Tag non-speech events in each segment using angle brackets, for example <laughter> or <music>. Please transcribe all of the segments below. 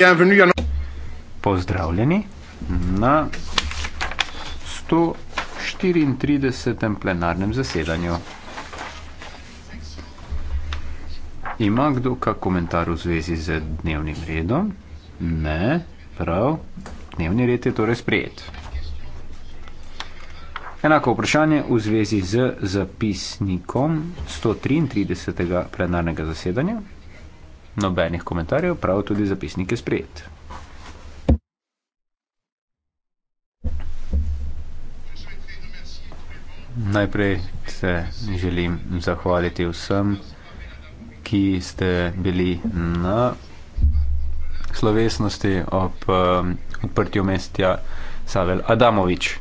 Bienvenue. Pozdravljeni na 134. plenarnem zasedanju. Ima kdo kak komentar v zvezi z dnevnim redom? Ne, prav, dnevni red je torej sprejet. Enako vprašanje v zvezi z zapisnikom 133. plenarnega zasedanja. Nobenih komentarjev, prav tudi zapisnike sprejet. Najprej se želim zahvaliti vsem, ki ste bili na slovesnosti ob um, odprtju mestja Savel Adamovič.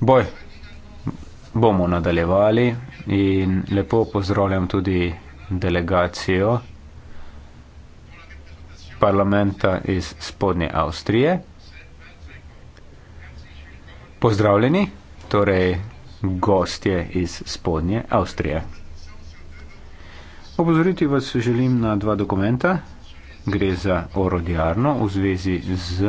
Boj bomo nadaljevali in lepo pozdravljam tudi delegacijo parlamenta iz spodnje Avstrije. Pozdravljeni, torej gostje iz spodnje Avstrije. Opozoriti vas želim na dva dokumenta. Gre za orodjarno v zvezi z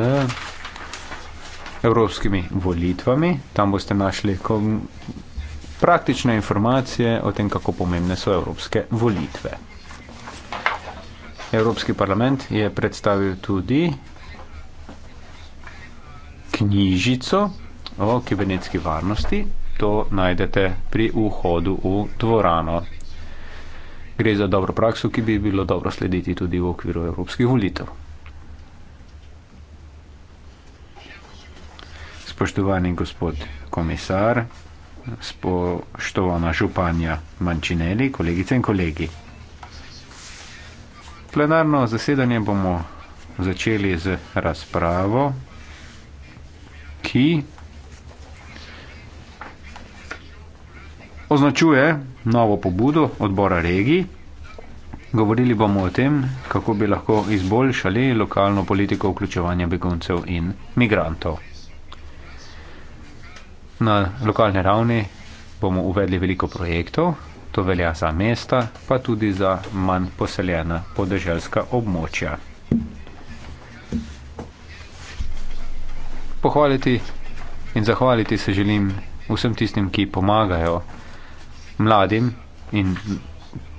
evropskimi volitvami. Tam boste našli praktične informacije o tem, kako pomembne so evropske volitve. Evropski parlament je predstavil tudi knjižico o kibernetski varnosti. To najdete pri vhodu v dvorano. Gre za dobro prakso, ki bi bilo dobro slediti tudi v okviru evropskih volitev. Spoštovani gospod komisar, spoštovana županja Mančineli, kolegice in kolegi. Plenarno zasedanje bomo začeli z razpravo, ki označuje novo pobudo odbora regij. Govorili bomo o tem, kako bi lahko izboljšali lokalno politiko vključevanja beguncev in migrantov. Na lokalni ravni bomo uvedli veliko projektov, to velja za mesta, pa tudi za manj poseljena podeželska območja. Pohvaliti in zahvaliti se želim vsem tistim, ki pomagajo mladim in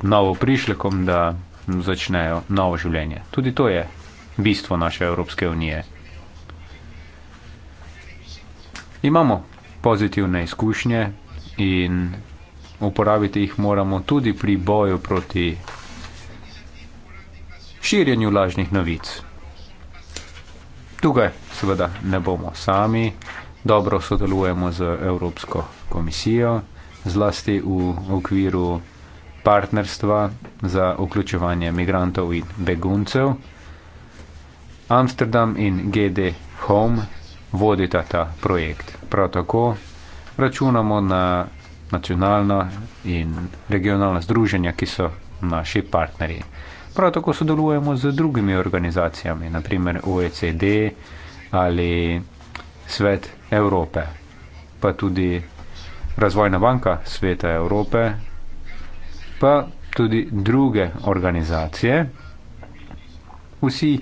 novo prišlekom, da začnejo novo življenje. Tudi to je bistvo naše Evropske unije. Imamo pozitivne izkušnje in uporabiti jih moramo tudi pri boju proti širjenju lažnih novic. Tukaj seveda ne bomo sami, dobro sodelujemo z Evropsko komisijo, zlasti v okviru partnerstva za vključevanje migrantov in beguncev. Amsterdam in GD Home vodita ta projekt. Prav tako računamo na nacionalna in regionalna združenja, ki so naši partnerji. Prav tako sodelujemo z drugimi organizacijami, naprimer OECD ali Svet Evrope, pa tudi Razvojna banka Sveta Evrope, pa tudi druge organizacije. Vsi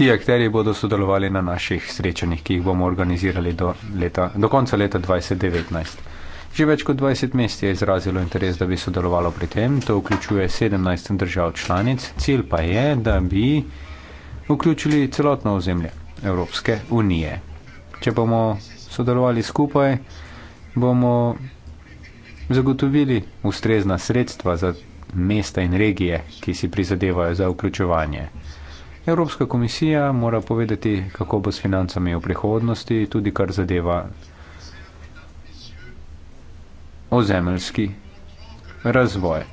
ti akteri bodo sodelovali na naših srečanjih, ki jih bomo organizirali do, leta, do konca leta 2019. Že več kot 20 mest je izrazilo interes, da bi sodelovalo pri tem, to vključuje 17 držav članic, cilj pa je, da bi vključili celotno ozemlje Evropske unije. Če bomo sodelovali skupaj, bomo zagotovili ustrezna sredstva za mesta in regije, ki si prizadevajo za vključevanje. Evropska komisija mora povedati, kako bo s financami v prihodnosti, tudi kar zadeva ozemeljski razvoj.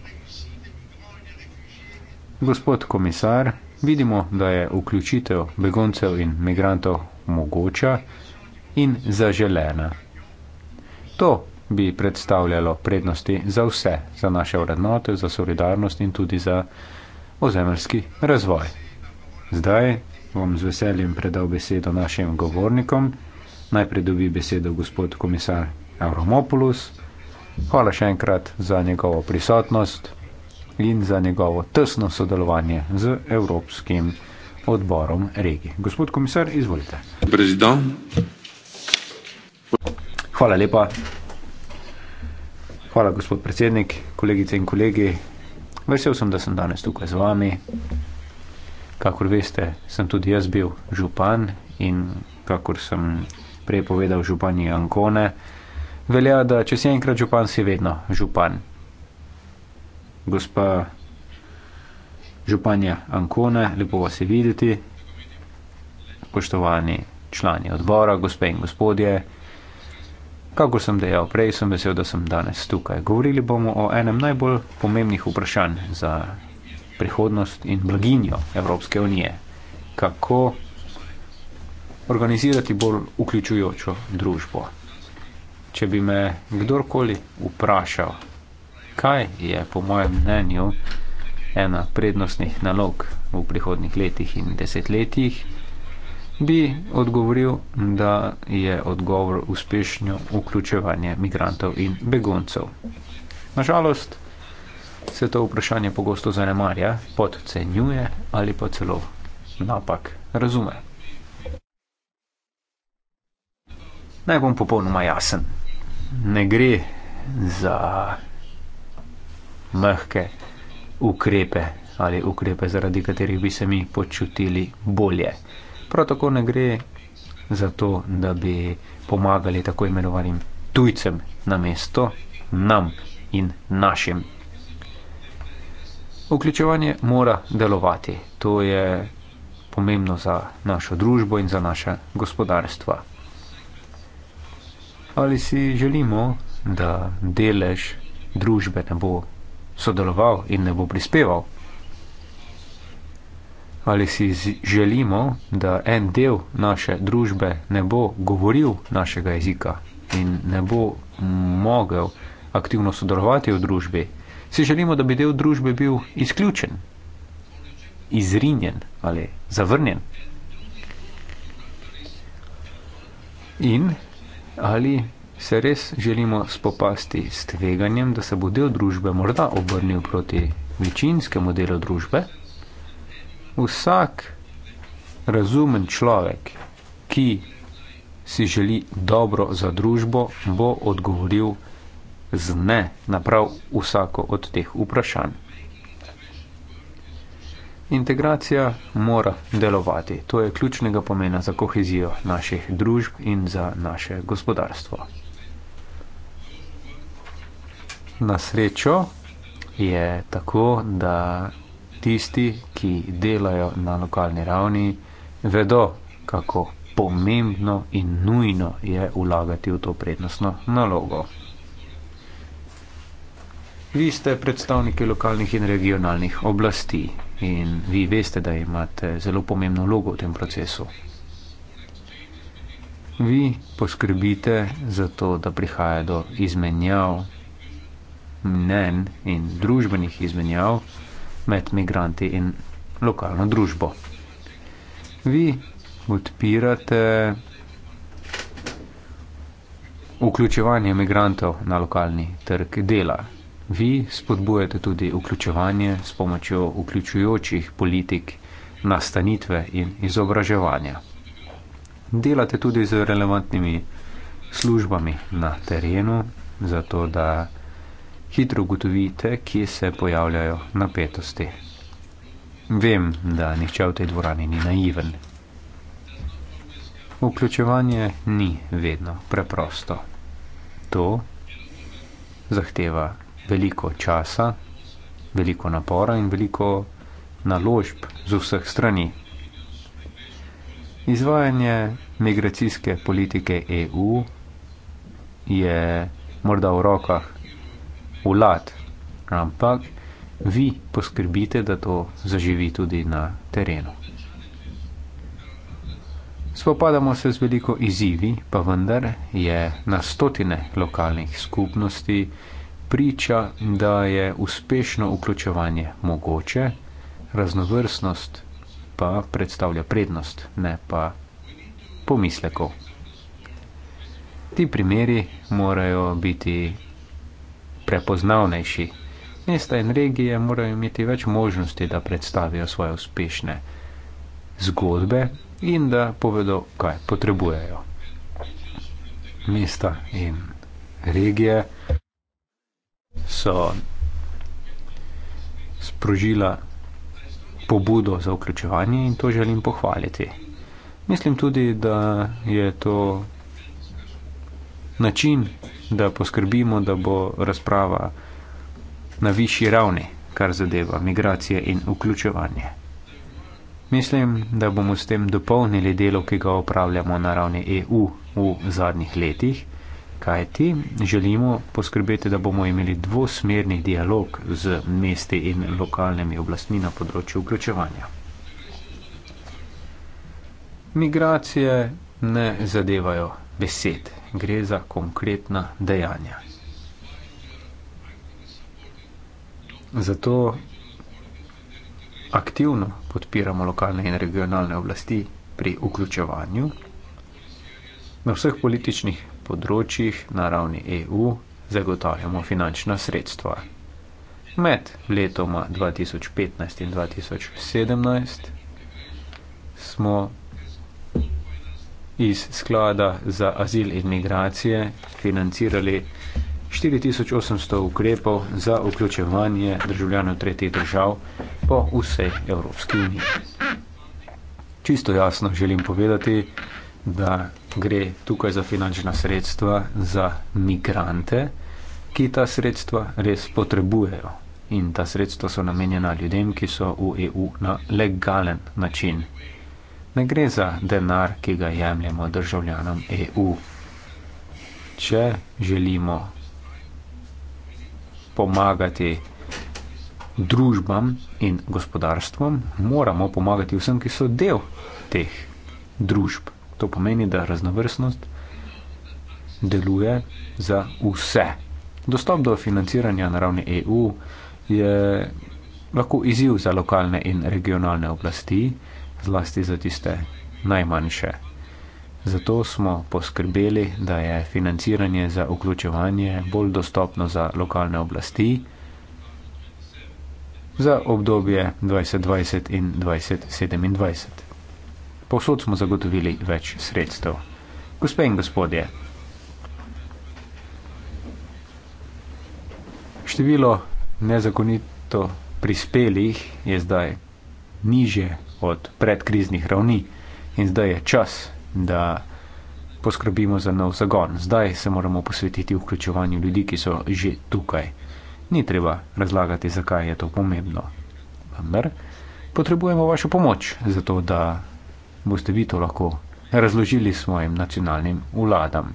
Gospod komisar, vidimo, da je vključitev begoncev in migrantov mogoča in zaželena. To bi predstavljalo prednosti za vse, za naše vrednote, za solidarnost in tudi za ozemeljski razvoj. Zdaj bom z veseljem predal besedo našim govornikom. Najprej dobi besedo gospod komisar Avromopoulos. Hvala še enkrat za njegovo prisotnost in za njegovo tesno sodelovanje z Evropskim odborom regij. Gospod komisar, izvolite. Prezident. Hvala lepa. Hvala, gospod predsednik, kolegice in kolegi. Vesel sem, da sem danes tukaj z vami. Kakor veste, sem tudi jaz bil župan in kakor sem prej povedal župani Ankone, velja, da če si enkrat župan, si vedno župan. Gospa županja Ankone, lepo vas je videti, poštovani člani odbora, gospe in gospodje, kako sem dejal prej, sem vesel, da sem danes tukaj. Govorili bomo o enem najbolj pomembnih vprašanj za prihodnost in blaginjo Evropske unije. Kako organizirati bolj vključujočo družbo? Če bi me kdorkoli vprašal, kaj je po mojem mnenju ena prednostnih nalog v prihodnih letih in desetletjih, bi odgovoril, da je odgovor uspešno vključevanje migrantov in beguncev. Nažalost, se to vprašanje pogosto zanemarja, podcenjuje ali pa celo napak razume. Naj bom popolnoma jasen. Ne gre za mehke ukrepe ali ukrepe, zaradi katerih bi se mi počutili bolje. Prav tako ne gre za to, da bi pomagali tako imenovanim tujcem na mesto nam in našim Vključevanje mora delovati. To je pomembno za našo družbo in za naše gospodarstva. Ali si želimo, da delež družbe ne bo sodeloval in ne bo prispeval? Ali si želimo, da en del naše družbe ne bo govoril našega jezika in ne bo mogel aktivno sodelovati v družbi Vsi želimo, da bi del družbe bil izključen, izrinjen ali zavrnjen. In ali se res želimo spopasti s tveganjem, da se bo del družbe morda obrnil proti večinskemu delu družbe, vsak razumen človek, ki si želi dobro za družbo, bo odgovoril z ne na prav vsako od teh vprašanj. Integracija mora delovati. To je ključnega pomena za kohezijo naših družb in za naše gospodarstvo. Na srečo je tako, da tisti, ki delajo na lokalni ravni, vedo, kako pomembno in nujno je vlagati v to prednostno nalogo. Vi ste predstavniki lokalnih in regionalnih oblasti in vi veste, da imate zelo pomembno vlogo v tem procesu. Vi poskrbite za to, da prihaja do izmenjav mnen in družbenih izmenjav med migranti in lokalno družbo. Vi odpirate vključevanje migrantov na lokalni trg dela. Vi spodbujate tudi vključevanje s pomočjo vključujočih politik, nastanitve in izobraževanja. Delate tudi z relevantnimi službami na terenu, zato da hitro ugotovite, kje se pojavljajo napetosti. Vem, da nihče v tej dvorani ni naiven. Vključevanje ni vedno preprosto. To zahteva veliko časa, veliko napora in veliko naložb z vseh strani. Izvajanje migracijske politike EU je morda v rokah vlad, ampak vi poskrbite, da to zaživi tudi na terenu. Spopadamo se z veliko izzivi, pa vendar je na stotine lokalnih skupnosti, priča, da je uspešno vključevanje mogoče, raznovrstnost pa predstavlja prednost, ne pa pomislekov. Ti primeri morajo biti prepoznavnejši. Mesta in regije morajo imeti več možnosti, da predstavijo svoje uspešne zgodbe in da povedo, kaj potrebujejo. Mesta in regije so sprožila pobudo za vključevanje in to želim pohvaliti. Mislim tudi, da je to način, da poskrbimo, da bo razprava na višji ravni, kar zadeva migracije in vključevanje. Mislim, da bomo s tem dopolnili delo, ki ga opravljamo na ravni EU v zadnjih letih kajti želimo poskrbeti, da bomo imeli dvosmerni dialog z mesti in lokalnimi oblastmi na področju vključevanja. Migracije ne zadevajo besed, gre za konkretna dejanja. Zato aktivno podpiramo lokalne in regionalne oblasti pri vključevanju na vseh političnih področjih na ravni EU zagotavljamo finančna sredstva. Med letoma 2015 in 2017 smo iz sklada za azil in migracije financirali 4800 ukrepov za vključevanje državljanov tretjih držav po vsej Evropski uniji. Čisto jasno želim povedati, da gre tukaj za finančna sredstva za migrante, ki ta sredstva res potrebujejo. In ta sredstva so namenjena ljudem, ki so v EU na legalen način. Ne gre za denar, ki ga jemljemo državljanom EU. Če želimo pomagati družbam in gospodarstvom, moramo pomagati vsem, ki so del teh družb. To pomeni, da raznovrstnost deluje za vse. Dostop do financiranja na ravni EU je lahko izziv za lokalne in regionalne oblasti, zlasti za tiste najmanjše. Zato smo poskrbeli, da je financiranje za vključevanje bolj dostopno za lokalne oblasti za obdobje 2020 in 2027. Povsod smo zagotovili več sredstev. Gospe in gospodje, število nezakonito prispelih je zdaj niže od predkriznih ravni in zdaj je čas, da poskrbimo za nov zagon. Zdaj se moramo posvetiti vključevanju ljudi, ki so že tukaj. Ni treba razlagati, zakaj je to pomembno. Vendar potrebujemo vašo pomoč, zato da boste vi to lahko razložili svojim nacionalnim vladam.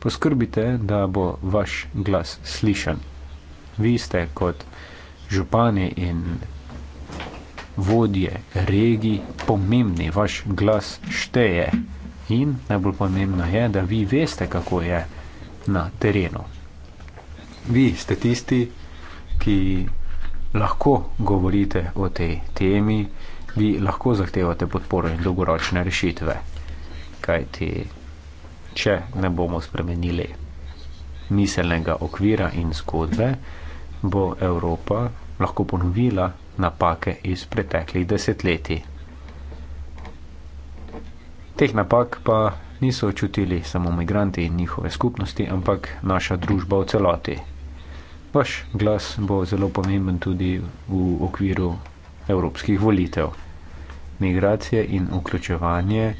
Poskrbite, da bo vaš glas slišen. Vi ste kot župani in vodje regij pomembni, vaš glas šteje in najbolj pomembno je, da vi veste, kako je na terenu. Vi ste tisti, ki lahko govorite o tej temi vi lahko zahtevate podporo in dolgoročne rešitve. Kaj ti, če ne bomo spremenili miselnega okvira in zgodbe, bo Evropa lahko ponovila napake iz preteklih desetletij. Teh napak pa niso čutili samo migranti in njihove skupnosti, ampak naša družba v celoti. Vaš glas bo zelo pomemben tudi v okviru evropskih volitev migracije in vključevanje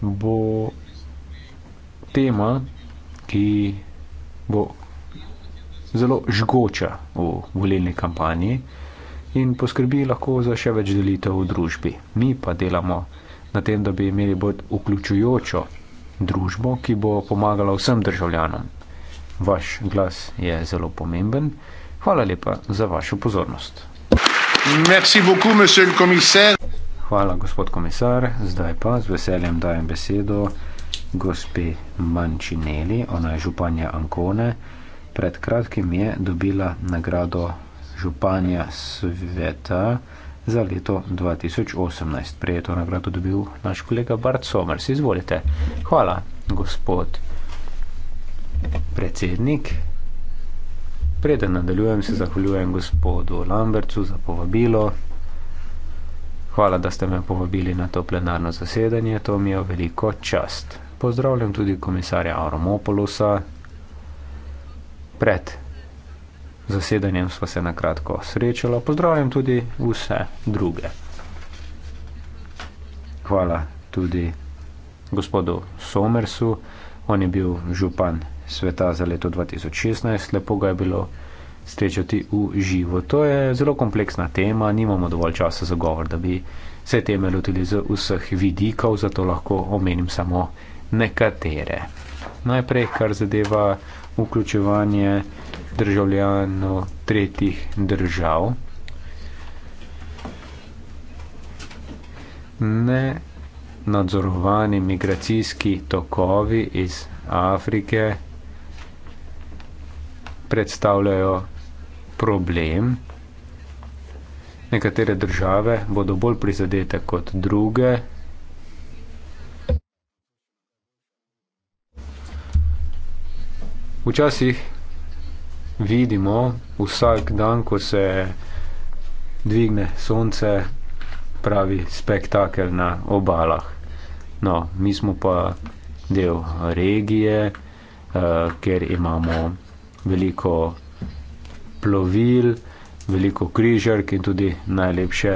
bo tema, ki bo zelo žgoča v volilni kampanji in poskrbi lahko za še več delitev v družbi. Mi pa delamo na tem, da bi imeli bolj vključujočo družbo, ki bo pomagala vsem državljanom. Vaš glas je zelo pomemben. Hvala lepa za vašo pozornost. Merci beaucoup, monsieur le commissaire. Hvala, gospod komisar. Zdaj pa z veseljem dajem besedo gospe Mančineli, ona je županja Ankone. Pred kratkim je dobila nagrado županja sveta za leto 2018. Prej je to nagrado dobil naš kolega Bart Somers. Izvolite. Hvala, gospod predsednik. Preden nadaljujem, se zahvaljujem gospodu Lambercu za povabilo. Hvala, da ste me povabili na to plenarno zasedanje, to mi je veliko čast. Pozdravljam tudi komisarja Aromopolusa. Pred zasedanjem smo se na kratko srečali, pozdravljam tudi vse druge. Hvala tudi gospodu Somersu, on je bil župan sveta za leto 2016, lepo ga je bilo srečati v živo. To je zelo kompleksna tema, nimamo dovolj časa za govor, da bi se teme lotili z vseh vidikov, zato lahko omenim samo nekatere. Najprej, kar zadeva vključevanje državljanov tretjih držav. Ne nadzorovani migracijski tokovi iz Afrike predstavljajo problem. Nekatere države bodo bolj prizadete kot druge. Včasih vidimo vsak dan, ko se dvigne sonce, pravi spektakel na obalah. No, mi smo pa del regije, eh, ker imamo veliko plovil, veliko križark in tudi najlepše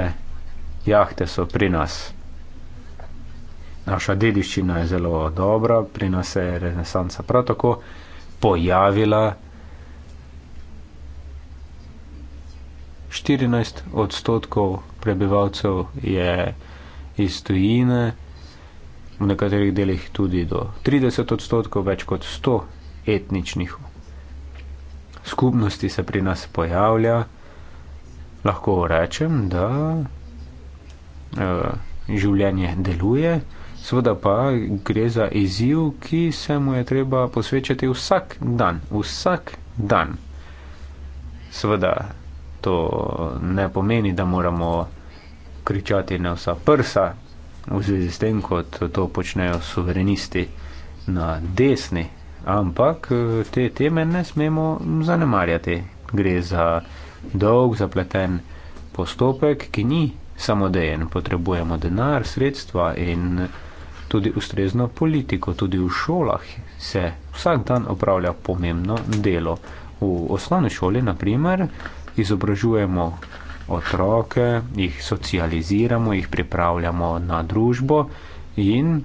jahte so pri nas. Naša dediščina je zelo dobra, pri nas se je renesansa prav tako pojavila. 14 odstotkov prebivalcev je iz tujine, v nekaterih delih tudi do 30 odstotkov, več kot 100 etničnih odstotkov skupnosti se pri nas pojavlja, lahko rečem, da eh, življenje deluje, seveda pa gre za izziv, ki se mu je treba posvečati vsak dan, vsak dan. Seveda to ne pomeni, da moramo kričati na vsa prsa v zvezi s tem, kot to počnejo suverenisti na desni Ampak eh, te teme ne smemo zanemarjati. Gre za dolg, zapleten postopek, ki ni samodejen. Potrebujemo denar, sredstva in tudi ustrezno politiko. Tudi v šolah se vsak dan opravlja pomembno delo. V osnovni šoli, naprimer, izobražujemo otroke, jih socializiramo, jih pripravljamo na družbo in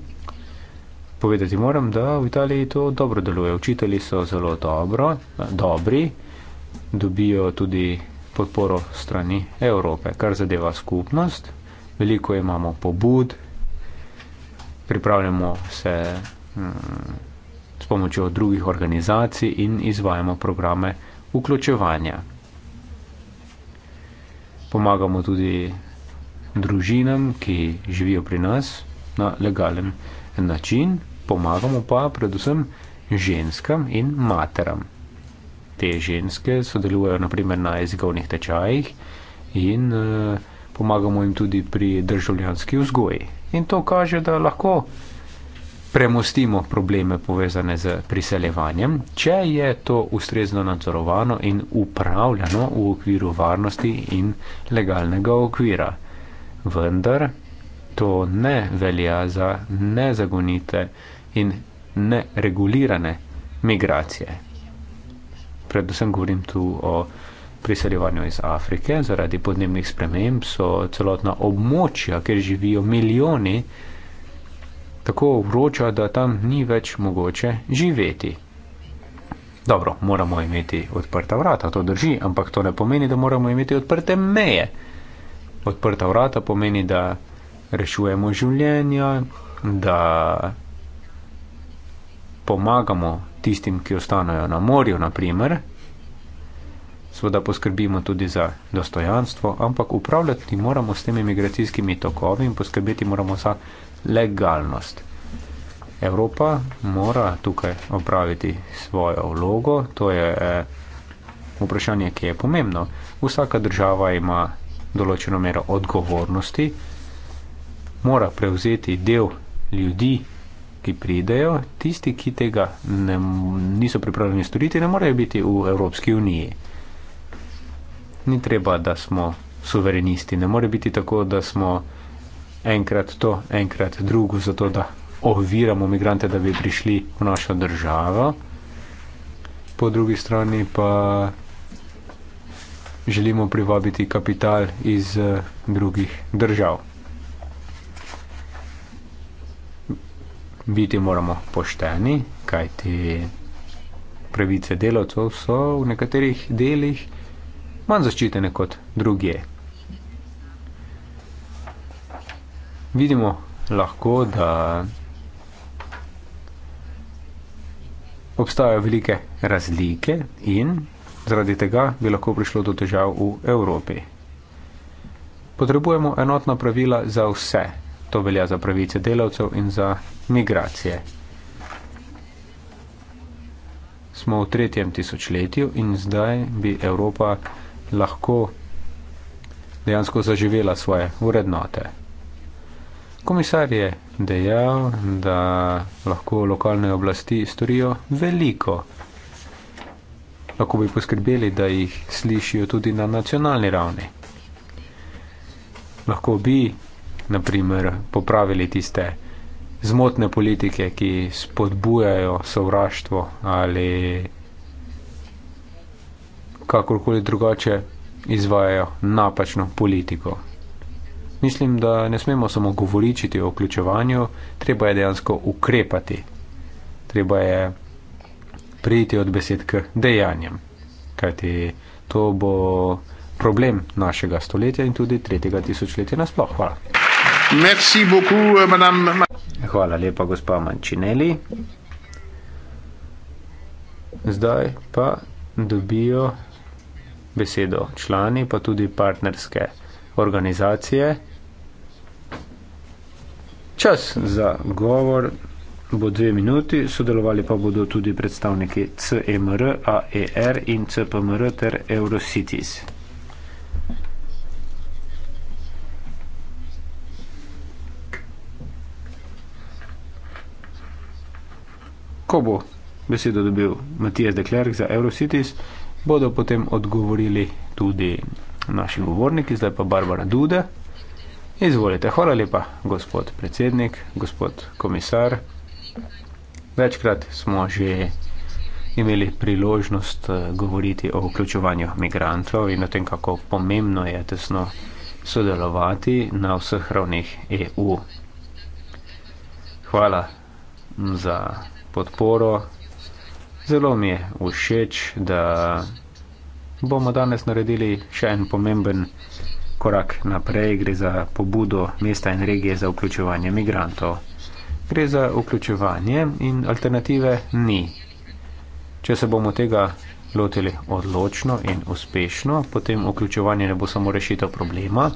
Povedati moram, da v Italiji to dobro deluje. Učitelji so zelo dobro, dobri, dobijo tudi podporo strani Evrope, kar zadeva skupnost. Veliko imamo pobud, pripravljamo se mm, s pomočjo drugih organizacij in izvajamo programe vključevanja. Pomagamo tudi družinam, ki živijo pri nas na legalen način pomagamo pa predvsem ženskam in materam. Te ženske sodelujejo naprimer na jezikovnih tečajih in uh, pomagamo jim tudi pri državljanski vzgoji. In to kaže, da lahko premostimo probleme povezane z priseljevanjem, če je to ustrezno nadzorovano in upravljano v okviru varnosti in legalnega okvira. Vendar to ne velja za nezagonite in neregulirane migracije. Predvsem govorim tu o priseljevanju iz Afrike, zaradi podnebnih sprememb so celotna območja, kjer živijo milijoni, tako vroča, da tam ni več mogoče živeti. Dobro, moramo imeti odprta vrata, to drži, ampak to ne pomeni, da moramo imeti odprte meje. Odprta vrata pomeni, da rešujemo življenja, da pomagamo tistim, ki ostanejo na morju, naprimer, seveda poskrbimo tudi za dostojanstvo, ampak upravljati moramo s temi migracijskimi tokovi in poskrbeti moramo za legalnost. Evropa mora tukaj opraviti svojo vlogo, to je eh, vprašanje, ki je pomembno. Vsaka država ima določeno mero odgovornosti, mora prevzeti del ljudi, ki pridejo, tisti, ki tega ne, niso pripravljeni storiti, ne morejo biti v Evropski uniji. Ni treba, da smo suverenisti, ne more biti tako, da smo enkrat to, enkrat drugo, zato da oviramo migrante, da bi prišli v našo državo. Po drugi strani pa želimo privabiti kapital iz eh, drugih držav. biti moramo pošteni, kajti pravice delavcev so v nekaterih delih manj zaščitene kot druge. Vidimo lahko, da obstajajo velike razlike in zaradi tega bi lahko prišlo do težav v Evropi. Potrebujemo enotna pravila za vse. To velja za pravice delavcev in za migracije. Smo v tretjem tisočletju in zdaj bi Evropa lahko dejansko zaživela svoje urednote. Komisar je dejal, da lahko lokalne oblasti storijo veliko. Lahko bi poskrbeli, da jih slišijo tudi na nacionalni ravni. Lahko bi, naprimer, popravili tiste zmotne politike, ki spodbujajo sovraštvo ali kakorkoli drugače izvajajo napačno politiko. Mislim, da ne smemo samo govoričiti o vključevanju, treba je dejansko ukrepati. Treba je priti od besed k dejanjem, kajti to bo problem našega stoletja in tudi tretjega tisočletja nasploh. Hvala. Merci beaucoup, euh, madame. Hvala lepa, gospa Mančineli. Zdaj pa dobijo besedo člani, pa tudi partnerske organizacije. Čas za govor bo dve minuti, sodelovali pa bodo tudi predstavniki CMR, e AER in CPMR ter Eurocities. ko bo besedo dobil Matijas Deklerk za Eurocities, bodo potem odgovorili tudi naši govorniki, zdaj pa Barbara Duda. Izvolite, hvala lepa, gospod predsednik, gospod komisar. Večkrat smo že imeli priložnost eh, govoriti o vključevanju migrantov in o tem, kako pomembno je tesno sodelovati na vseh ravnih EU. Hvala za podporo. Zelo mi je všeč, da bomo danes naredili še en pomemben korak naprej. Gre za pobudo mesta in regije za vključevanje migrantov. Gre za vključevanje in alternative ni. Če se bomo tega lotili odločno in uspešno, potem vključevanje ne bo samo rešitev problema,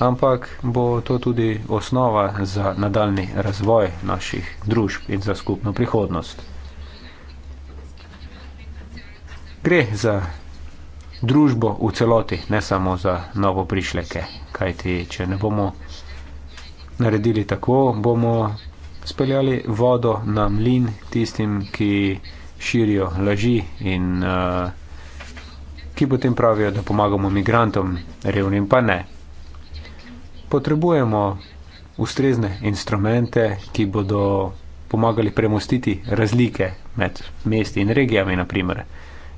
ampak bo to tudi osnova za nadaljni razvoj naših družb in za skupno prihodnost. Gre za družbo v celoti, ne samo za novo prišleke, kajti če ne bomo naredili tako, bomo speljali vodo na mlin tistim, ki širijo laži in uh, ki potem pravijo, da pomagamo migrantom, revnim pa ne potrebujemo ustrezne instrumente, ki bodo pomagali premostiti razlike med mesti in regijami, naprimer.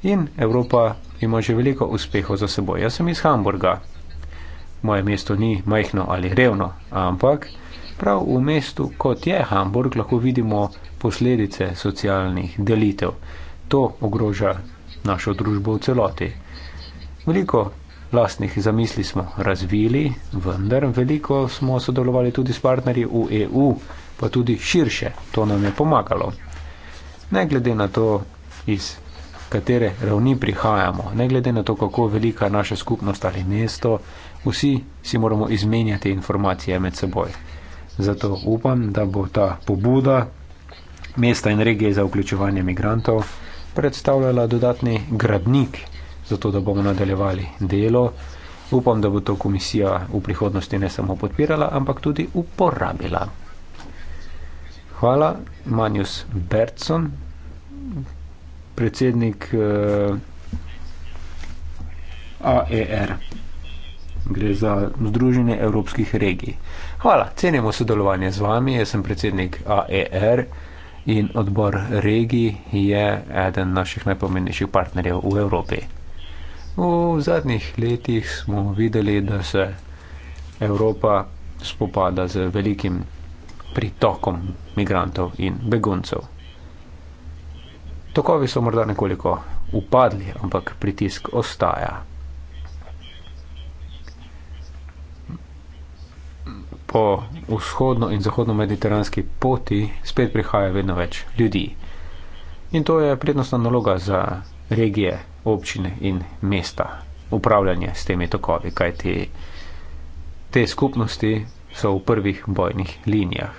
In Evropa ima že veliko uspehov za seboj. Jaz sem iz Hamburga. Moje mesto ni majhno ali revno, ampak prav v mestu, kot je Hamburg, lahko vidimo posledice socialnih delitev. To ogroža našo družbo v celoti. Veliko lastnih zamisli smo razvili, vendar veliko smo sodelovali tudi s partnerji v EU, pa tudi širše. To nam je pomagalo. Ne glede na to, iz katere ravni prihajamo, ne glede na to, kako velika je naša skupnost ali mesto, vsi si moramo izmenjati informacije med seboj. Zato upam, da bo ta pobuda mesta in regije za vključevanje migrantov predstavljala dodatni gradnik zato da bomo nadaljevali delo. Upam, da bo to komisija v prihodnosti ne samo podpirala, ampak tudi uporabila. Hvala, Manjus Bertson, predsednik eh, AER. Gre za Združenje evropskih regij. Hvala, cenimo sodelovanje z vami. Jaz sem predsednik AER in odbor regij je eden naših najpomembnejših partnerjev v Evropi. V zadnjih letih smo videli, da se Evropa spopada z velikim pritokom migrantov in beguncev. Tokovi so morda nekoliko upadli, ampak pritisk ostaja. Po vzhodno in zahodno mediteranski poti spet prihaja vedno več ljudi. In to je prednostna naloga za regije občine in mesta, upravljanje s temi tokovi, kaj te, te skupnosti so v prvih bojnih linijah.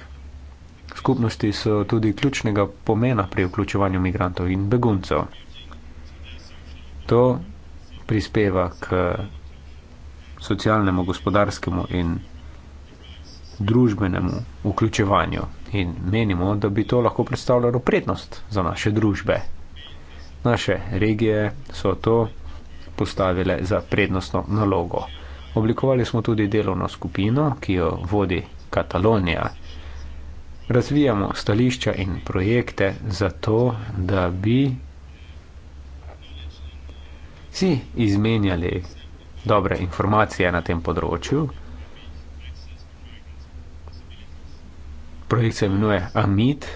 Skupnosti so tudi ključnega pomena pri vključevanju migrantov in beguncev. To prispeva k socialnemu, gospodarskemu in družbenemu vključevanju in menimo, da bi to lahko predstavljalo prednost za naše družbe. Naše regije so to postavile za prednostno nalogo. Oblikovali smo tudi delovno skupino, ki jo vodi Katalonija. Razvijamo stališča in projekte za to, da bi si izmenjali dobre informacije na tem področju. Projekt se imenuje Amit,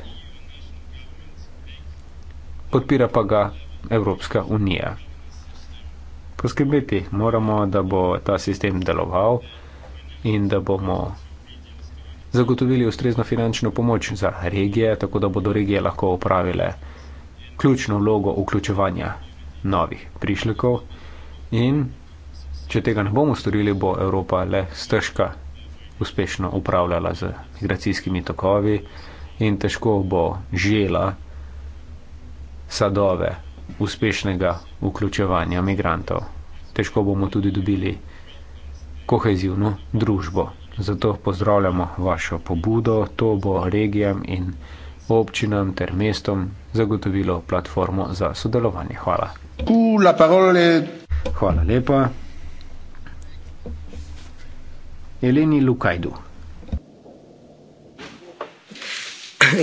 podpira pa ga Evropska unija. Poskrbeti moramo, da bo ta sistem deloval in da bomo zagotovili ustrezno finančno pomoč za regije, tako da bodo regije lahko upravile ključno vlogo vključevanja novih prišlikov in če tega ne bomo storili, bo Evropa le stržka uspešno upravljala z migracijskimi tokovi in težko bo žela sadove uspešnega vključevanja migrantov. Težko bomo tudi dobili kohezivno družbo. Zato pozdravljamo vašo pobudo, to bo regijam in občinam ter mestom zagotovilo platformo za sodelovanje. Hvala. Hvala lepa. Eleni Lukajdu.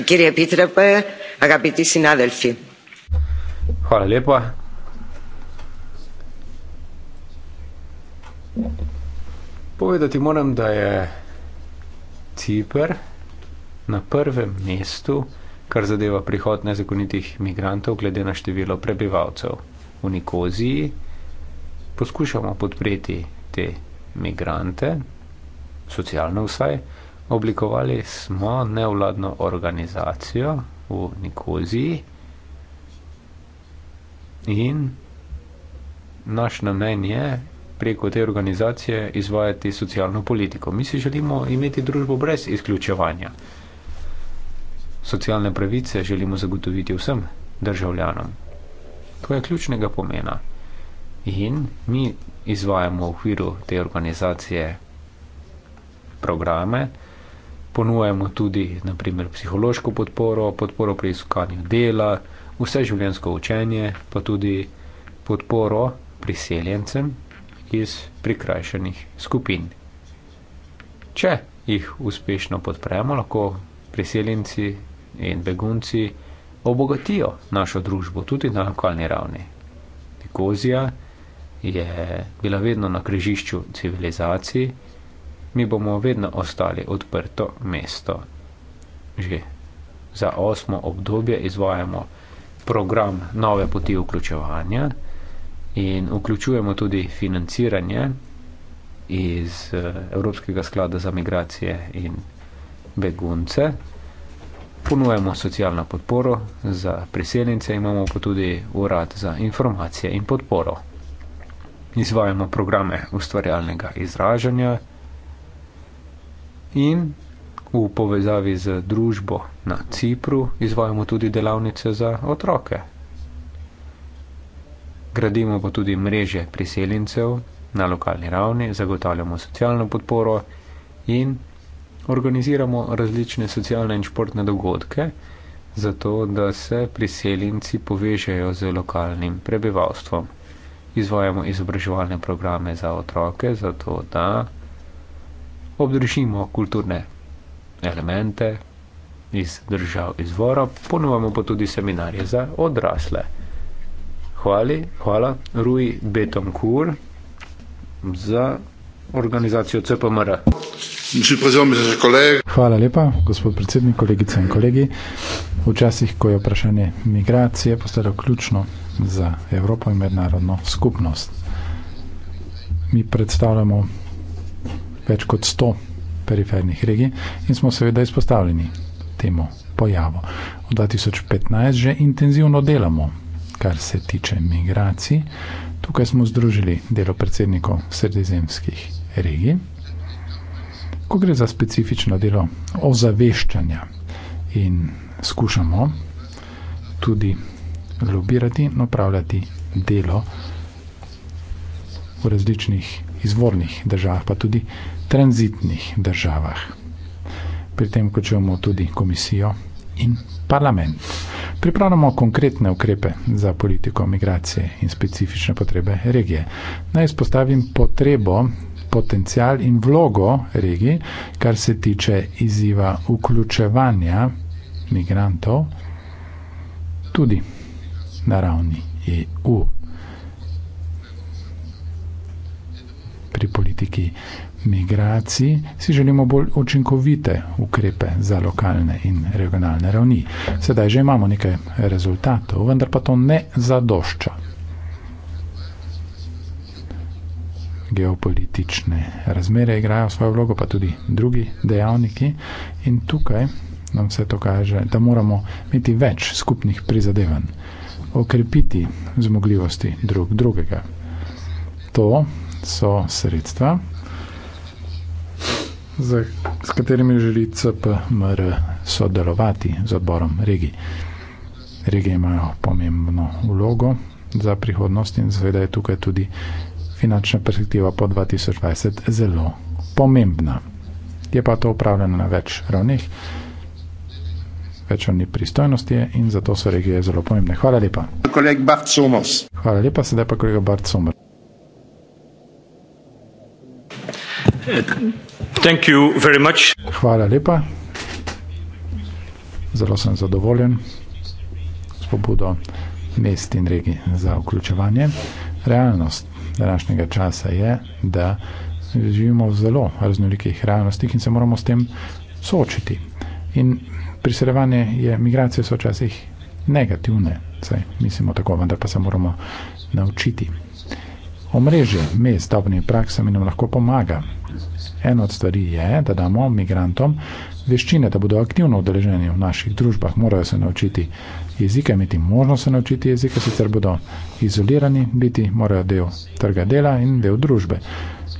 Kjer je Petra P., agapiti sinadelfi. Hvala lepa. Povedati moram, da je Cipr na prvem mestu, kar zadeva prihod nezakonitih migrantov, glede na število prebivalcev v Nikoziji. Poskušamo podpreti te migrante, socialno vsaj. Oblikovali smo nevladno organizacijo v Nikoziji. In naš namen je preko te organizacije izvajati socialno politiko. Mi si želimo imeti družbo brez izključevanja. Socialne pravice želimo zagotoviti vsem državljanom. To je ključnega pomena. In mi izvajamo v okviru te organizacije programe, ponujemo tudi naprimer psihološko podporo, podporo pri iskanju dela, vse življensko učenje, pa tudi podporo priseljencem iz prikrajšanih skupin. Če jih uspešno podpremo, lahko priseljenci in begunci obogatijo našo družbo tudi na lokalni ravni. Nikozija je bila vedno na križišču civilizacij, mi bomo vedno ostali odprto mesto. Že za osmo obdobje izvajamo program nove poti vključevanja in vključujemo tudi financiranje iz eh, Evropskega sklada za migracije in begunce. Ponujemo socialno podporo za priseljence, imamo pa tudi urad za informacije in podporo. Izvajamo programe ustvarjalnega izražanja in V povezavi z družbo na Cipru izvajamo tudi delavnice za otroke. Gradimo pa tudi mreže priseljencev na lokalni ravni, zagotavljamo socialno podporo in organiziramo različne socialne in športne dogodke, zato da se priseljenci povežejo z lokalnim prebivalstvom. Izvajamo izobraževalne programe za otroke, zato da obdržimo kulturne elemente iz držav izvora, ponovamo pa tudi seminarje za odrasle. Hvali, hvala Rui Betoncourt za organizacijo CPMR. Hvala lepa, gospod predsednik, kolegice in kolegi. Včasih, ko je vprašanje migracije postalo ključno za Evropo in mednarodno skupnost, mi predstavljamo več kot 100 perifernih regij in smo seveda izpostavljeni temu pojavu. V 2015 že intenzivno delamo, kar se tiče migracij. Tukaj smo združili delo predsednikov sredizemskih regij. Ko gre za specifično delo ozaveščanja in skušamo tudi lobirati in opravljati delo v različnih izvornih državah, pa tudi tranzitnih državah. Pri tem vključujemo tudi komisijo in parlament. Pripravljamo konkretne ukrepe za politiko migracije in specifične potrebe regije. Naj spostavim potrebo, potencial in vlogo regij, kar se tiče izziva vključevanja migrantov tudi na ravni EU. Pri politiki migracij si želimo bolj učinkovite ukrepe za lokalne in regionalne ravni. Sedaj že imamo nekaj rezultatov, vendar pa to ne zadošča. Geopolitične razmere igrajo svojo vlogo, pa tudi drugi dejavniki in tukaj nam vse to kaže, da moramo imeti več skupnih prizadevanj, okrepiti zmogljivosti drug drugega. To so sredstva, za, s katerimi želi CPMR sodelovati z odborom regij. Regije imajo pomembno vlogo za prihodnost in zveda je tukaj tudi finančna perspektiva po 2020 zelo pomembna. Je pa to upravljeno na več ravneh, več ravni pristojnosti je in zato so regije zelo pomembne. Hvala lepa. Kolega Bart Somos. Hvala lepa, sedaj pa kolega Bart Somos. Hvala lepa. Zelo sem zadovoljen s pobudo mest in regi za vključevanje. Realnost današnjega časa je, da živimo v zelo raznolikih realnostih in se moramo s tem soočiti. In priseljevanje je, migracije so včasih negativne, saj mislimo tako, vendar pa se moramo naučiti Omrežje me s dobrimi praksami nam lahko pomaga. Ena od stvari je, da damo migrantom veščine, da bodo aktivno udeleženi v naših družbah, morajo se naučiti jezika, imeti možnost se naučiti jezika, sicer bodo izolirani, biti morajo del trga dela in del družbe.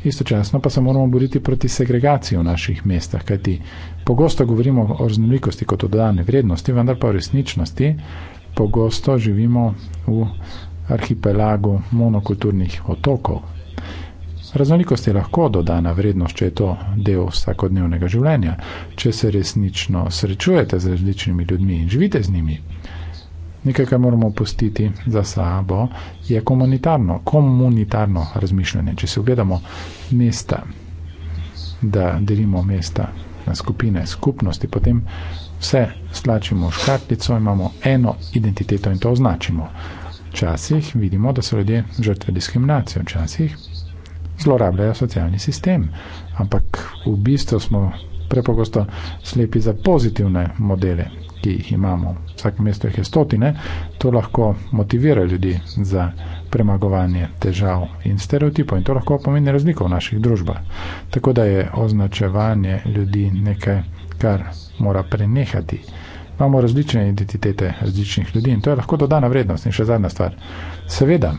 Istočasno pa se moramo boriti proti segregaciji v naših mestah, kajti pogosto govorimo o raznolikosti kot o dodane vrednosti, vendar pa v resničnosti pogosto živimo v arhipelagu monokulturnih otokov. Raznolikost je lahko dodana vrednost, če je to del vsakodnevnega življenja, če se resnično srečujete z različnimi ljudmi in živite z njimi. Nekaj, kar moramo pustiti za sabo, je komunitarno, komunitarno razmišljanje. Če se ogledamo mesta, da delimo mesta na skupine, skupnosti, potem vse slačimo v škatlico, imamo eno identiteto in to označimo. Včasih vidimo, da so ljudje žrtve diskriminacije, včasih zlorabljajo socialni sistem, ampak v bistvu smo prepogosto slepi za pozitivne modele, ki jih imamo. Vsak mesto jih je stotine, to lahko motivira ljudi za premagovanje težav in stereotipov in to lahko pomeni razliko v naših družbah. Tako da je označevanje ljudi nekaj, kar mora prenehati imamo različne identitete različnih ljudi in to je lahko dodana vrednost. In še zadnja stvar. Seveda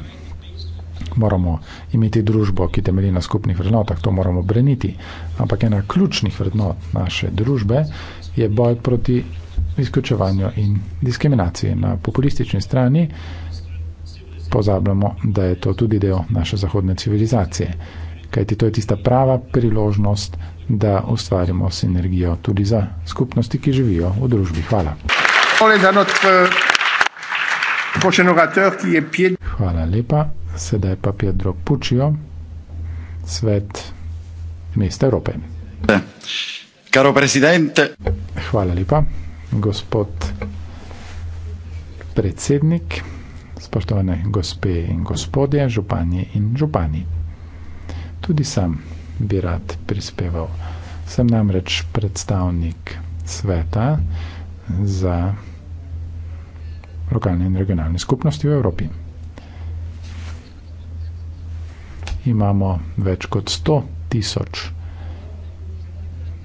moramo imeti družbo, ki temelji na skupnih vrednotah, to moramo breniti, ampak ena ključnih vrednot naše družbe je boj proti izključevanju in diskriminaciji. Na populistični strani pozabljamo, da je to tudi del naše zahodne civilizacije. Kajti to je tista prava priložnost da ustvarimo sinergijo tudi za skupnosti, ki živijo v družbi. Hvala. Euh, Hvala lepa. Sedaj pa Pedro Pučijo, svet mesta Evrope. Karo Hvala lepa, gospod predsednik, spoštovane gospe in gospodje, županje in župani. Tudi sam bi rad prispeval. Sem namreč predstavnik sveta za lokalne in regionalne skupnosti v Evropi. Imamo več kot 100 tisoč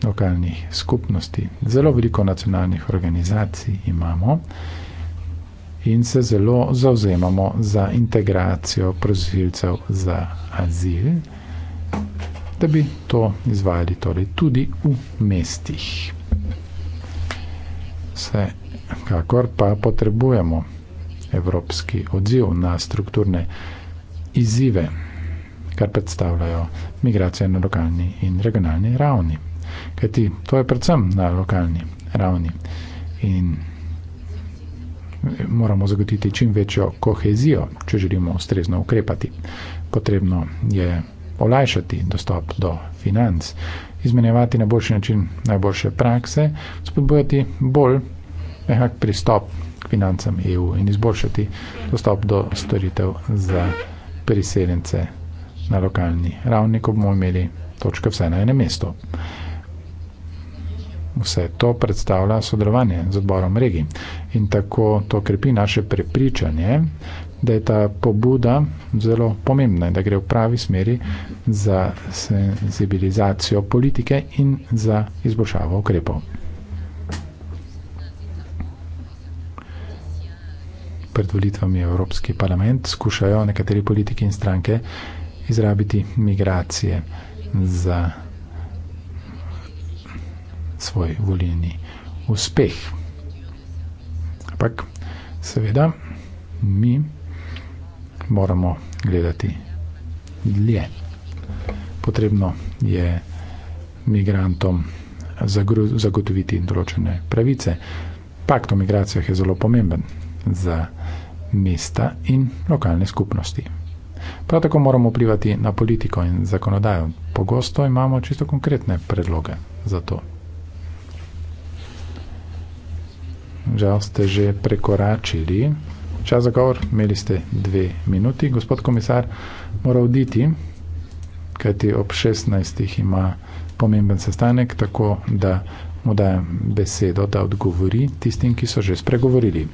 lokalnih skupnosti. Zelo veliko nacionalnih organizacij imamo in se zelo zauzemamo za integracijo prosilcev za azil in da bi to izvajali torej, tudi v mestih. Vse, kakor pa potrebujemo evropski odziv na strukturne izzive, kar predstavljajo migracije na lokalni in regionalni ravni. Kajti to je predvsem na lokalni ravni in eh, moramo zagotiti čim večjo kohezijo, če želimo ustrezno ukrepati. Potrebno je olajšati dostop do financ, izmenjevati na boljši način najboljše prakse, spodbujati bolj mehak pristop k financam EU in izboljšati dostop do storitev za priseljence na lokalni ravni, ko bomo imeli točke vse na enem mestu. Vse to predstavlja sodelovanje z odborom regij in tako to krepi naše prepričanje, da je ta pobuda zelo pomembna in da gre v pravi smeri za senzibilizacijo politike in za izboljšavo ukrepov. Pred volitvami Evropski parlament skušajo nekateri politiki in stranke izrabiti migracije za svoj volilni uspeh. Ampak, seveda, mi moramo gledati dlje. Potrebno je migrantom zagotoviti določene pravice. Pakt o migracijah je zelo pomemben za mesta in lokalne skupnosti. Prav tako moramo vplivati na politiko in zakonodajo. Pogosto imamo čisto konkretne predloge za to. Žal ste že prekoračili čas za govor, imeli ste dve minuti. Gospod komisar mora oditi, kajti ob 16. ima pomemben sestanek, tako da mu dajem besedo, da odgovori tistim, ki so že spregovorili.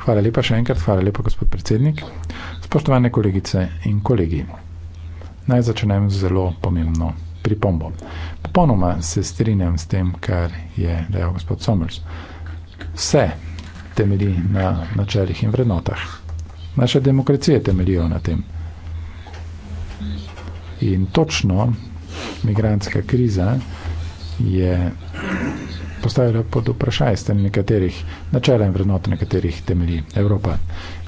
Hvala lepa še enkrat, hvala lepa, gospod predsednik. Spoštovane kolegice in kolegi, naj začnem z zelo pomembno pripombo. Popolnoma se strinjam s tem, kar je dejal gospod Somers. Vse, temelji na načelih in vrednotah. Naše demokracije temeljijo na tem. In točno migrantska kriza je postavila pod vprašaj stene nekaterih načela in vrednot, nekaterih temelji Evropa.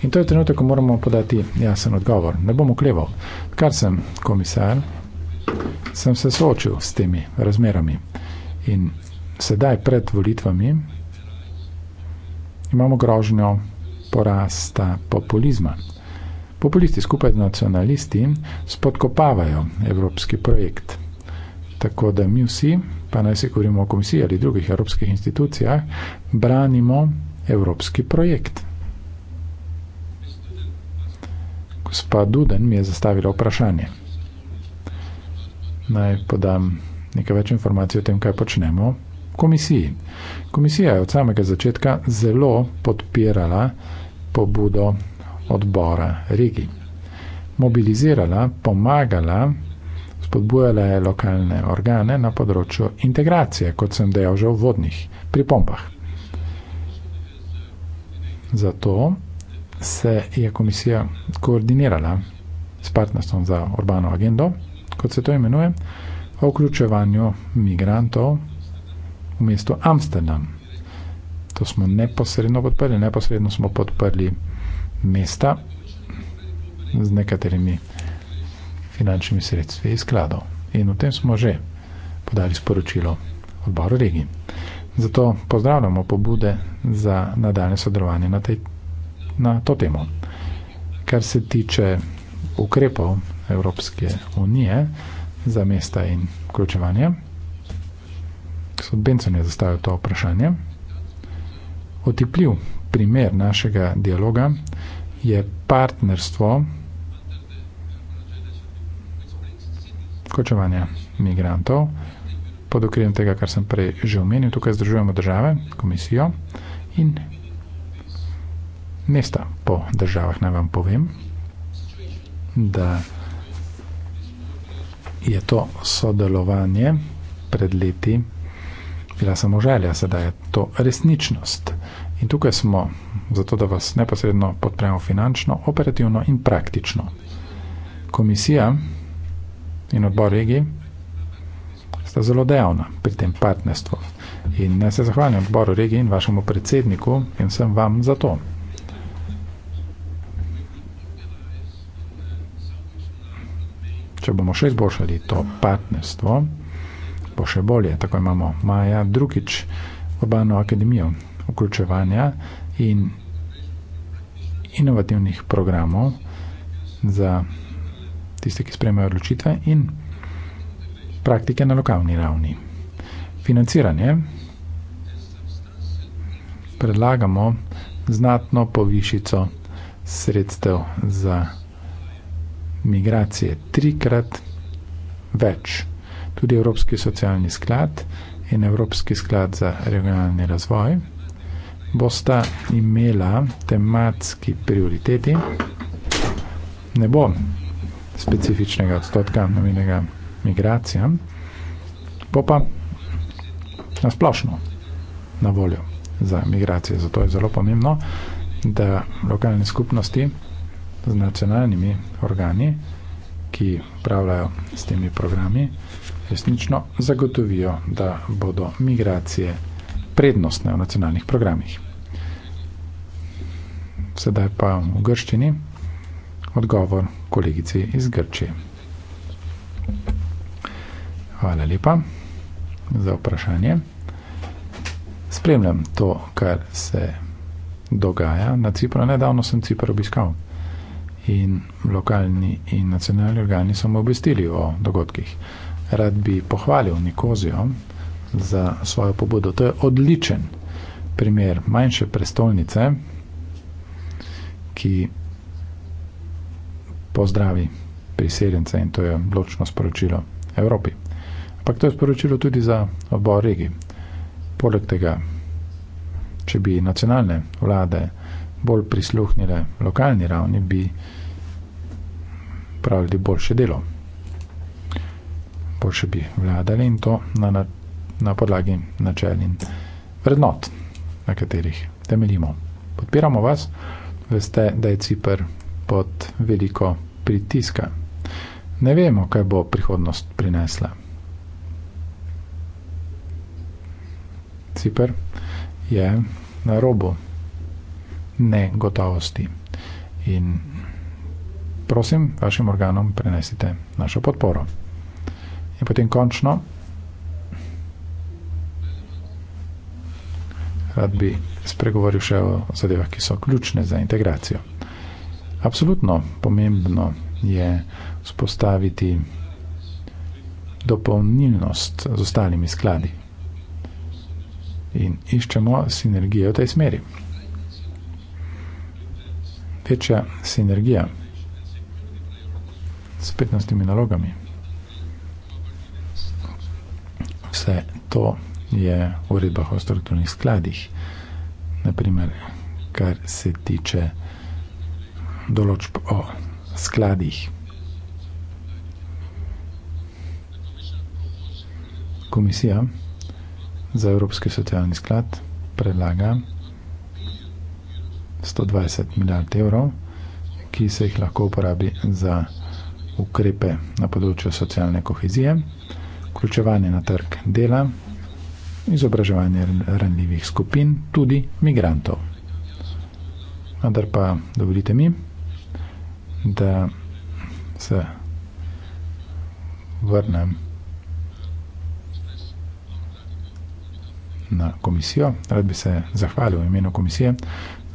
In to je trenutek, ko moramo podati jasen odgovor. Ne bom okleval. Kar sem komisar, sem se soočil s temi razmerami. In sedaj pred volitvami imamo grožnjo porasta populizma. Populisti skupaj z nacionalisti spodkopavajo evropski projekt. Tako da mi vsi, pa naj se govorimo o komisiji ali drugih evropskih institucijah, branimo evropski projekt. Gospa Duden mi je zastavila vprašanje. Naj podam nekaj več informacij o tem, kaj počnemo komisiji. Komisija je od samega začetka zelo podpirala pobudo odbora Rigi. Mobilizirala, pomagala, spodbujala je lokalne organe na področju integracije, kot sem dejal že v vodnih pripombah. Zato se je komisija koordinirala s partnerstvom za urbano agendo, kot se to imenuje, o vključevanju migrantov v mestu Amsterdam. To smo neposredno podprli, neposredno smo podprli mesta z nekaterimi finančnimi sredstvi iz skladov. In o tem smo že podali sporočilo odboru regij. Zato pozdravljamo pobude za nadaljne sodelovanje na, tej, na to temo. Kar se tiče ukrepov Evropske unije za mesta in vključevanje, gospod Benson je zastavil to vprašanje. Otepljiv primer našega dialoga je partnerstvo kočevanja migrantov pod okrem tega, kar sem prej že omenil. Tukaj združujemo države, komisijo in mesta po državah. Naj vam povem, da je to sodelovanje pred leti bila samo želja, sedaj je to resničnost. In tukaj smo, zato da vas neposredno podpremo finančno, operativno in praktično. Komisija in odbor regij sta zelo dejavna pri tem partnerstvu. In naj se zahvalim odboru regij in vašemu predsedniku in vsem vam za to. Če bomo še izboljšali to partnerstvo, bo še bolje. Tako imamo Maja drugič urbano akademijo vključevanja in inovativnih programov za tiste, ki spremajo odločitve in praktike na lokalni ravni. Financiranje predlagamo znatno povišico sredstev za migracije trikrat več tudi Evropski socialni sklad in Evropski sklad za regionalni razvoj, bosta imela tematski prioriteti, ne bo specifičnega odstotka namenjenega migracijam, bo pa nasplošno na voljo za migracije. Zato je zelo pomembno, da lokalne skupnosti z nacionalnimi organi, ki pravljajo s temi programi, resnično zagotovijo, da bodo migracije prednostne v nacionalnih programih. Sedaj pa v grščini odgovor kolegici iz Grčije. Hvala lepa za vprašanje. Spremljam to, kar se dogaja na Cipru. Nedavno sem Cipr obiskal in lokalni in nacionalni organi so me obvestili o dogodkih rad bi pohvalil Nikozijo za svojo pobudo. To je odličen primer manjše prestolnice, ki pozdravi priseljence in to je ločno sporočilo Evropi. Ampak to je sporočilo tudi za obo regi. Poleg tega, če bi nacionalne vlade bolj prisluhnile lokalni ravni, bi pravili boljše delo boljše bi vladali in to na, na, na podlagi načel in vrednot, na katerih temeljimo. Podpiramo vas, veste, da je Cipr pod veliko pritiska. Ne vemo, kaj bo prihodnost prinesla. Cipr je na robu negotovosti in prosim, vašim organom prenesite našo podporo. In potem končno, rad bi spregovoril še o zadevah, ki so ključne za integracijo. Absolutno pomembno je spostaviti dopolnilnost z ostalimi skladi. In iščemo sinergije v tej smeri. Večja sinergija s prednostnimi nalogami. vse to je v uredbah o strukturnih skladih. Naprimer, kar se tiče določb o skladih. Komisija za Evropski socialni sklad predlaga 120 milijard evrov, ki se jih lahko uporabi za ukrepe na področju socialne kohezije vključevanje na trg dela, izobraževanje ranljivih skupin, tudi migrantov. Vendar pa dovolite mi, da se vrnem na komisijo. Rad bi se zahvalil v imenu komisije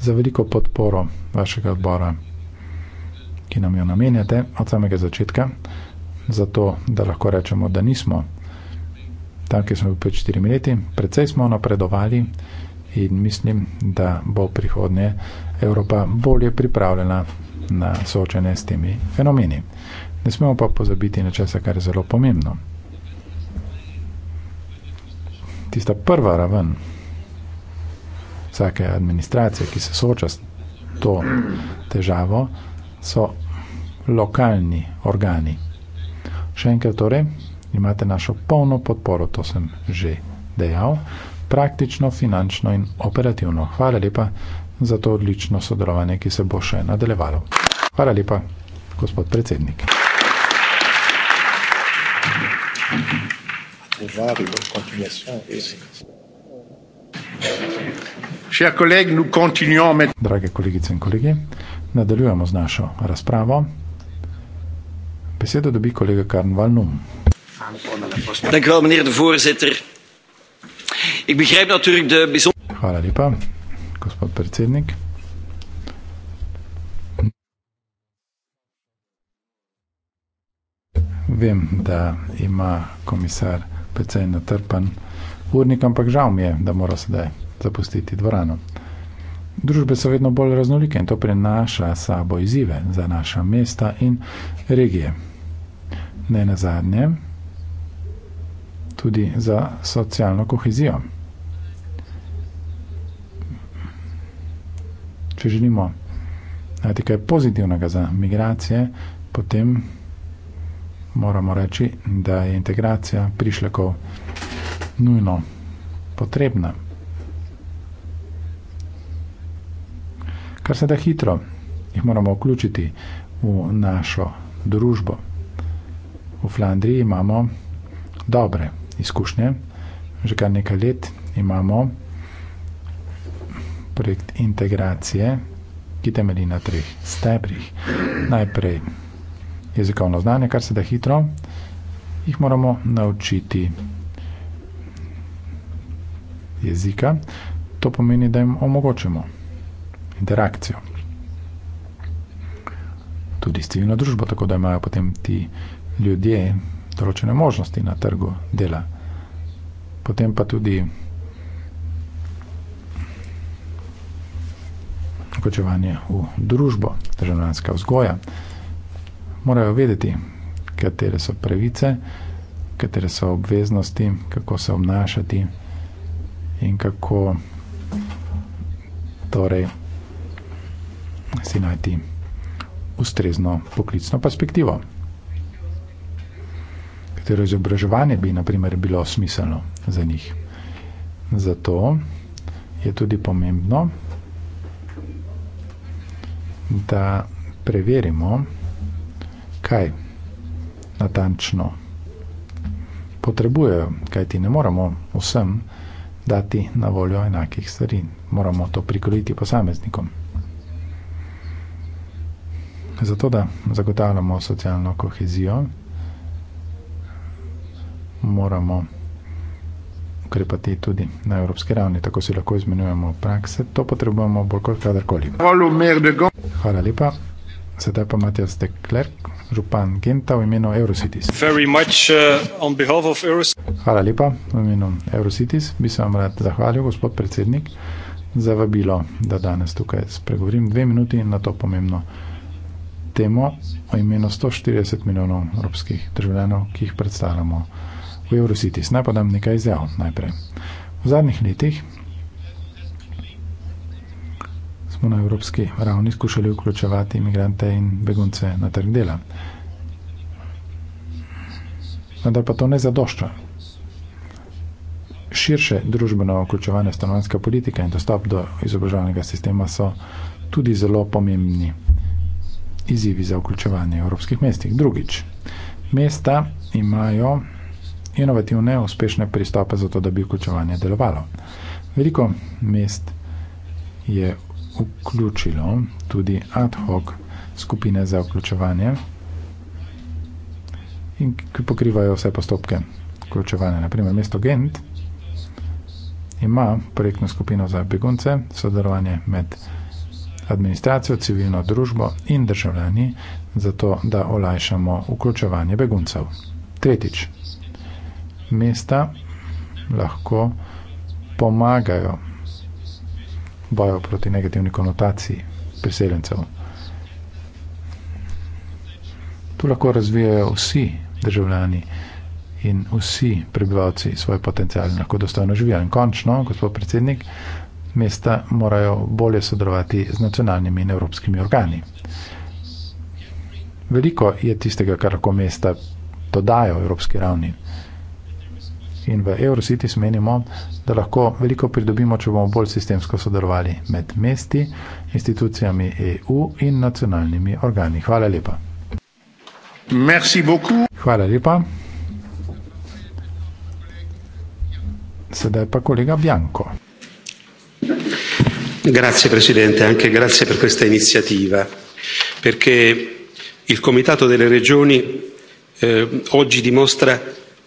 za veliko podporo vašega odbora, ki nam jo namenjate od samega začetka zato da lahko rečemo, da nismo. Tam, kjer smo bili pred štirimi leti, precej smo napredovali in mislim, da bo prihodnje Evropa bolje pripravljena na soočene s temi fenomeni. Ne smemo pa pozabiti na česa, kar je zelo pomembno. Tista prva raven vsake administracije, ki se sooča s to težavo, so lokalni organi, Še enkrat torej, imate našo polno podporo, to sem že dejal, praktično, finančno in operativno. Hvala lepa za to odlično sodelovanje, ki se bo še nadaljevalo. Hvala lepa, gospod predsednik. Drage kolegice in kolegi, nadaljujemo z našo razpravo. Besedo dobi kolega Karnval Num. Dank u wel, meneer de voorzitter. Ik begrijp natuurlijk de bijzonder. Hvala lepa, gospod predsednik. Vem, da ima komisar precej natrpan urnik, ampak žal mi je, da mora sedaj zapustiti dvorano. Družbe so vedno bolj raznolike in to prenaša sabo izzive za naša mesta in regije ne na zadnje, tudi za socialno kohezijo. Če želimo najti kaj pozitivnega za migracije, potem moramo reči, da je integracija prišlekov nujno potrebna. Kar se da hitro, jih moramo vključiti v našo družbo v Flandriji imamo dobre izkušnje. Že kar nekaj let imamo projekt integracije, ki temelji na treh stebrih. Najprej jezikovno znanje, kar se da hitro, jih moramo naučiti jezika. To pomeni, da jim omogočimo interakcijo. Tudi s civilno družbo, tako da imajo potem ti ljudje določene možnosti na trgu dela. Potem pa tudi vključevanje v družbo, državljanska vzgoja. Morajo vedeti, katere so pravice, katere so obveznosti, kako se obnašati in kako torej si najti ustrezno poklicno perspektivo katero izobraževanje bi naprimer bilo smiselno za njih. Zato je tudi pomembno, da preverimo, kaj natančno potrebujejo, kajti ne moramo vsem dati na voljo enakih stvari. Moramo to prikoliti posameznikom. Zato, da zagotavljamo socialno kohezijo, moramo ukrepati tudi na evropski ravni, tako si lahko izmenjujemo prakse. To potrebujemo bolj kot kadarkoli. Hvala lepa. Sedaj pa Matjas de Klerk, župan Genta v imenu uh, Eurocities. Hvala lepa v imenu Eurocities. Bi se vam rad zahvalil, gospod predsednik, za vabilo, da danes tukaj spregovorim dve minuti na to pomembno temo o imenu 140 milijonov evropskih državljanov, ki jih predstavljamo v Eurocities. Naj podam nekaj izjav najprej. V zadnjih letih smo na evropski ravni skušali vključevati imigrante in begunce na trg dela. Vendar pa to ne zadošča. Širše družbeno vključevanje stanovanjska politika in dostop do izobraževalnega sistema so tudi zelo pomembni izzivi za vključevanje v evropskih mestih. Drugič, mesta imajo inovativne, uspešne pristope za to, da bi vključevanje delovalo. Veliko mest je vključilo tudi ad hoc skupine za vključevanje, in ki pokrivajo vse postopke vključevanja. Naprimer, mesto Gent ima projektno skupino za begunce, sodelovanje med administracijo, civilno družbo in državljani, zato da olajšamo vključevanje beguncev. Tretjič, mesta lahko pomagajo boju proti negativni konotaciji priseljencev. Tu lahko razvijajo vsi državljani in vsi prebivalci svoj potencial, lahko dostojno živijo. In končno, gospod predsednik, mesta morajo bolje sodelovati z nacionalnimi in evropskimi organi. Veliko je tistega, kar lahko mesta dodajo evropski ravni in v Eurocities menimo, da lahko veliko pridobimo, če bomo bolj sistemsko sodelovali med mesti, institucijami EU in nacionalnimi organi. Hvala lepa. Hvala lepa. Sedaj pa kolega Bjanko. Grazie Presidente, anche grazie per questa iniziativa, perché il Comitato delle Regioni eh, oggi dimostra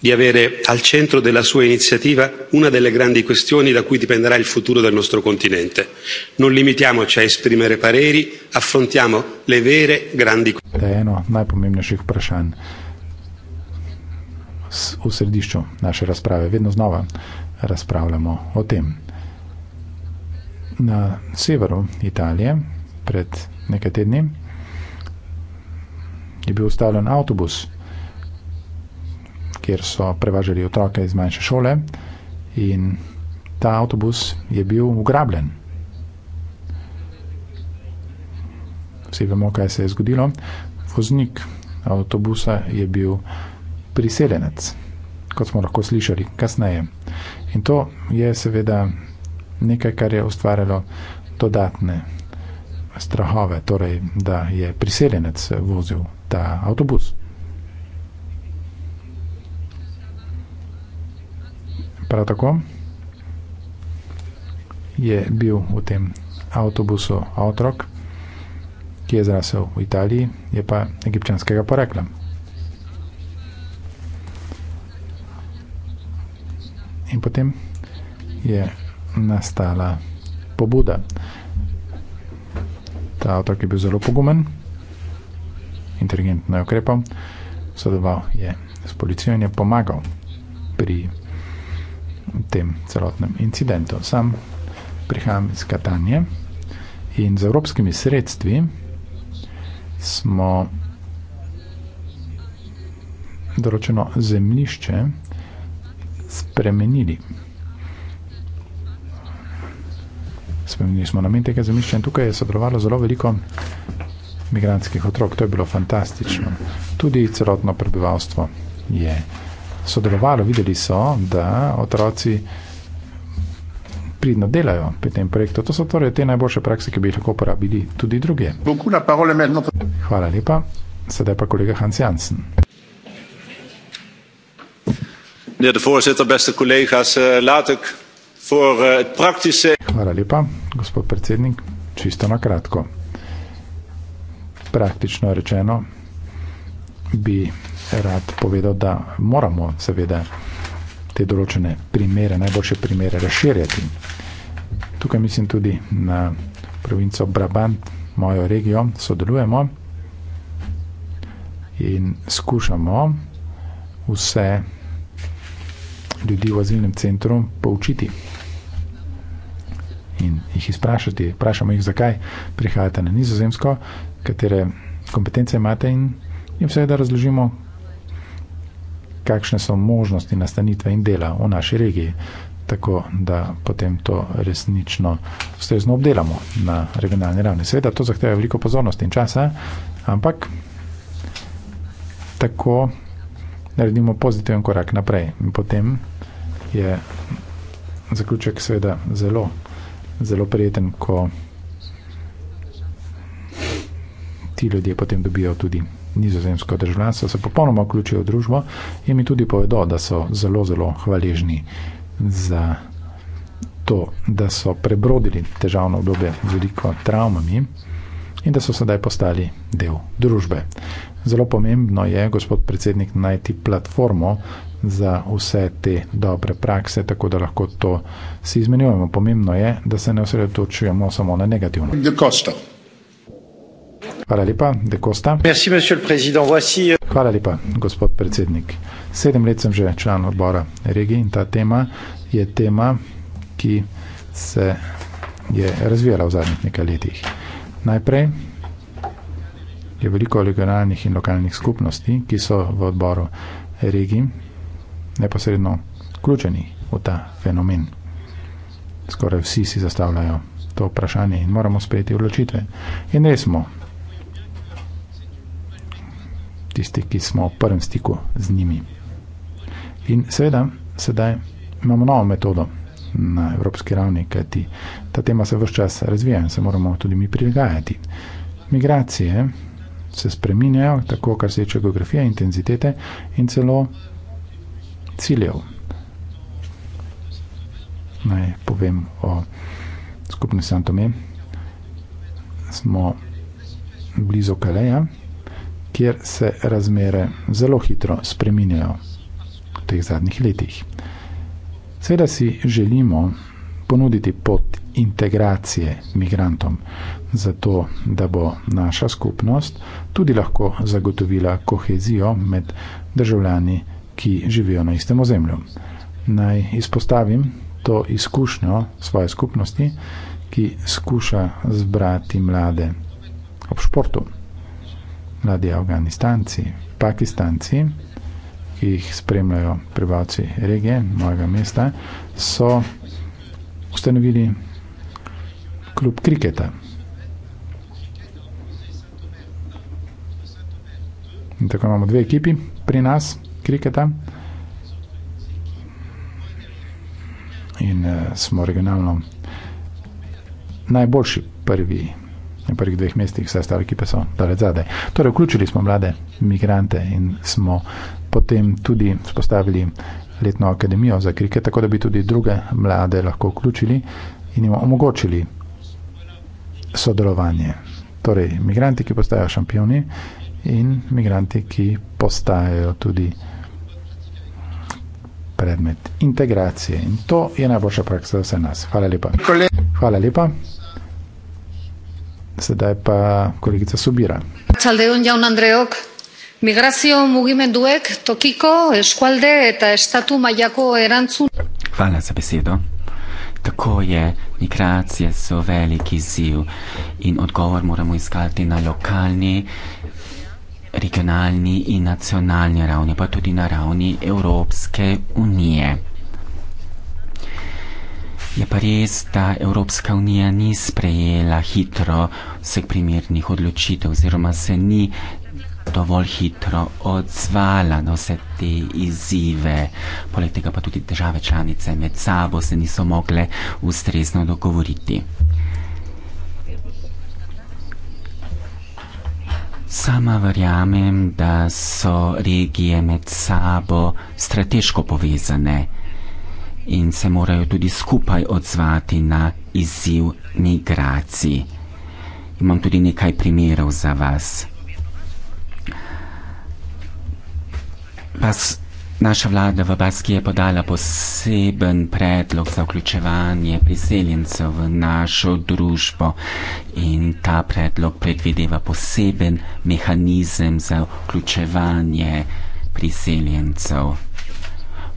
di avere al centro della sua iniziativa una delle grandi questioni da cui dipenderà il futuro del nostro continente. Non limitiamoci a esprimere pareri, affrontiamo le vere grandi questioni. To je eno najpomembnejših vprašanj v središču naše razprave. Vedno znova razpravljamo o tem. Na severu Italije pred nekaj tedni je bil ustavljen avtobus, kjer so prevažali otroke iz manjše šole in ta avtobus je bil ugrabljen. Vsi vemo, kaj se je zgodilo. Voznik avtobusa je bil priseljenec, kot smo lahko slišali kasneje. In to je seveda nekaj, kar je ustvarjalo dodatne strahove, torej, da je priseljenec vozil ta avtobus. Prav tako je bil v tem avtobusu otrok, ki je zrasel v Italiji, je pa egipčanskega porekla. In potem je nastala pobuda. Ta otrok je bil zelo pogumen, inteligentno je ukrepal, sodeloval je s policijo in je pomagal pri policiji tem celotnem incidentu. Sam prihajam iz Katanje in z evropskimi sredstvi smo določeno zemljišče spremenili. Spremenili smo namen tega zemljišča in tukaj je sodelovalo zelo veliko migrantskih otrok. To je bilo fantastično. Tudi celotno prebivalstvo je yeah sodelovalo, videli so, da otroci pridno delajo pri tem projektu. To so torej te najboljše prakse, ki bi jih lahko uporabili tudi druge. Hvala lepa. Sedaj pa kolega Hans Jansen. Meneer de voorzitter, beste collega's, eh, laat ik voor eh, het praktische. Hvala lepa, gospod predsednik, čisto na kratko. Praktično rečeno, bi rad povedal, da moramo seveda te določene primere, najboljše primere razširjati. Tukaj mislim tudi na provinco Brabant, mojo regijo, sodelujemo in skušamo vse ljudi v azilnem centru poučiti in jih izprašati. Prašamo jih, zakaj prihajate na nizozemsko, katere kompetence imate in jim seveda razložimo, kakšne so možnosti nastanitve in dela v naši regiji, tako da potem to resnično ustrezno obdelamo na regionalni ravni. Seveda to zahteva veliko pozornosti in časa, ampak tako naredimo pozitiven korak naprej. In potem je zaključek seveda zelo, zelo prijeten, ko ti ljudje potem dobijo tudi nizozemsko državljanstvo, se popolnoma vključijo v družbo in mi tudi povedo, da so zelo, zelo hvaležni za to, da so prebrodili težavno obdobje z veliko travmami in da so sedaj postali del družbe. Zelo pomembno je, gospod predsednik, najti platformo za vse te dobre prakse, tako da lahko to si izmenjujemo. Pomembno je, da se ne osredotočujemo samo na negativno. The cost of. Hvala lepa, De Costa. Merci, Voici... Euh, Hvala lepa, gospod predsednik. Sedem let sem že član odbora regij in ta tema je tema, ki se je razvijala v zadnjih nekaj letih. Najprej je veliko regionalnih in lokalnih skupnosti, ki so v odboru regij neposredno vključeni v ta fenomen. Skoraj vsi si zastavljajo to vprašanje in moramo sprejeti odločitve. In res smo tisti, ki smo v prvem stiku z njimi. In seveda, sedaj imamo novo metodo na evropski ravni, kajti ta tema se vse čas razvija in se moramo tudi mi prilagajati. Migracije se spreminjajo, tako kar se tiče geografije, intenzitete in celo ciljev. Naj povem o skupni Santome. Smo blizu Kaleja kjer se razmere zelo hitro spreminjajo v teh zadnjih letih. Seveda si želimo ponuditi pot integracije migrantom, zato da bo naša skupnost tudi lahko zagotovila kohezijo med državljani, ki živijo na istem ozemlju. Naj izpostavim to izkušnjo svoje skupnosti, ki skuša zbrati mlade ob športu mladi Afganistanci, Pakistanci, ki jih spremljajo prebavci regije, mojega mesta, so ustanovili klub kriketa. In tako imamo dve ekipi pri nas, kriketa, in uh, smo regionalno najboljši prvi na prvih dveh mestih, vse ostale ekipe so dale zadaj. Torej, vključili smo mlade imigrante in smo potem tudi spostavili letno akademijo za krike, tako da bi tudi druge mlade lahko vključili in jim omogočili sodelovanje. Torej, imigranti, ki postajajo šampioni in imigranti, ki postajajo tudi predmet integracije. In to je najboljša praksa za vse nas. Hvala lepa. Hvala lepa. Zdaj pa kolegica Subira. Txaldeon jaun Andreok, migrazio mugimenduek tokiko, eskualde eta estatu mailako erantzun. Hvala za besedo. Tako je, migracije so velik izziv in odgovor moramo iskati na lokalni, regionalni in nacionalni ravni, pa tudi na ravni Evropske unije. Je pa res, da Evropska unija ni sprejela hitro vseh primernih odločitev oziroma se ni dovolj hitro odzvala na vse te izzive. Poleg tega pa tudi države članice med sabo se niso mogle ustrezno dogovoriti. Sama verjamem, da so regije med sabo strateško povezane in se morajo tudi skupaj odzvati na izziv migracij. Imam tudi nekaj primerov za vas. Bas, naša vlada v Baski je podala poseben predlog za vključevanje priseljencev v našo družbo in ta predlog predvideva poseben mehanizem za vključevanje priseljencev.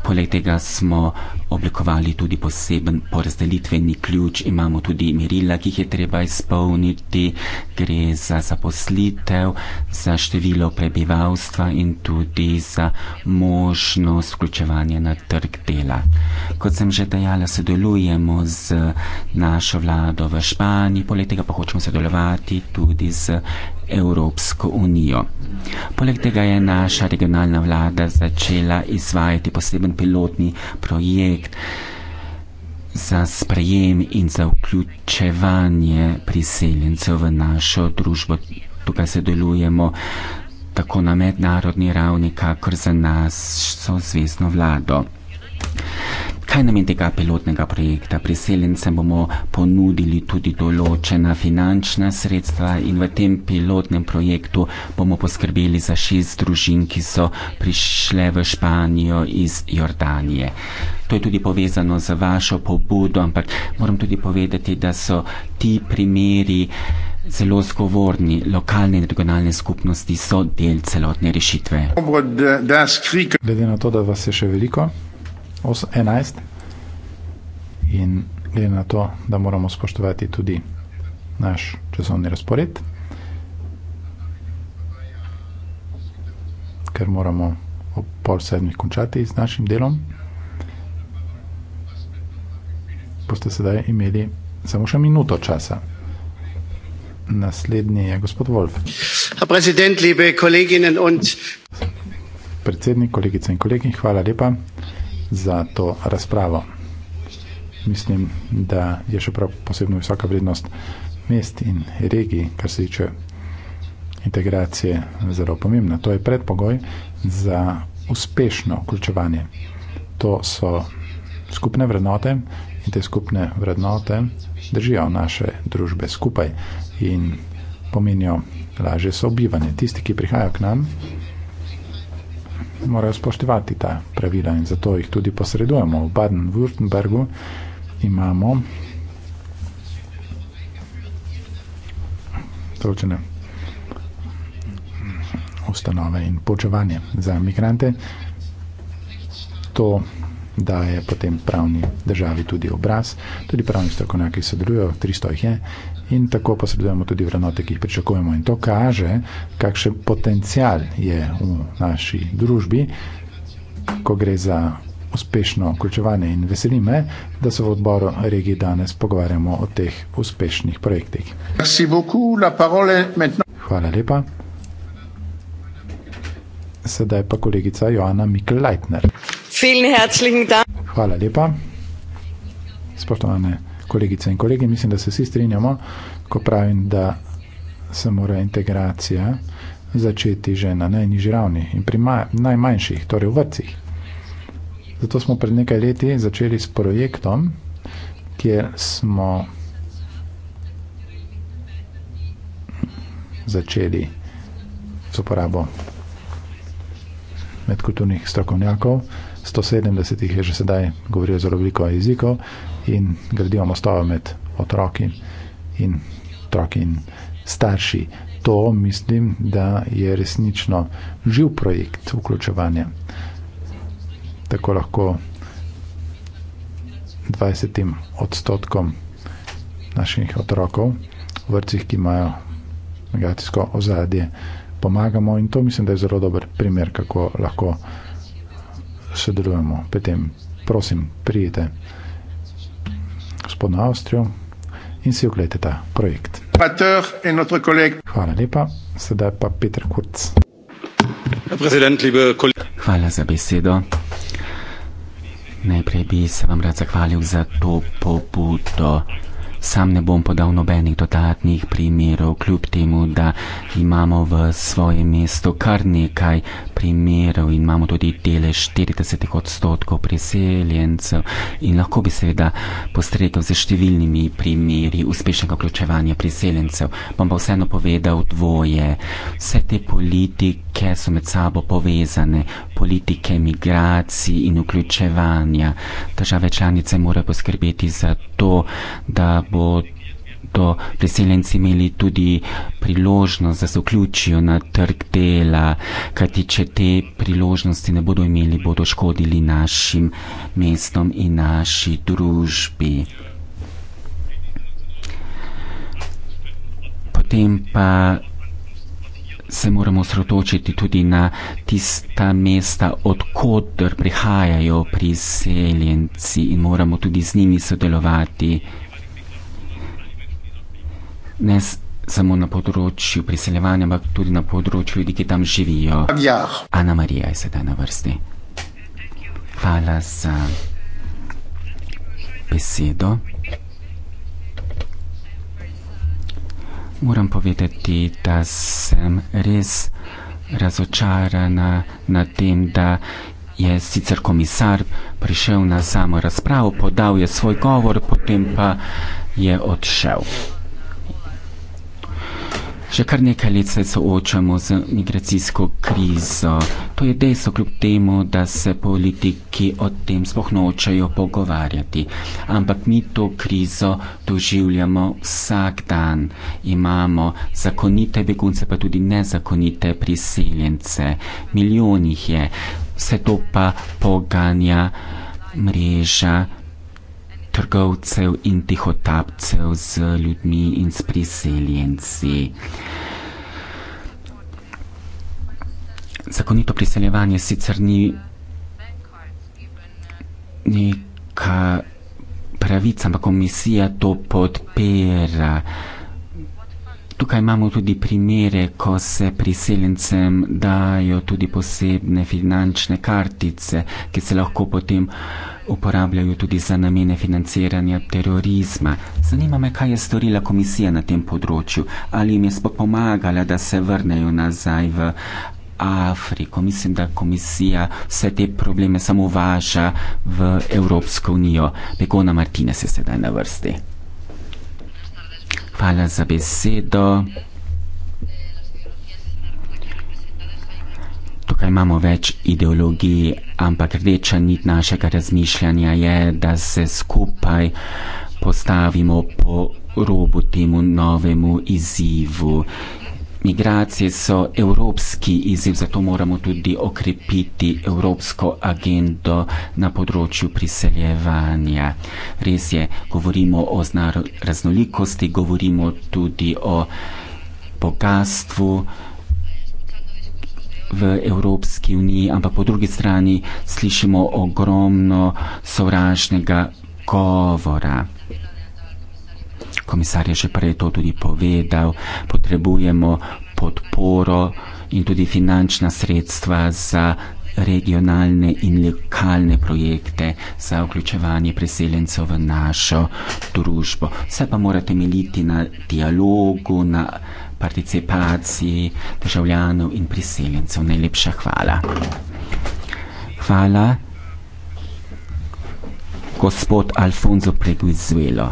Poleg tega smo oblikovali tudi poseben porazdelitveni ključ, imamo tudi merila, ki jih je treba izpolniti, gre za zaposlitev, za število prebivalstva in tudi za možnost vključevanja na trg dela. Kot sem že dejala, sodelujemo z našo vlado v Španiji, poleg tega pa hočemo sodelovati tudi z Evropsko unijo. Poleg tega je naša regionalna vlada začela izvajati poseben pilotni projekt za sprejem in za vključevanje priseljencev v našo družbo. Tukaj se delujemo tako na mednarodni ravni, kakor za nas so zvezno vlado. Kaj nam je tega pilotnega projekta? Priseljencem bomo ponudili tudi določena finančna sredstva in v tem pilotnem projektu bomo poskrbeli za šest družin, ki so prišle v Španijo iz Jordanije. To je tudi povezano z vašo pobudo, ampak moram tudi povedati, da so ti primeri zelo zgovorni. Lokalne in regionalne skupnosti so del celotne rešitve. Glede na to, da vas je še veliko, 11 in glede na to, da moramo spoštovati tudi naš časovni razpored, ker moramo ob pol sedmih končati z našim delom, boste sedaj imeli samo še minuto časa. Naslednji je gospod Wolf. Predsednik, kolegice in kolegi, hvala lepa za to razpravo. Mislim, da je še prav posebno visoka vrednost mest in regij, kar se tiče integracije, zelo pomembna. To je predpogoj za uspešno vključevanje. To so skupne vrednote in te skupne vrednote držijo naše družbe skupaj in pomenijo lažje sobivanje. Tisti, ki prihajajo k nam, morajo spoštovati ta pravila in zato jih tudi posredujemo. V Baden-Württembergu imamo določene ustanove in počevanje za migrante. To daje potem pravni državi tudi obraz, tudi pravni strokovnjaki sodelujejo, 300 jih je in tako posredujemo tudi vrednote, ki jih pričakujemo. In to kaže, kakšen potencial je v naši družbi, ko gre za uspešno vključevanje in veseli me, da se v odboru regij danes pogovarjamo o teh uspešnih projektih. Hvala lepa. Sedaj pa kolegica Joana Mikl-Leitner. Hvala lepa. Spoštovane kolegice in kolegi, mislim, da se vsi strinjamo, ko pravim, da se mora integracija začeti že na najnižji ravni in pri najmanjših, torej v vrcih. Zato smo pred nekaj leti začeli s projektom, kjer smo začeli s uporabo med kulturnih strokovnjakov. 170 jih je že sedaj govorilo zelo veliko jezikov in gradijo mostove med otroki in, otroki in starši. To mislim, da je resnično živ projekt vključevanja. Tako lahko 20 odstotkom naših otrokov v vrcih, ki imajo negativno ozadje, pomagamo in to mislim, da je zelo dober primer, kako lahko sodelujemo. Petem, prosim, prijete gospod na Avstrijo in si ogledajte ta projekt. Hvala lepa, sedaj pa Peter Kurz. Hvala za besedo. Najprej bi se vam rad zahvalil za to pobudo sam ne bom podal nobenih dodatnih primerov, kljub temu, da imamo v svojem mestu kar nekaj primerov in imamo tudi dele 40 odstotkov priseljencev in lahko bi seveda postregel z številnimi primeri uspešnega vključevanja priseljencev. Bom pa vseeno povedal dvoje. Vse te politike so med sabo povezane, politike migracij in vključevanja. Države članice morajo poskrbeti za to, da bo bodo priseljenci imeli tudi priložnost, da se vključijo na trg dela, kajti če te priložnosti ne bodo imeli, bodo škodili našim mestom in naši družbi. Potem pa se moramo sredotočiti tudi na tista mesta, odkotr prihajajo priseljenci in moramo tudi z njimi sodelovati ne samo na področju priseljevanja, ampak tudi na področju ljudi, ki tam živijo. Ja. Ana Marija je sedaj na vrsti. Hvala za besedo. Moram povedati, da sem res razočarana nad tem, da je sicer komisar prišel na samo razpravo, podal je svoj govor, potem pa je odšel. Že kar nekaj let se soočamo z migracijsko krizo. To je dejstvo, kljub temu, da se politiki o tem sploh nočejo pogovarjati. Ampak mi to krizo doživljamo vsak dan. Imamo zakonite begunce, pa tudi nezakonite priseljence. Milijon jih je. Vse to pa poganja mreža trgovcev in tihotapcev z ljudmi in s priseljenci. Zakonito priseljevanje sicer ni neka pravica, ampak komisija to podpira. Tukaj imamo tudi primere, ko se priseljencem dajo tudi posebne finančne kartice, ki se lahko potem uporabljajo tudi za namene financiranja terorizma. Zanima me, kaj je storila komisija na tem področju, ali jim je sploh pomagala, da se vrnejo nazaj v Afriko. Mislim, da komisija vse te probleme samo važa v Evropsko unijo. Begona Martinez je sedaj na vrsti. Hvala za besedo. Tukaj imamo več ideologij, ampak rdeča nit našega razmišljanja je, da se skupaj postavimo po robu temu novemu izzivu. Migracije so evropski izziv, zato moramo tudi okrepiti evropsko agendo na področju priseljevanja. Res je, govorimo o raznolikosti, govorimo tudi o bogatstvu v Evropski uniji, ampak po drugi strani slišimo ogromno sovražnega govora komisar je že prej to tudi povedal, potrebujemo podporo in tudi finančna sredstva za regionalne in lokalne projekte za vključevanje priseljencev v našo družbo. Vse pa mora temeljiti na dialogu, na participaciji državljanov in priseljencev. Najlepša hvala. Hvala. Gospod Alfonso Preguizuelo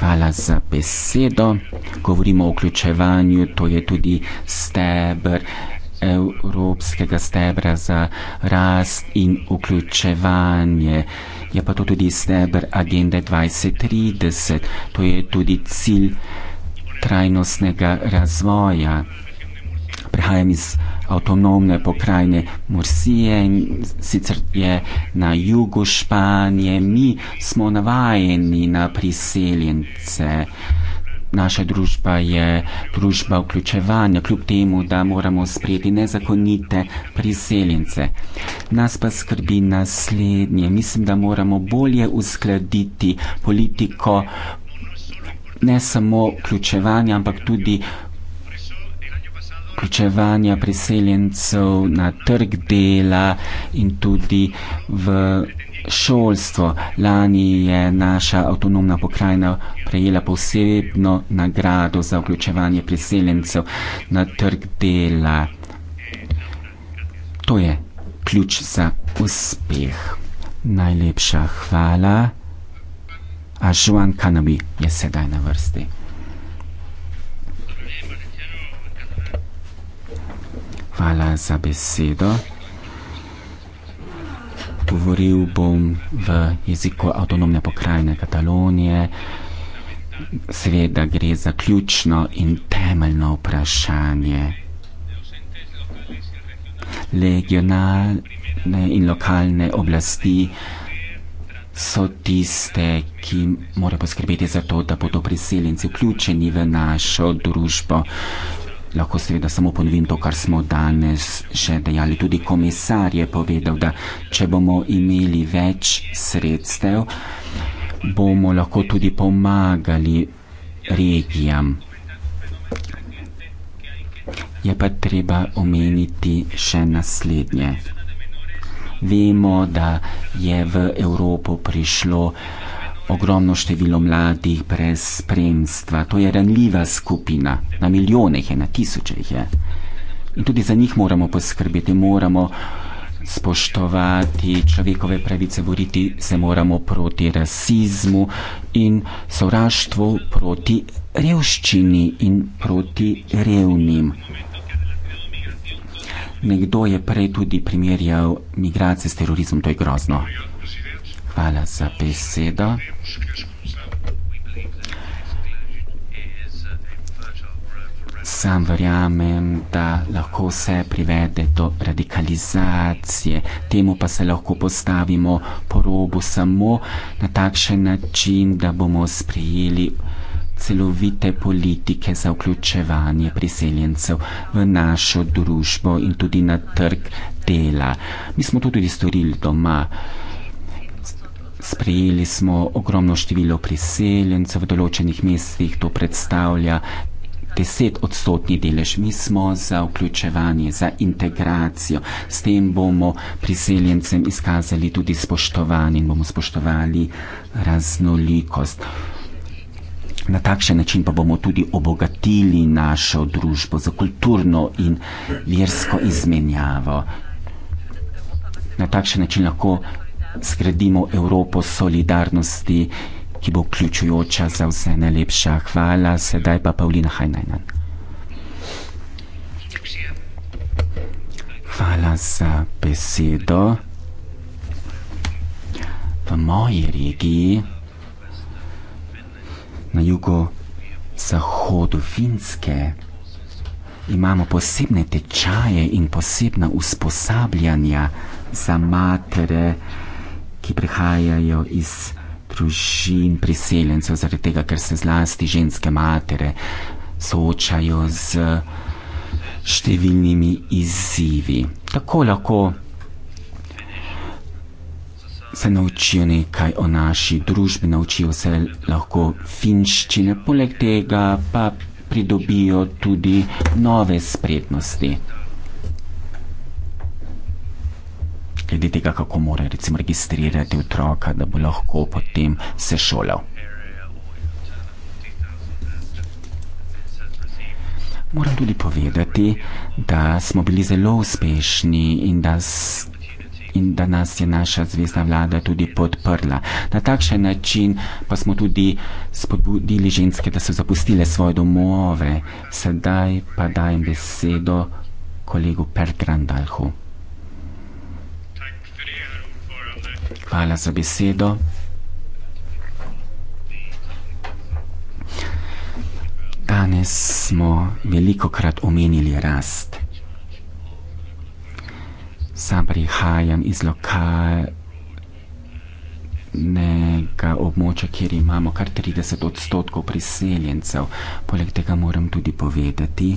hvala za besedo. Govorimo o vključevanju, to je tudi stebr evropskega stebra za rast in vključevanje. Je pa to tudi stebr agende 2030, to je tudi cilj trajnostnega razvoja. Prihajam iz avtonomne pokrajine Mursije in sicer je na jugu Španije. Mi smo navajeni na priseljence. Naša družba je družba vključevanja, kljub temu, da moramo sprejeti nezakonite priseljence. Nas pa skrbi naslednje. Mislim, da moramo bolje uskladiti politiko ne samo vključevanja, ampak tudi vključevanja priseljencev na trg dela in tudi v šolstvo. Lani je naša avtonomna pokrajina prejela posebno nagrado za vključevanje priseljencev na trg dela. To je ključ za uspeh. Najlepša hvala. A Žuan Kanabi je sedaj na vrsti. Hvala za besedo. Govoril bom v jeziku avtonomne pokrajine Katalonije. Seveda gre za ključno in temeljno vprašanje. Regionalne in lokalne oblasti so tiste, ki morajo poskrbeti za to, da bodo priseljenci vključeni v našo družbo. Lahko seveda samo ponovim to, kar smo danes že dejali. Tudi komisar je povedal, da če bomo imeli več sredstev, bomo lahko tudi pomagali regijam. Je pa treba omeniti še naslednje. Vemo, da je v Evropo prišlo ogromno število mladih brez spremstva. To je ranljiva skupina, na milijone jih je, na tisoče jih je. In tudi za njih moramo poskrbeti, moramo spoštovati človekove pravice, boriti se moramo proti rasizmu in sovraštvu, proti revščini in proti revnim. Nekdo je prej tudi primerjal migracije s terorizmom, to je grozno hvala za besedo. Sam verjamem, da lahko vse privede do radikalizacije, temu pa se lahko postavimo po robu samo na takšen način, da bomo sprejeli celovite politike za vključevanje priseljencev v našo družbo in tudi na trg dela. Mi smo to tudi storili doma. Sprejeli smo ogromno število priseljencev v določenih mestih, to predstavlja deset odstotni delež. Mi smo za vključevanje, za integracijo. S tem bomo priseljencem izkazali tudi spoštovanje in bomo spoštovali raznolikost. Na takšen način pa bomo tudi obogatili našo družbo za kulturno in versko izmenjavo. Na takšen način lahko zgradimo Evropo solidarnosti, ki bo vključujoča za vse najlepša. Hvala, sedaj pa Paulina Hajnajnan. Hvala za besedo. V moji regiji na jugozahodu Finske imamo posebne tečaje in posebna usposabljanja za matere, ki prihajajo iz družin priseljencev, zaradi tega, ker se zlasti ženske matere soočajo z številnimi izzivi. Tako lahko se naučijo nekaj o naši družbi, naučijo se lahko finščine, poleg tega pa pridobijo tudi nove spretnosti. glede tega, kako mora recimo registrirati otroka, da bo lahko potem se šolal. Moram tudi povedati, da smo bili zelo uspešni in da, s, in da nas je naša zvezdna vlada tudi podprla. Na takšen način pa smo tudi spodbudili ženske, da so zapustile svoje domove. Sedaj pa dajem besedo kolegu Pertrandalhu. Hvala za besedo. Danes smo veliko krat omenili rast. Sam prihajam iz lokalnega območja, kjer imamo kar 30 odstotkov priseljencev. Poleg tega moram tudi povedati,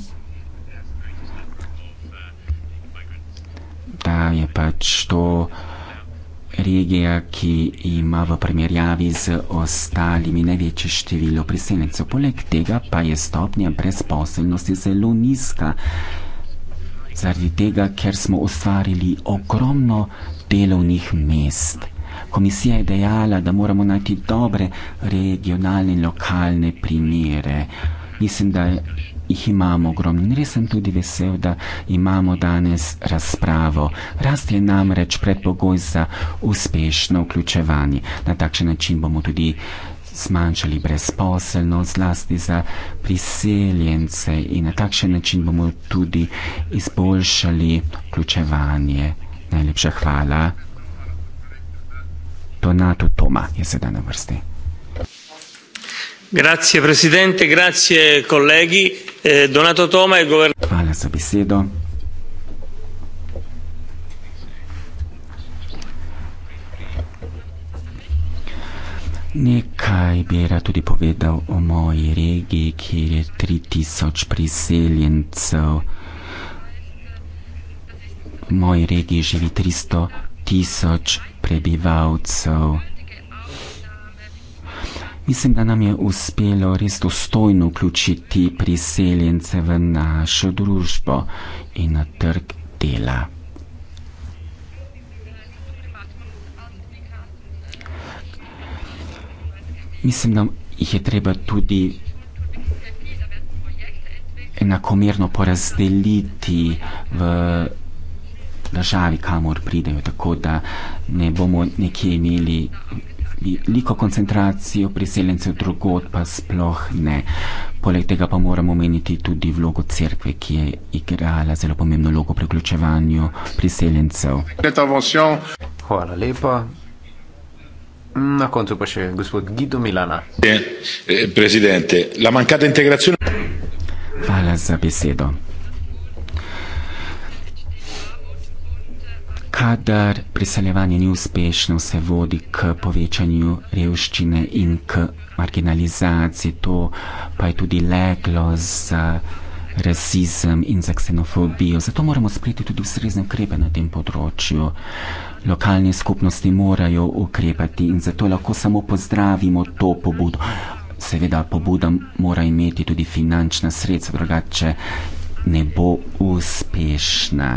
da je pač to regija, ki ima v primerjavi z ostalimi največje število priseljencev. Poleg tega pa je stopnja brezposelnosti zelo nizka, zaradi tega, ker smo ustvarili ogromno delovnih mest. Komisija je dejala, da moramo najti dobre regionalne in lokalne primere. Mislim, da jih imamo ogromno. In res sem tudi vesel, da imamo danes razpravo. Rast je namreč predpogoj za uspešno vključevanje. Na takšen način bomo tudi zmanjšali brezposelnost, zlasti za priseljence in na takšen način bomo tudi izboljšali vključevanje. Najlepša hvala. Donato Toma je sedaj na vrsti. Grazie presidente, grazie colleghi. Eh, Donato Toma e governatore. Hvala za besedo. Nekaj bi rad tudi povedal o moji regiji, kjer je 3000 priseljencev. V moji regiji živi 300 tisoč prebivalcev. Mislim, da nam je uspelo res dostojno vključiti priseljence v našo družbo in na trg dela. Mislim, da jih je treba tudi enakomerno porazdeliti v državi, kamor pridejo, tako da ne bomo nekje imeli veliko koncentracijo priseljencev, drugod pa sploh ne. Poleg tega pa moramo omeniti tudi vlogo cerkve, ki je igrala zelo pomembno vlogo pri vključevanju priseljencev. Hvala lepa. Na koncu pa še gospod Gido Milana. Eh, eh, Hvala za besedo. kadar priseljevanje ni uspešno, se vodi k povečanju revščine in k marginalizaciji. To pa je tudi leglo za rasizem in za ksenofobijo. Zato moramo sprejeti tudi ustrezne ukrepe na tem področju. Lokalne skupnosti morajo ukrepati in zato lahko samo pozdravimo to pobudo. Seveda, pobuda mora imeti tudi finančna sredstva, drugače ne bo uspešna.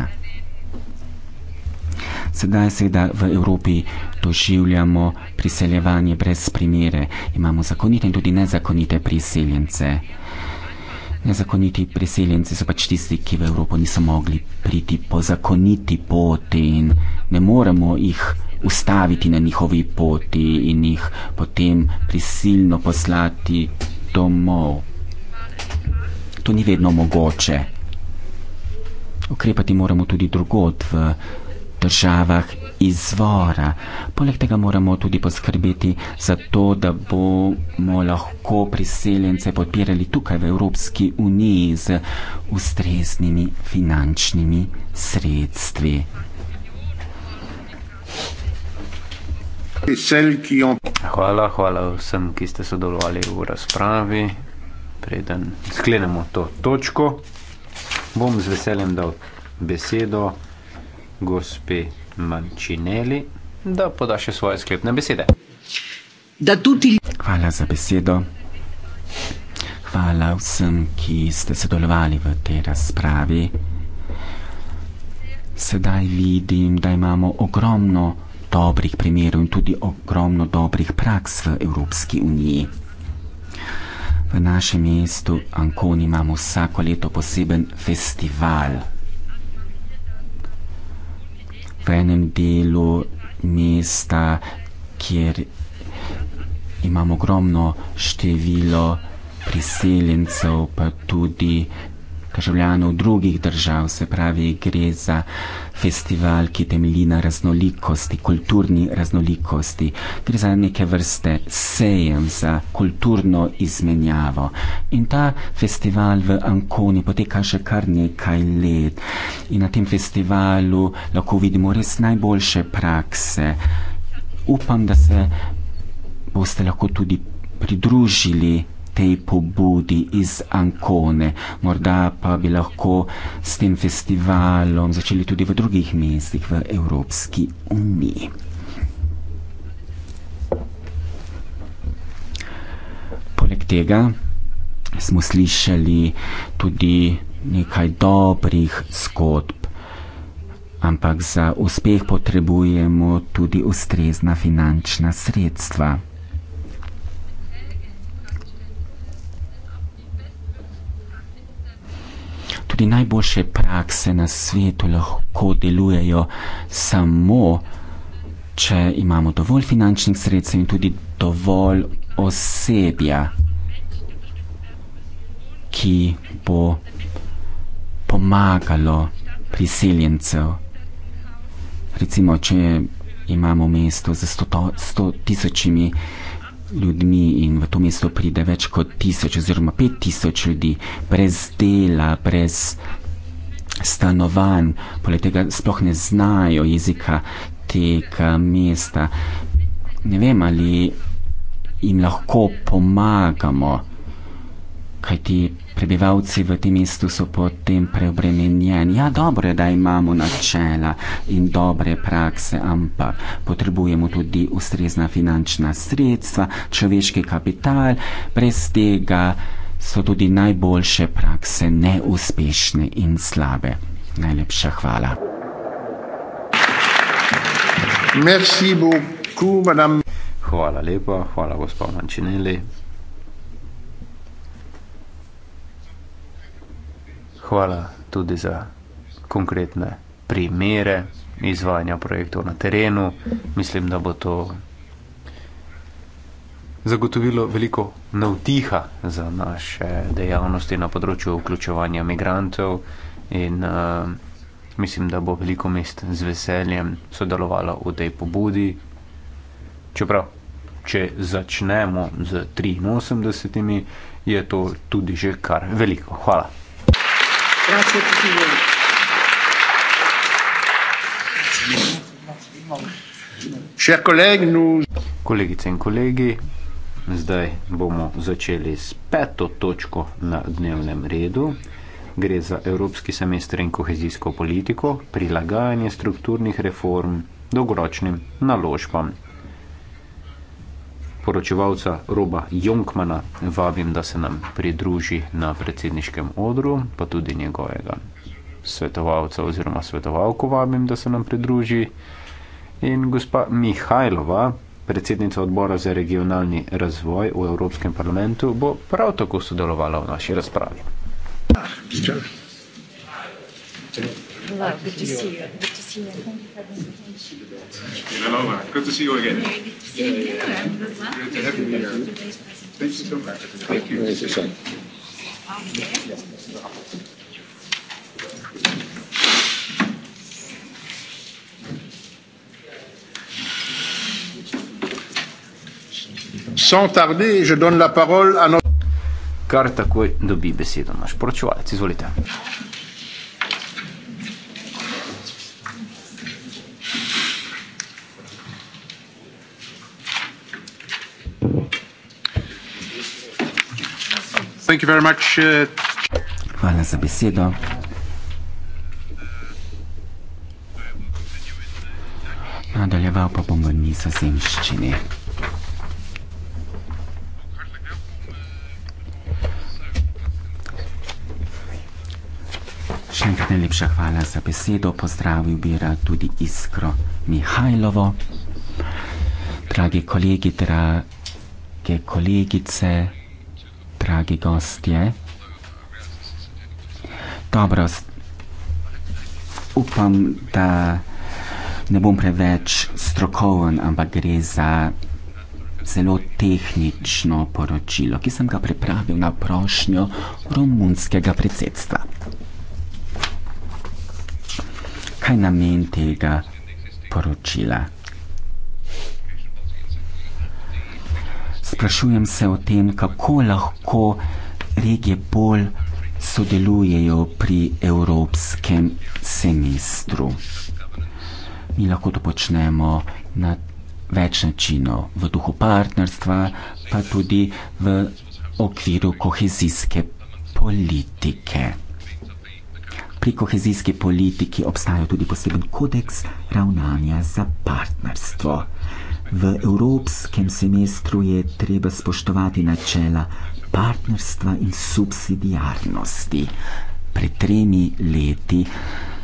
Sedaj seveda v Evropi doživljamo priseljevanje brez primere. Imamo zakonite in tudi nezakonite priseljence. Nezakoniti priseljenci so pač tisti, ki v Evropo niso mogli priti po zakoniti poti in ne moremo jih ustaviti na njihovi poti in jih potem prisilno poslati domov. To ni vedno mogoče. Ukrepati moramo tudi drugod v Evropi državah izvora. Poleg tega moramo tudi poskrbeti za to, da bomo lahko priseljence podpirali tukaj v Evropski uniji z ustreznimi finančnimi sredstvi. Hvala, hvala vsem, ki ste sodelovali v razpravi. Preden sklenemo to točko, bom z veseljem dal besedo gospe Mančineli, da poda še svoje sklepne besede. Tudi... Hvala za besedo. Hvala vsem, ki ste sodelovali v tej razpravi. Sedaj vidim, da imamo ogromno dobrih primerov in tudi ogromno dobrih praks v Evropski uniji. V našem mestu Ankoni imamo vsako leto poseben festival v enem delu mesta, kjer imamo ogromno število priseljencev, pa tudi državljanov drugih držav, se pravi, gre za festival, ki temelji na raznolikosti, kulturni raznolikosti. Gre za neke vrste sejem za kulturno izmenjavo. In ta festival v Ankoni poteka že kar nekaj let. In na tem festivalu lahko vidimo res najboljše prakse. Upam, da se boste lahko tudi pridružili tej pobudi iz Ankone. Morda pa bi lahko s tem festivalom začeli tudi v drugih mestih v Evropski uniji. Poleg tega smo slišali tudi nekaj dobrih zgodb, ampak za uspeh potrebujemo tudi ustrezna finančna sredstva. tudi najboljše prakse na svetu lahko delujejo samo, če imamo dovolj finančnih sredstev in tudi dovolj osebja, ki bo pomagalo priseljencev. Recimo, če imamo mesto z sto, sto tisočimi ljudmi in v to mesto pride več kot tisoč oziroma pet tisoč ljudi, brez dela, brez stanovanj, poleg tega sploh ne znajo jezika tega mesta. Ne vem, ali jim lahko pomagamo kajti prebivalci v tem mestu so potem preobremenjeni. Ja, dobro je, da imamo načela in dobre prakse, ampak potrebujemo tudi ustrezna finančna sredstva, človeški kapital, brez tega so tudi najboljše prakse neuspešne in slabe. Najlepša hvala. Merci beaucoup, madame. Hvala lepa, hvala gospod Mančineli. hvala tudi za konkretne primere izvajanja projektov na terenu. Mislim, da bo to zagotovilo veliko navtiha za naše dejavnosti na področju vključevanja migrantov in uh, mislim, da bo veliko mest z veseljem sodelovalo v tej pobudi. Čeprav, če začnemo z 83, je to tudi že kar veliko. Hvala. Grazie Presidente. Kolegice in kolegi, zdaj bomo začeli s peto točko na dnevnem redu. Gre za evropski semester in kohezijsko politiko, prilagajanje strukturnih reform dolgoročnim naložbam poročevalca Roba Jonkmana vabim, da se nam pridruži na predsedniškem odru, pa tudi njegovega svetovalca oziroma svetovalko vabim, da se nam pridruži. In gospa Mihajlova, predsednica odbora za regionalni razvoj v Evropskem parlamentu, bo prav tako sodelovala v naši razpravi. Ah, see you. Thank you for the invitation. It's been a long time. Good to see you again. Yeah, yeah. Good to see you. Yeah, yeah. Good to have you here. Thank you so much. Thank you. Thank you. Thank you. Thank you. Sans tarder, je donne la parole à notre... Kar takoj dobi besedo naš poročevalec. Izvolite. Thank you very much. Uh, hvala za besedo. Nadaljeval pa bom v nizozemščini. Še enkrat najlepša hvala za besedo, pozdravil bi rad tudi Iskro Mihajlovo, dragi kolegi, drage kolegice, dragi gostje. Dobro, upam, da ne bom preveč strokoven, ampak gre za zelo tehnično poročilo, ki sem ga pripravil na prošnjo romunskega predsedstva. Kaj namen tega poročila? sprašujem se o tem, kako lahko regije bolj sodelujejo pri evropskem semestru. Mi lahko to počnemo na več načinov, v duhu partnerstva, pa tudi v okviru kohezijske politike. Pri kohezijski politiki obstaja tudi poseben kodeks ravnanja za partnerstvo. V evropskem semestru je treba spoštovati načela partnerstva in subsidiarnosti. Pred tremi leti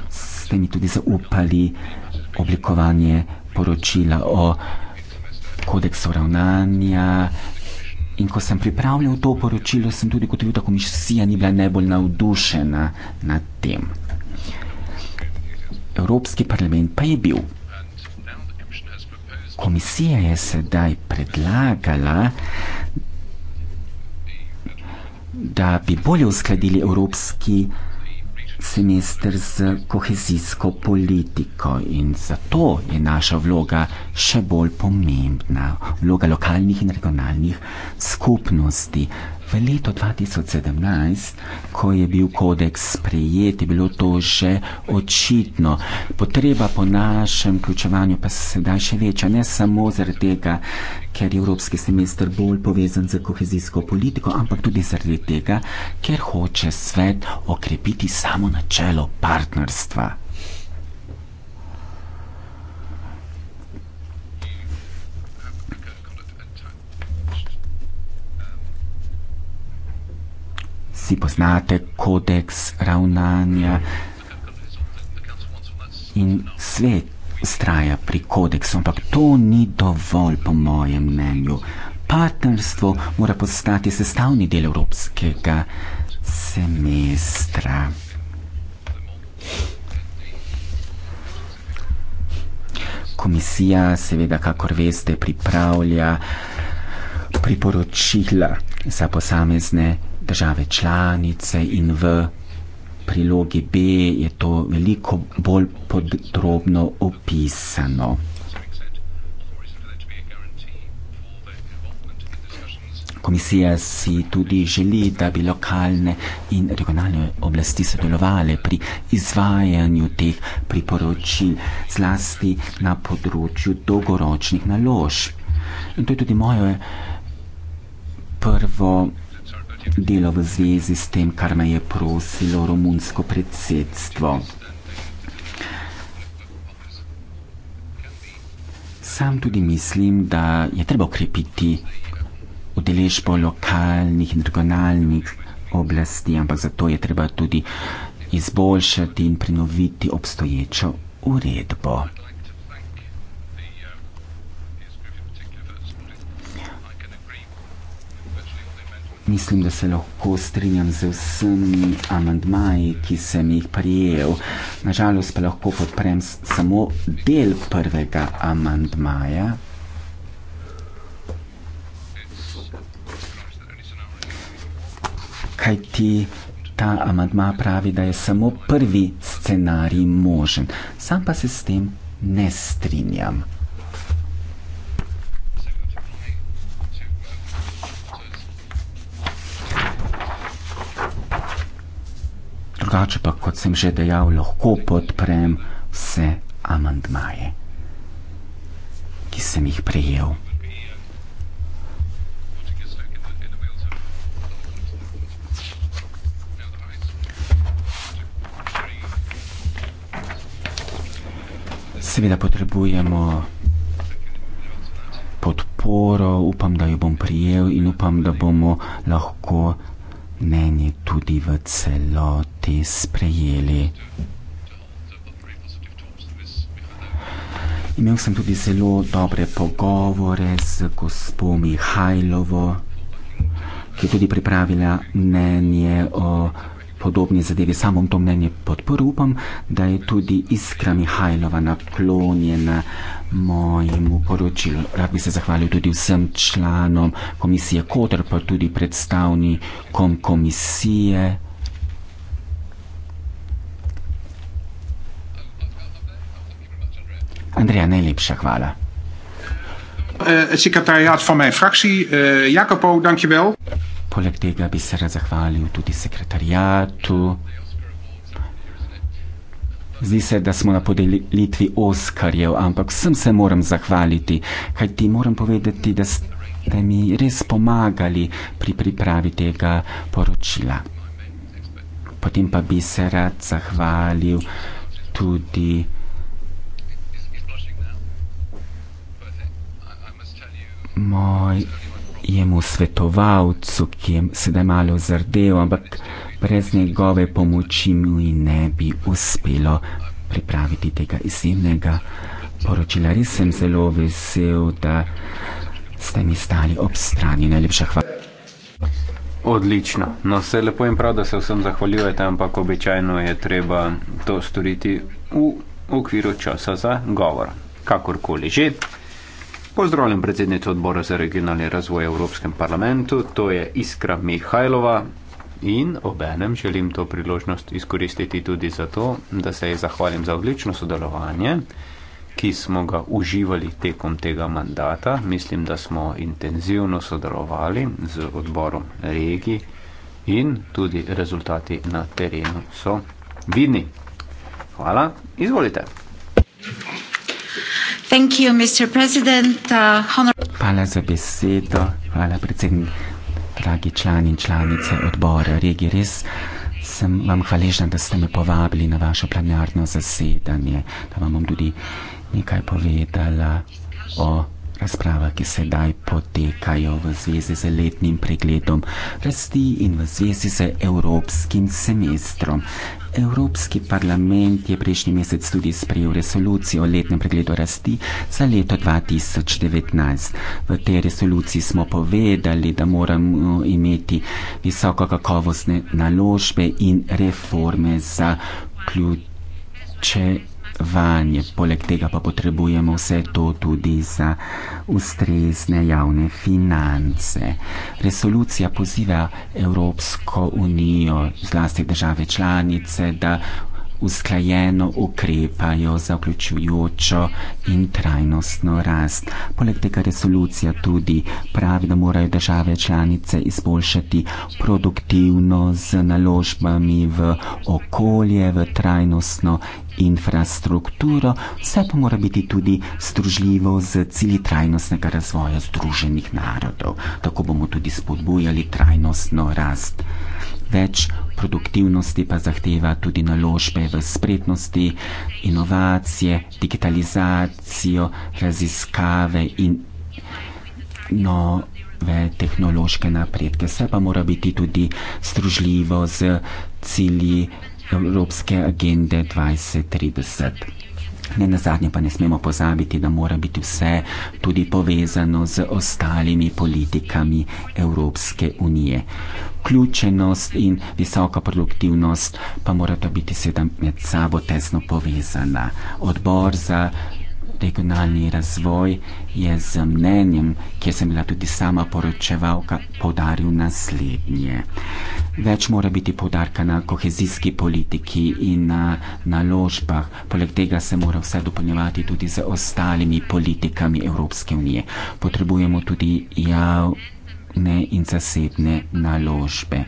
ste mi tudi zaupali oblikovanje poročila o kodeksu ravnanja. In ko sem pripravljal to poročilo, sem tudi ugotovil, da komisija ni bila najbolj navdušena nad tem. Evropski parlament pa je bil Komisija je sedaj predlagala, da bi bolje uskladili evropski semester z kohezijsko politiko in zato je naša vloga še bolj pomembna, vloga lokalnih in regionalnih skupnosti. V letu 2017, ko je bil kodeks sprejet, je bilo to že očitno. Potreba po našem vključevanju pa se sedaj še veča, ne samo zaradi tega, ker je evropski semester bolj povezan z kohezijsko politiko, ampak tudi zaradi tega, ker hoče svet okrepiti samo načelo partnerstva. vsi poznate kodeks ravnanja in svet ustraja pri kodeksu, ampak to ni dovolj po mojem mnenju. Partnerstvo mora postati sestavni del evropskega semestra. Komisija seveda, kakor veste, pripravlja priporočila za posamezne države članice in v prilogi B je to veliko bolj podrobno opisano. Komisija si tudi želi, da bi lokalne in regionalne oblasti sodelovali pri izvajanju teh priporočil, zlasti na področju dolgoročnih naložb. In to je tudi moje prvo delo v zvezi s tem, kar me je prosilo romunsko predsedstvo. Sam tudi mislim, da je treba okrepiti udeležbo lokalnih in regionalnih oblasti, ampak zato je treba tudi izboljšati in prenoviti obstoječo uredbo. Mislim, da se lahko strinjam z vsemi amantmaji, ki sem jih prijel. Nažalost, pa lahko podprem samo del prvega amantmaja. Kaj ti ta amantma pravi, da je samo prvi scenarij možen? Sam pa se s tem ne strinjam. drugače pa, kot sem že dejal, lahko podprem vse amantmaje, ki sem jih prejel. Seveda potrebujemo podporo, upam, da jo bom prijel in upam, da bomo lahko podprem mnenje tudi v celoti sprejeli. Imel sem tudi zelo dobre pogovore z gospod Mihajlovo, ki je tudi pripravila mnenje o podobni zadevi. Sam bom to mnenje podprl, upam, da je tudi iskra Mihajlova naklonjena mojemu poročilu. Rad bi se zahvalil tudi vsem članom komisije Kotr, pa tudi predstavnikom komisije. Andreja, najlepša hvala. Uh, eh, secretariat van mijn fractie, uh, Jacopo, dankjewel. Poleg tega bi se rad zahvalil tudi sekretarijatu. Zdi se, da smo na podelitvi Oskarjev, ampak vsem se moram zahvaliti, kajti moram povedati, da ste mi res pomagali pri pripravi tega poročila. Potem pa bi se rad zahvalil tudi moj jemu svetovalcu, ki je sedaj malo zardel, ampak brez njegove pomoči mu ne bi uspelo pripraviti tega izjemnega poročila. Res sem zelo vesel, da ste mi stali ob strani. Najlepša hvala. Odlično. No, se lepo in prav, da se vsem zahvaljujete, ampak običajno je treba to storiti v okviru časa za govor. Kakorkoli že, Pozdravljam predsednico odbora za regionalni razvoj v Evropskem parlamentu, to je Iskra Mihajlova. In obenem želim to priložnost izkoristiti tudi zato, da se ji zahvalim za odlično sodelovanje, ki smo ga uživali tekom tega mandata. Mislim, da smo intenzivno sodelovali z odborom regij in tudi rezultati na terenu so vidni. Hvala, izvolite. Thank you. Thank you, Mr. President. Uh, hvala za besedo, hvala predsednik, dragi člani in članice odbora Regi. Res sem vam hvaležna, da ste me povabili na vašo plenarno zasedanje, da vam bom tudi nekaj povedala o razpravah, ki sedaj potekajo v zvezi z letnim pregledom rasti in v zvezi z evropskim semestrom. Evropski parlament je prejšnji mesec tudi sprejel resolucijo o letnem pregledu rasti za leto 2019. V tej resoluciji smo povedali, da moramo imeti visoko kakovostne naložbe in reforme za ključe vanje. Poleg tega pa potrebujemo vse to tudi za ustrezne javne finance. Resolucija poziva Evropsko unijo, zlasti države članice, da usklajeno ukrepajo za vključujočo in trajnostno rast. Poleg tega resolucija tudi pravi, da morajo države članice izboljšati produktivnost z naložbami v okolje, v trajnostno infrastrukturo, vse pa mora biti tudi združljivo z cilji trajnostnega razvoja združenih narodov. Tako bomo tudi spodbujali trajnostno rast. Več produktivnosti pa zahteva tudi naložbe v spretnosti, inovacije, digitalizacijo, raziskave in nove tehnološke napredke. Vse pa mora biti tudi združljivo z cilji Evropske agende 2030. Ne na zadnje pa ne smemo pozabiti, da mora biti vse tudi povezano z ostalimi politikami Evropske unije. Vključenost in visoka produktivnost pa morata biti sedaj med sabo tesno povezana. Odbor za regionalni razvoj je z mnenjem, kjer sem bila tudi sama poročevalka, podaril naslednje. Več mora biti podarka na kohezijski politiki in na naložbah, poleg tega se mora vse dopolnjevati tudi z ostalimi politikami Evropske unije. Potrebujemo tudi javne in zasebne naložbe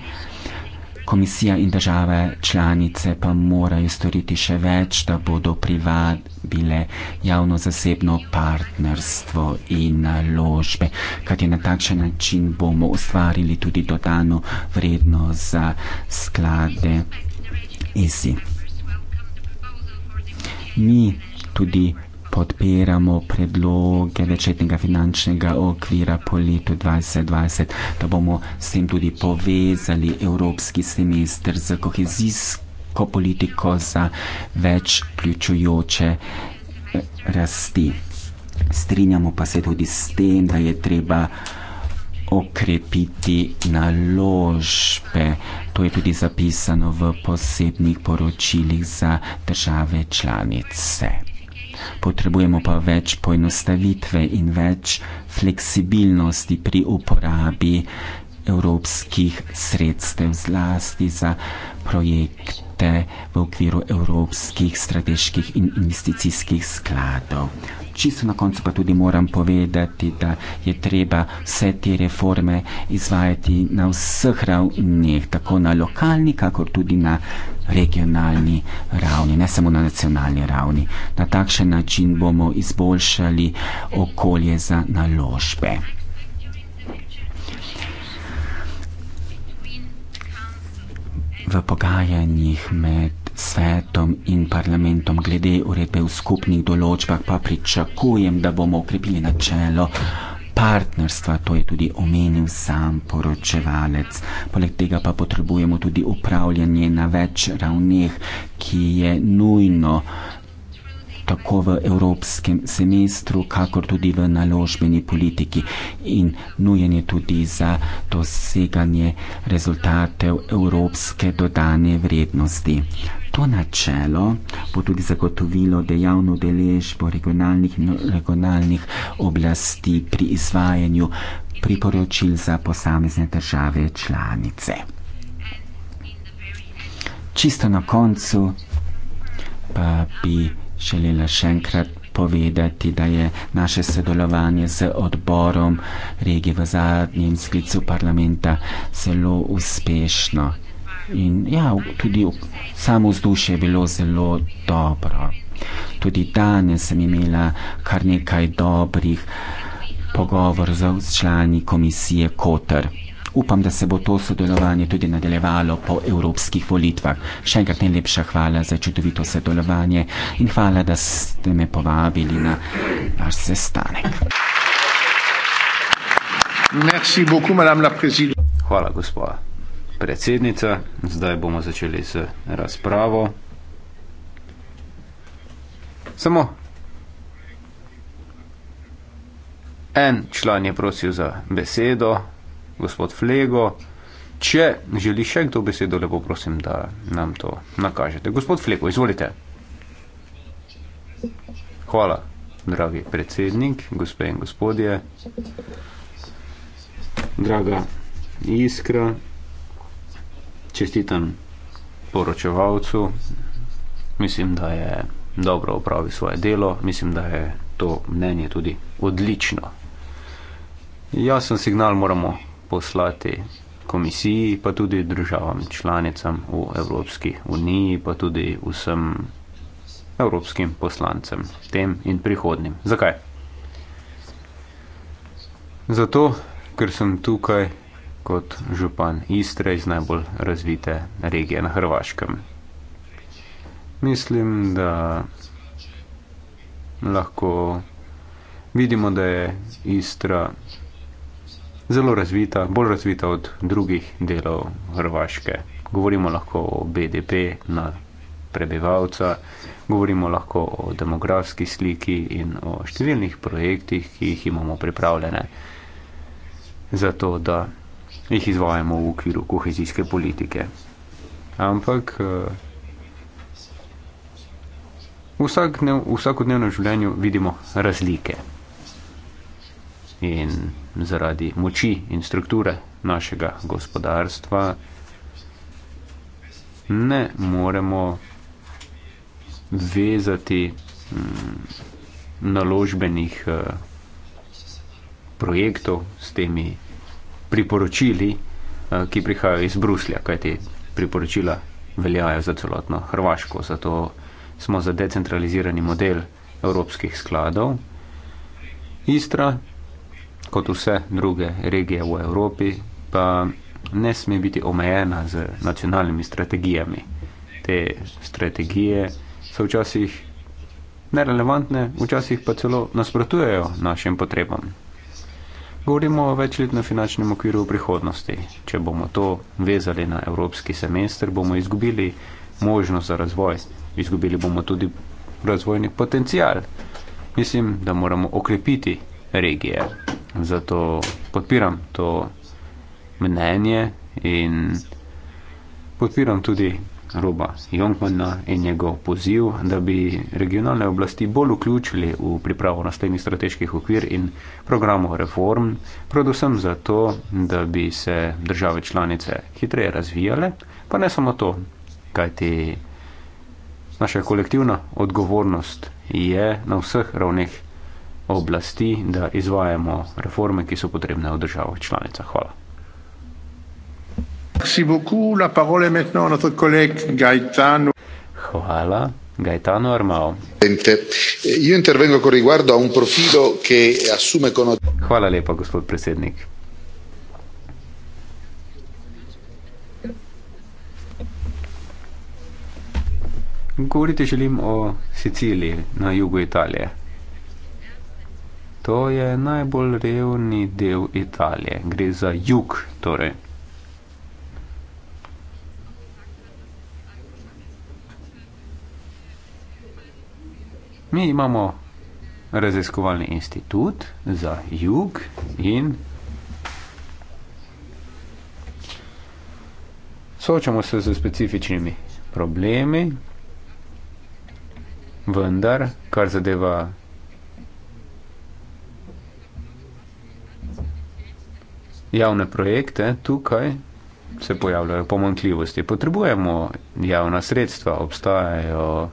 komisija in države članice pa morajo storiti še več, da bodo privabile javno-zasebno partnerstvo in naložbe, kajti na takšen način bomo ustvarili tudi dodano vrednost za sklade ISI. Mi tudi podpiramo predloge večetnega finančnega okvira po letu 2020, da bomo s tem tudi povezali evropski semester z kohezijsko politiko za več vključujoče eh, rasti. Strinjamo pa se tudi s tem, da je treba okrepiti naložbe. To je tudi zapisano v posebnih poročilih za države članice potrebujemo pa več poenostavitve in več fleksibilnosti pri uporabi evropskih sredstev zlasti za projekte v okviru evropskih strateških in investicijskih skladov čisto na koncu pa tudi moram povedati, da je treba vse te reforme izvajati na vseh ravneh, tako na lokalni, kakor tudi na regionalni ravni, ne samo na nacionalni ravni. Na takšen način bomo izboljšali okolje za naložbe. V pogajanjih med svetom in parlamentom. Glede uredbe v skupnih določbah pa pričakujem, da bomo okrepili načelo partnerstva, to je tudi omenil sam poročevalec. Poleg tega pa potrebujemo tudi upravljanje na več ravneh, ki je nujno tako v evropskem semestru, kakor tudi v naložbeni politiki in nujen je tudi za doseganje rezultatev evropske dodane vrednosti. To načelo bo tudi zagotovilo dejavno deležbo regionalnih in regionalnih oblasti pri izvajanju priporočil za posamezne države članice. Čisto na koncu pa bi želela še enkrat povedati, da je naše sodelovanje z odborom regije v zadnjem sklicu parlamenta zelo uspešno. In ja, tudi samo vzdušje je bilo zelo dobro. Tudi danes sem imela kar nekaj dobrih pogovorov z člani komisije Kotr. Upam, da se bo to sodelovanje tudi nadaljevalo po evropskih volitvah. Še enkrat najlepša hvala za čudovito sodelovanje in hvala, da ste me povabili na vaš sestanek. Hvala, gospod predsednica. Zdaj bomo začeli z razpravo. Samo en član je prosil za besedo gospod Flego. Če želi še kdo besedo, lepo prosim, da nam to nakažete. Gospod Flego, izvolite. Hvala, dragi predsednik, gospe in gospodje, draga iskra, čestitam poročevalcu. Mislim, da je dobro opravil svoje delo, mislim, da je to mnenje tudi odlično. Jasen signal moramo poslati komisiji, pa tudi državam članicam v Evropski uniji, pa tudi vsem evropskim poslancem, tem in prihodnim. Zakaj? Zato, ker sem tukaj kot župan Istre iz najbolj razvite regije na Hrvaškem. Mislim, da lahko vidimo, da je Istra zelo razvita, bolj razvita od drugih delov Hrvaške. Govorimo lahko o BDP na prebivalca, govorimo lahko o demografski sliki in o številnih projektih, ki jih imamo pripravljene za to, da jih izvajamo v okviru kohezijske politike. Ampak eh, v vsakodnevnem življenju vidimo razlike in zaradi moči in strukture našega gospodarstva ne moremo vezati mm, naložbenih eh, projektov s temi priporočili, eh, ki prihajajo iz Bruslja, kajti priporočila veljajo za celotno Hrvaško. Zato smo za decentralizirani model evropskih skladov. Istra kot vse druge regije v Evropi, pa ne sme biti omejena z nacionalnimi strategijami. Te strategije so včasih nerelevantne, včasih pa celo nasprotujejo našim potrebam. Govorimo o večletnem finančnem okviru v prihodnosti. Če bomo to vezali na evropski semester, bomo izgubili možnost za razvoj, izgubili bomo tudi razvojni potencial. Mislim, da moramo okrepiti regije zato podpiram to mnenje in podpiram tudi Roba Jongmana in njegov poziv, da bi regionalne oblasti bolj vključili v pripravo naslednjih strateških okvir in programov reform, predvsem zato, da bi se države članice hitreje razvijale, pa ne samo to, kajti naša kolektivna odgovornost je na vseh ravneh oblasti, da izvajamo reforme, ki so potrebne v državah članicah. Hvala. Hvala. Gaetano Armao. Hvala lepa, gospod predsednik. Govoriti želim o Siciliji na jugu Italije to je najbolj revni del Italije. Gre za jug, torej. Mi imamo raziskovalni institut za jug in soočamo se z specifičnimi problemi, vendar, kar zadeva javne projekte, tukaj se pojavljajo pomankljivosti. Potrebujemo javna sredstva, obstajajo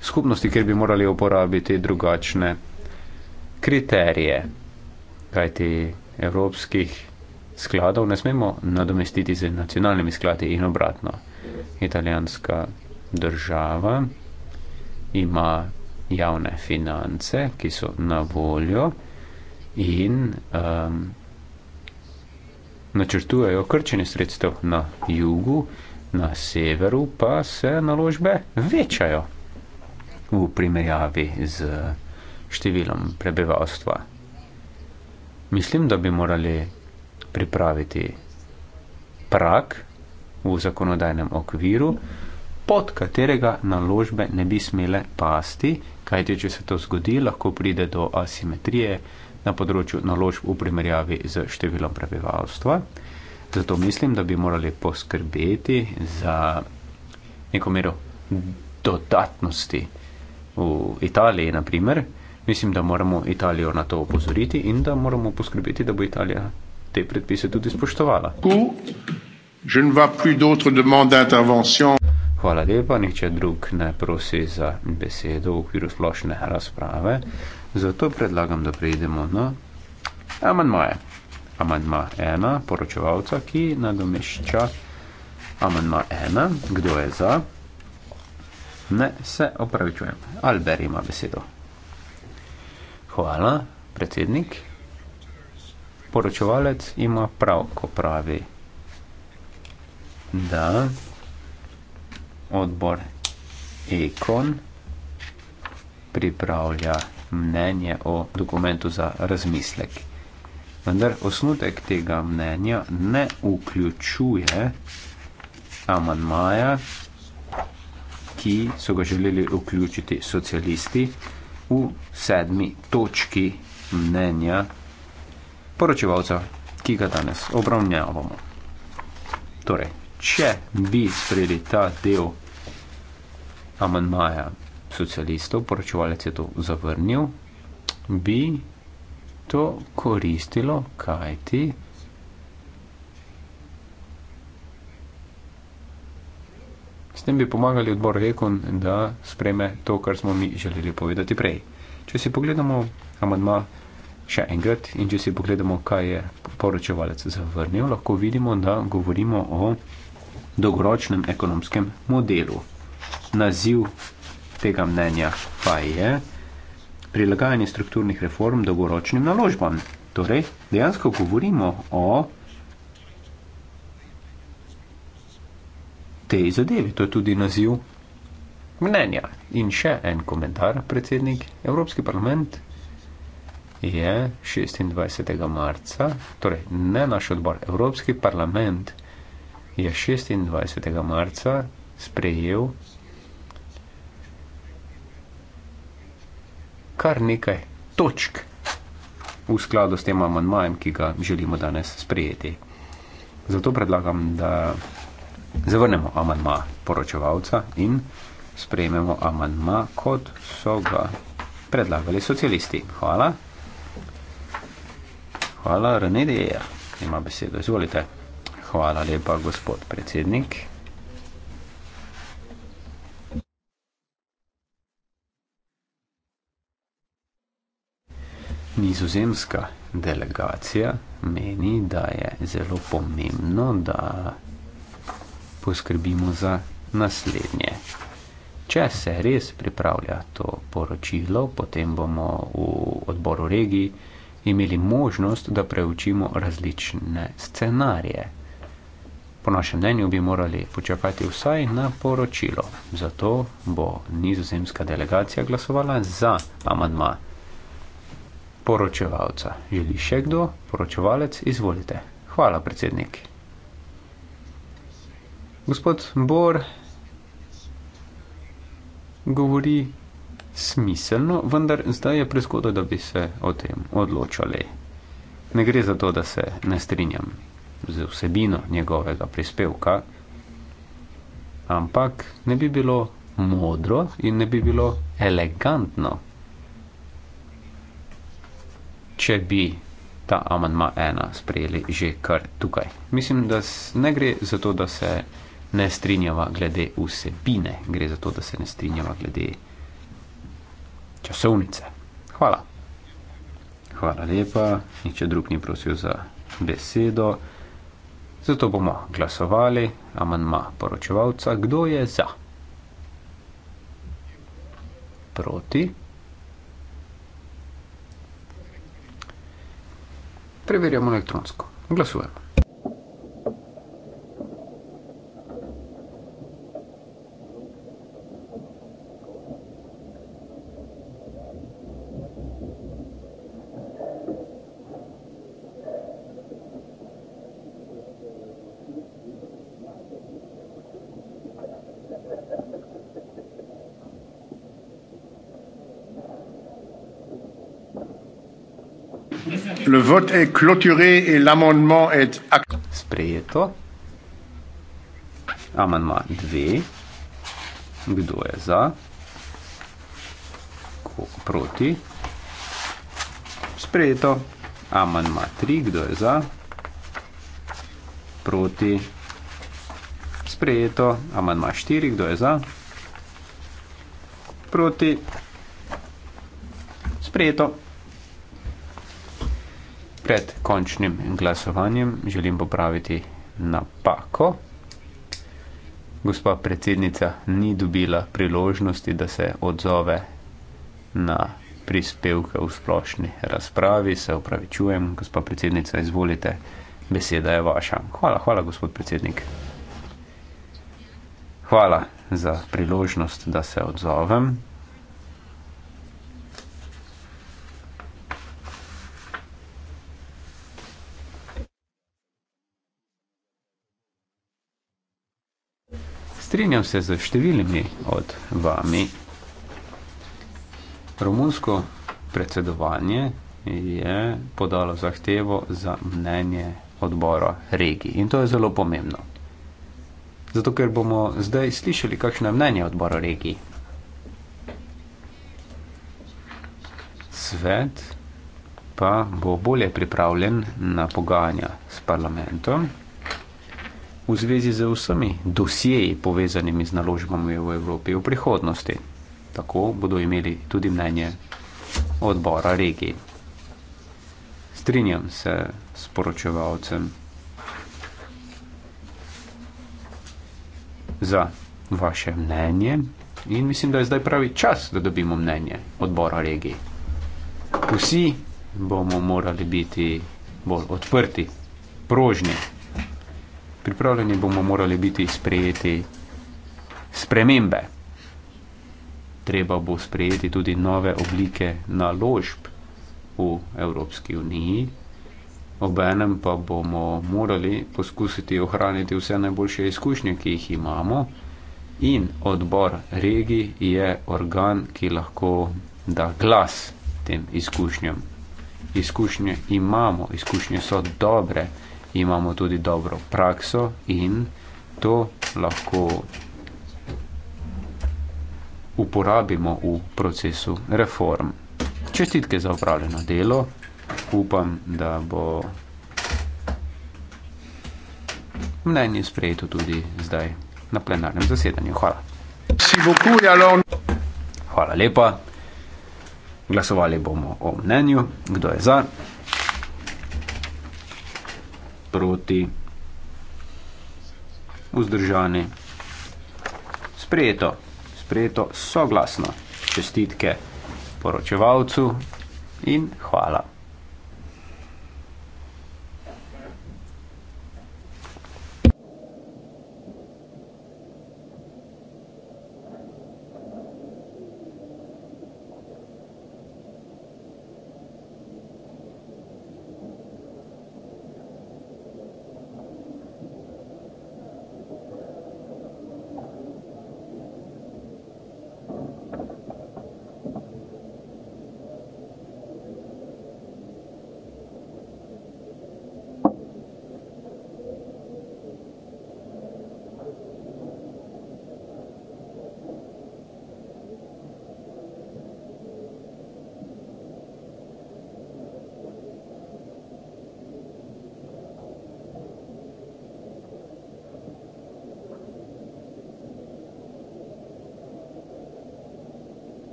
skupnosti, kjer bi morali uporabiti drugačne kriterije, kajti evropskih skladov ne smemo nadomestiti z nacionalnimi skladi in obratno. Italijanska država ima javne finance, ki so na voljo in um, načrtujejo krčenje sredstev na jugu, na severu pa se naložbe večajo v primerjavi z številom prebivalstva. Mislim, da bi morali pripraviti prak v zakonodajnem okviru, pod katerega naložbe ne bi smele pasti kajte če se to zgodi, lahko pride do asimetrije na področju naložb v primerjavi z številom prebivalstva. Zato mislim, da bi morali poskrbeti za neko mero dodatnosti v Italiji, naprimer. Mislim, da moramo Italijo na to opozoriti in da moramo poskrbeti, da bo Italija te predpise tudi spoštovala. Je ne vidim več drugih demand intervencije. Hvala lepa. Nihče drug ne prosi za besedo v okviru splošne razprave. Zato predlagam, da prejdemo na amandmaje. Amandma ena, poročevalca, ki nadomešča amandma ena. Kdo je za? Ne, se opravičujem. Albert ima besedo. Hvala, predsednik. Poročevalec ima prav, ko pravi, da odbor Ekon pripravlja mnenje o dokumentu za razmislek. Vendar osnutek tega mnenja ne vključuje amanmaja, ki so ga želeli vključiti socialisti v sedmi točki mnenja poročevalca, ki ga danes obravnjavamo. Torej, če bi sprejeli ta del amandmaja socialistov, poročevalec je to zavrnil, bi to koristilo, kajti s tem bi pomagali odbor Ekon, da spreme to, kar smo mi želeli povedati prej. Če si pogledamo amandma še enkrat in če si pogledamo, kaj je poročevalec zavrnil, lahko vidimo, da govorimo o dolgoročnem ekonomskem modelu. Naziv tega mnenja pa je prilagajanje strukturnih reform dolgoročnim naložbam. Torej, dejansko govorimo o tej zadevi. To je tudi naziv mnenja. In še en komentar, predsednik. Evropski parlament je 26. marca, torej ne naš odbor, Evropski parlament je 26. marca sprejel kar nekaj točk v skladu s tem amandmajem, ki ga želimo danes sprejeti. Zato predlagam, da zavrnemo amandma poročevalca in sprejmemo amandma, kot so ga predlagali socialisti. Hvala. Hvala, Renedeja. Ima besedo. Izvolite. Hvala lepa, gospod predsednik. Nizozemska delegacija meni, da je zelo pomembno, da poskrbimo za naslednje. Če se res pripravlja to poročilo, potem bomo v odboru regiji imeli možnost, da preučimo različne scenarije, našem mnenju bi morali počakati vsaj na poročilo. Zato bo nizozemska delegacija glasovala za amadma poročevalca. Želi še kdo? Poročevalec, izvolite. Hvala, predsednik. Gospod Bor govori smiselno, vendar zdaj je preskodo, da bi se o tem odločali. Ne gre za to, da se ne strinjam z vsebino njegovega prispevka, ampak ne bi bilo modro in ne bi bilo elegantno, če bi ta amandma ena sprejeli že kar tukaj. Mislim, da ne gre za to, da se ne strinjava glede vsebine, gre za to, da se ne strinjava glede časovnice. Hvala. Hvala lepa, nič drug ni prosil za besedo. Zato bomo glasovali amanma poročevalca, kdo je za. Proti. Preverjamo elektronsko. Glasujemo. Le vote est clôturé et l'amendement est acté. Sprejeto. Amendma 2. Kdo je za? Ko, proti? Sprejeto. Amendma 3. Kdo je za? Proti? Sprejeto. Amendma 4. Kdo je za? Proti? Sprejeto pred končnim glasovanjem želim popraviti napako. Gospa predsednica ni dobila priložnosti, da se odzove na prispevke v splošni razpravi. Se upravičujem, gospa predsednica, izvolite, beseda je vaša. Hvala, hvala, gospod predsednik. Hvala za priložnost, da se odzovem. strinjam se z številnimi od vami. Romunsko predsedovanje je podalo zahtevo za mnenje odbora regij in to je zelo pomembno. Zato, ker bomo zdaj slišali, kakšno je mnenje odbora regij. Svet pa bo bolje pripravljen na pogajanja s parlamentom, v zvezi z vsemi dosjeji povezanimi z naložbami v Evropi v prihodnosti. Tako bodo imeli tudi mnenje odbora regije. Strinjam se s poročevalcem za vaše mnenje in mislim, da je zdaj pravi čas, da dobimo mnenje odbora regije. Vsi bomo morali biti bolj odprti, prožni pripravljeni bomo morali biti sprejeti spremembe. Treba bo sprejeti tudi nove oblike naložb v Evropski uniji, obenem pa bomo morali poskusiti ohraniti vse najboljše izkušnje, ki jih imamo. In odbor regi je organ, ki lahko da glas tem izkušnjam. Izkušnje imamo, izkušnje so dobre imamo tudi dobro prakso in to lahko uporabimo v procesu reform. Čestitke za upravljeno delo. Upam, da bo mnenje sprejeto tudi zdaj na plenarnem zasedanju. Hvala. Hvala lepa. Glasovali bomo o mnenju, kdo je za proti vzdržani. Sprejeto, sprejeto soglasno. Čestitke poročevalcu in hvala.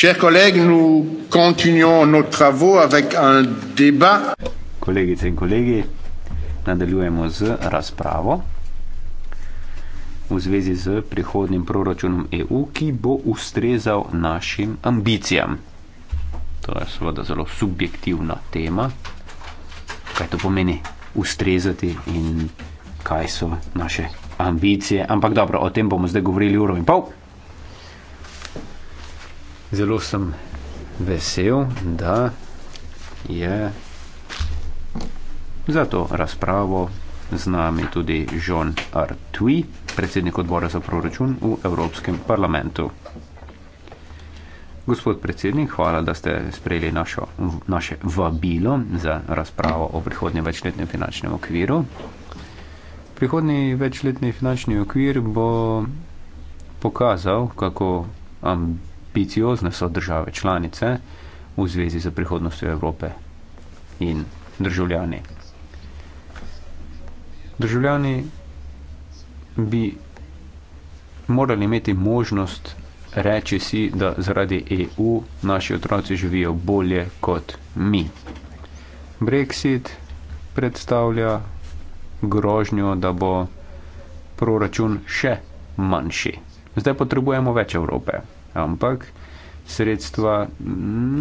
Chers collègues, nous continuons nos travaux avec un débat. Kolegice in kolegi, nadaljujemo z razpravo v zvezi z prihodnim proračunom EU, ki bo ustrezal našim ambicijam. To je seveda zelo subjektivna tema. Kaj to pomeni ustrezati in kaj so naše ambicije? Ampak dobro, o tem bomo zdaj govorili uro in pol zelo sem vesel, da je za to razpravo z nami tudi Jean Artui, predsednik odbora za proračun v Evropskem parlamentu. Gospod predsednik, hvala, da ste sprejeli našo, naše vabilo za razpravo o prihodnjem večletnem finančnem okviru. Prihodnji večletni finančni okvir bo pokazal, kako ambicijo ambiciozne so države članice v zvezi z prihodnostjo Evrope in državljani. Državljani bi morali imeti možnost reči si, da zaradi EU naši otroci živijo bolje kot mi. Brexit predstavlja grožnjo, da bo proračun še manjši. Zdaj potrebujemo več Evrope ampak sredstva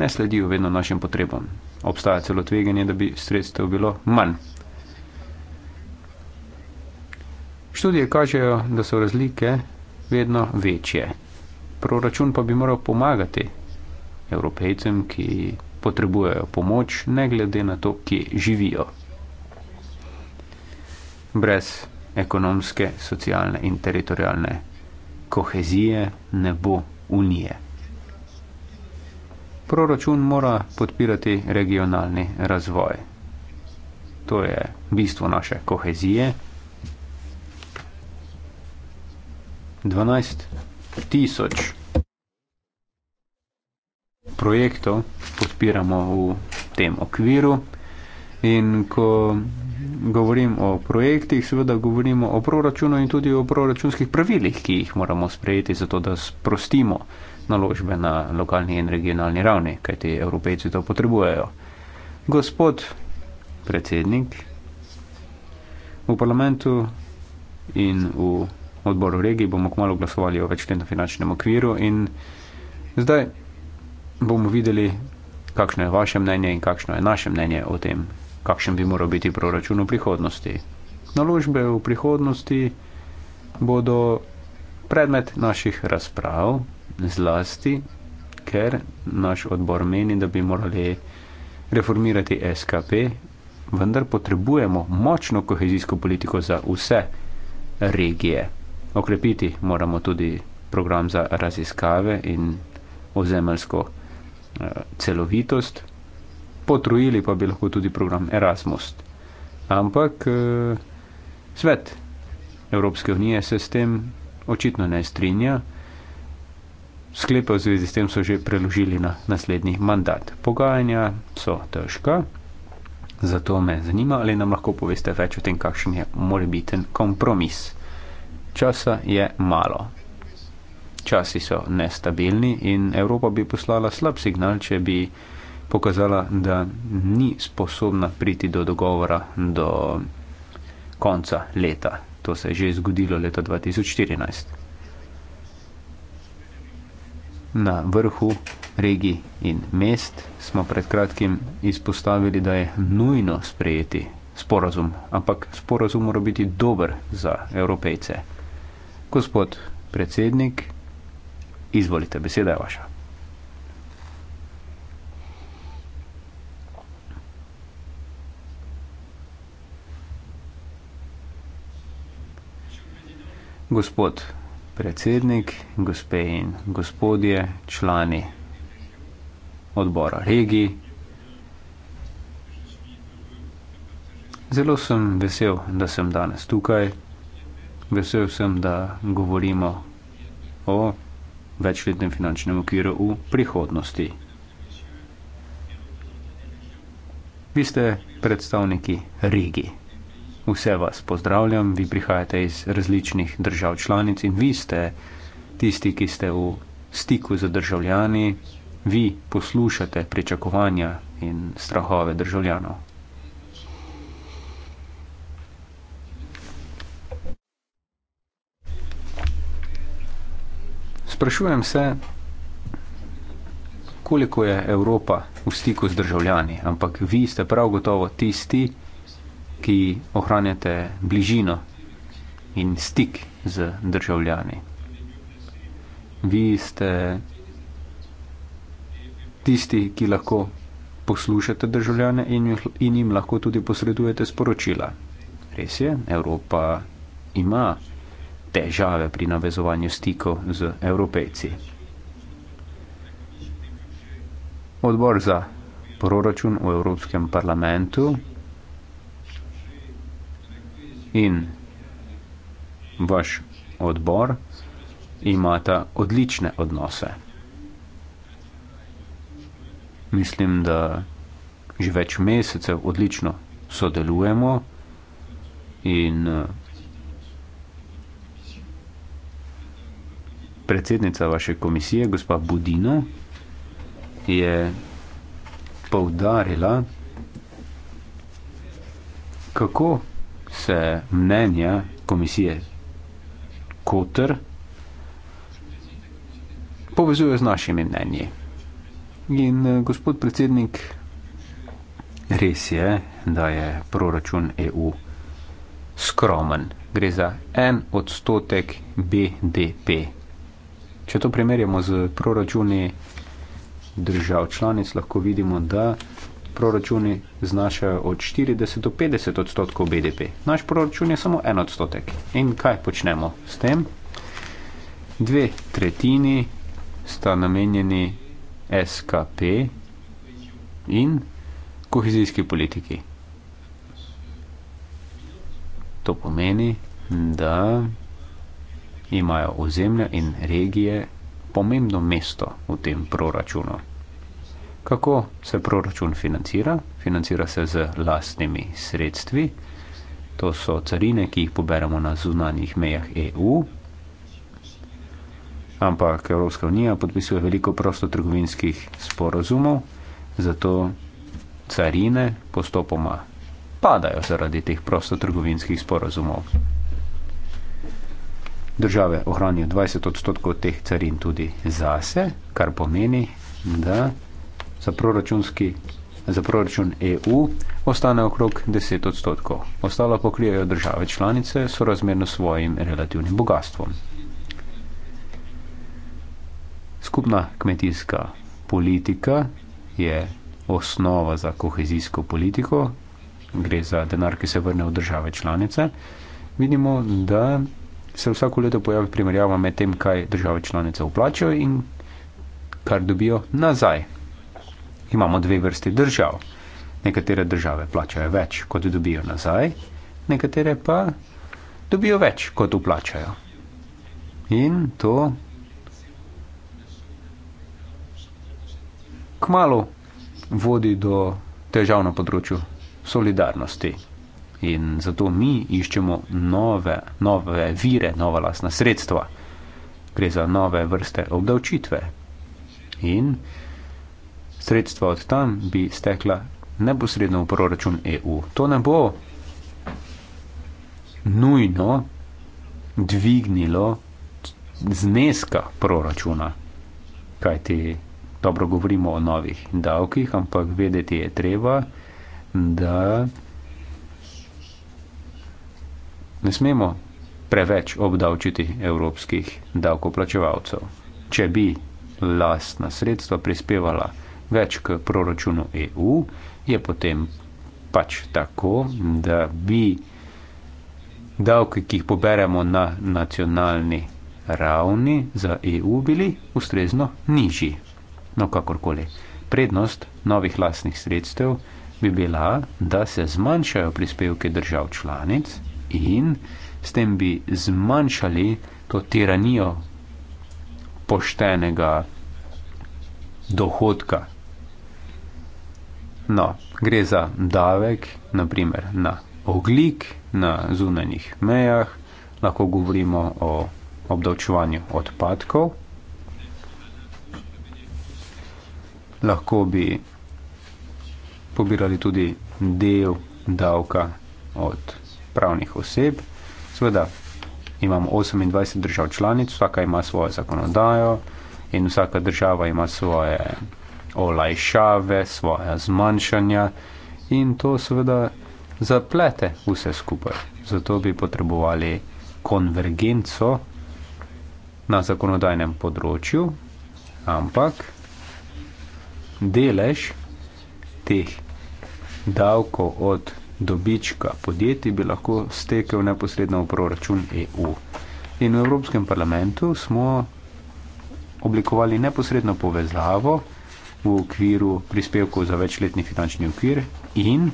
ne sledijo vedno našim potrebam. Obstaja celo tveganje, da bi sredstev bilo manj. Študije kažejo, da so razlike vedno večje. Proračun pa bi moral pomagati evropejcem, ki potrebujejo pomoč, ne glede na to, kje živijo. Brez ekonomske, socialne in teritorijalne kohezije ne bo unije. Proračun mora podpirati regionalni razvoj. To je bistvo naše kohezije. 12 tisoč projektov podpiramo v tem okviru in ko govorim o projektih, seveda govorimo o proračunu in tudi o proračunskih pravilih, ki jih moramo sprejeti, zato da sprostimo naložbe na lokalni in regionalni ravni, kajti evropejci to potrebujejo. Gospod predsednik, v parlamentu in v odboru regiji bomo kmalo glasovali o večletnem finančnem okviru in zdaj bomo videli, kakšno je vaše mnenje in kakšno je naše mnenje o tem kakšen bi moral biti proračun v prihodnosti. Naložbe v prihodnosti bodo predmet naših razprav, zlasti, ker naš odbor meni, da bi morali reformirati SKP, vendar potrebujemo močno kohezijsko politiko za vse regije. Okrepiti moramo tudi program za raziskave in ozemelsko eh, celovitost potrujili, pa bi lahko tudi program Erasmus. Ampak eh, svet Evropske unije se s tem očitno ne strinja. Sklepe v zvezi s tem so že preložili na naslednji mandat. Pogajanja so težka, zato me zanima, ali nam lahko poveste več o tem, kakšen je morebiten kompromis. Časa je malo. Časi so nestabilni in Evropa bi poslala slab signal, če bi pokazala, da ni sposobna priti do dogovora do konca leta. To se je že zgodilo leta 2014. Na vrhu regij in mest smo pred kratkim izpostavili, da je nujno sprejeti sporazum, ampak sporazum mora biti dober za evropejce. Gospod predsednik, izvolite, beseda je vaša. Gospod predsednik, gospe in gospodje, člani odbora regij. Zelo sem vesel, da sem danes tukaj. Vesel sem, da govorimo o večletnem finančnem okviru v prihodnosti. Vi ste predstavniki regij vse vas pozdravljam, vi prihajate iz različnih držav članic in vi ste tisti, ki ste v stiku z državljani, vi poslušate pričakovanja in strahove državljanov. Sprašujem se, koliko je Evropa v stiku z državljani, ampak vi ste prav gotovo tisti, ki ki ohranjate bližino in stik z državljani. Vi ste tisti, ki lahko poslušate državljane in jim lahko tudi posredujete sporočila. Res je, Evropa ima težave pri navezovanju stikov z evropejci. Odbor za proračun v Evropskem parlamentu in vaš odbor imata odlične odnose. Mislim, da že več mesecev odlično sodelujemo in eh, predsednica vaše komisije, gospa Budino, je poudarila, kako se mnenja komisije Kotr povezuje z našimi mnenji. In eh, gospod predsednik, res je, da je proračun EU skromen. Gre za en odstotek BDP. Če to primerjamo z proračuni držav članic, lahko vidimo, da proračuni znašajo od 40 do 50 odstotkov BDP. Naš proračun je samo en odstotek. In kaj počnemo s tem? Dve tretjini sta namenjeni SKP in kohezijski politiki. To pomeni, da imajo ozemlja in regije pomembno mesto v tem proračunu. Kako se proračun financira? Financira se z lastnimi sredstvi. To so carine, ki jih poberemo na zunanjih mejah EU. Ampak Evropska unija podpisuje veliko prostotrgovinskih sporozumov, zato carine postopoma padajo zaradi teh prostotrgovinskih sporozumov. Države ohranijo 20 odstotkov teh carin tudi zase, kar pomeni, da za, proračunski, za proračun EU ostane okrog 10 odstotkov. Ostalo pokrijajo države članice sorazmerno svojim relativnim bogatstvom. Skupna kmetijska politika je osnova za kohezijsko politiko, gre za denar, ki se vrne v države članice. Vidimo, da se vsako leto pojavi primerjava med tem, kaj države članice uplačajo in kar dobijo nazaj imamo dve vrsti držav. Nekatere države plačajo več, kot dobijo nazaj, nekatere pa dobijo več, kot uplačajo. In to kmalo vodi do težav na področju solidarnosti. In zato mi iščemo nove, nove vire, nova lasna sredstva. Gre za nove vrste obdavčitve. In sredstva od tam bi stekla neposredno v proračun EU. To ne bo nujno dvignilo zneska proračuna, kaj ti dobro govorimo o novih davkih, ampak vedeti je treba, da ne smemo preveč obdavčiti evropskih davkoplačevalcev. Če bi lastna sredstva prispevala več k proračunu EU, je potem pač tako, da bi davki, ki jih poberemo na nacionalni ravni za EU, bili ustrezno nižji. No, kakorkoli. Prednost novih lastnih sredstev bi bila, da se zmanjšajo prispevke držav članic in s tem bi zmanjšali to tiranijo poštenega dohodka No, gre za davek, naprimer na oglik, na zunanjih mejah, lahko govorimo o obdavčevanju odpadkov. Lahko bi pobirali tudi del davka od pravnih oseb. Sveda imamo 28 držav članic, vsaka ima svojo zakonodajo in vsaka država ima svoje olajšave, svoje zmanjšanja in to seveda zaplete vse skupaj. Zato bi potrebovali konvergenco na zakonodajnem področju, ampak delež teh davkov od dobička podjetij bi lahko stekel neposredno v proračun EU. In v Evropskem parlamentu smo oblikovali neposredno povezavo, v okviru prispevkov za večletni finančni okvir in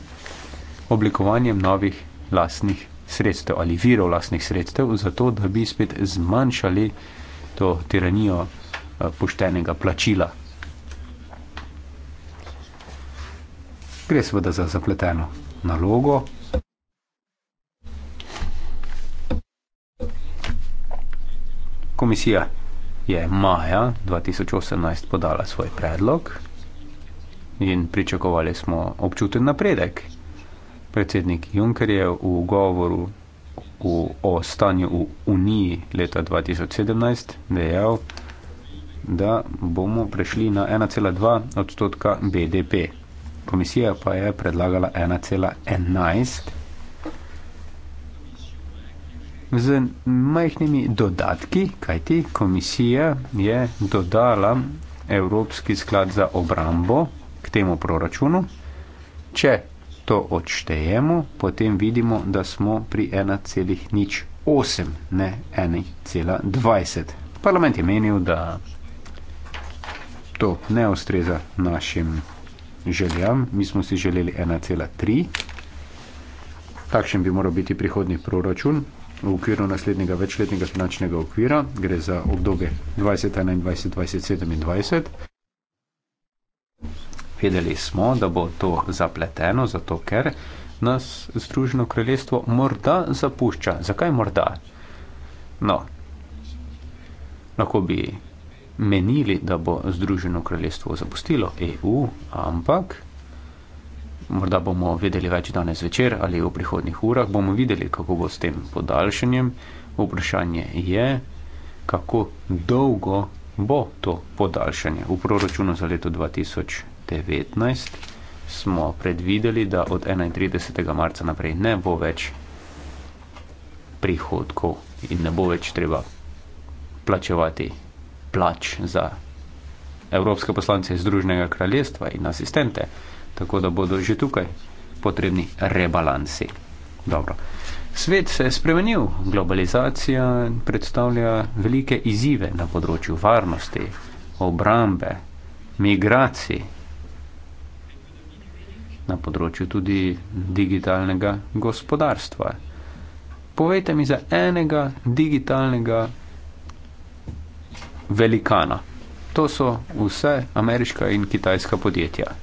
oblikovanjem novih lastnih sredstev ali virov lastnih sredstev, zato da bi spet zmanjšali to tiranijo eh, poštenega plačila. Gre seveda za zapleteno nalogo. Komisija je maja 2018 podala svoj predlog in pričakovali smo občuten napredek. Predsednik Juncker je v govoru v, o stanju v Uniji leta 2017 dejal, da bomo prešli na 1,2 odstotka BDP. Komisija pa je predlagala 1,11 odstotka z majhnimi dodatki, kajti komisija je dodala Evropski sklad za obrambo k temu proračunu. Če to odštejemo, potem vidimo, da smo pri 1,08, ne 1,20. Parlament je menil, da to ne ustreza našim željam. Mi smo si želeli 1,3. Takšen bi moral biti prihodni proračun, v okviru naslednjega večletnega finančnega okvira, gre za obdobje 2021-2027. Vedeli smo, da bo to zapleteno, zato ker nas Združeno kraljestvo morda zapušča. Zakaj morda? No, lahko bi menili, da bo Združeno kraljestvo zapustilo EU, ampak Morda bomo vedeli več danes večer ali v prihodnih urah, bomo videli, kako bo s tem podaljšanjem. Vprašanje je, kako dolgo bo to podaljšanje. V proračunu za leto 2019 smo predvideli, da od 31. marca naprej ne bo več prihodkov in ne bo več treba plačevati plač za evropske poslance iz Združenega kraljestva in asistente tako da bodo že tukaj potrebni rebalansi. Dobro. Svet se je spremenil, globalizacija predstavlja velike izzive na področju varnosti, obrambe, migracij, na področju tudi digitalnega gospodarstva. Povejte mi za enega digitalnega velikana. To so vse ameriška in kitajska podjetja.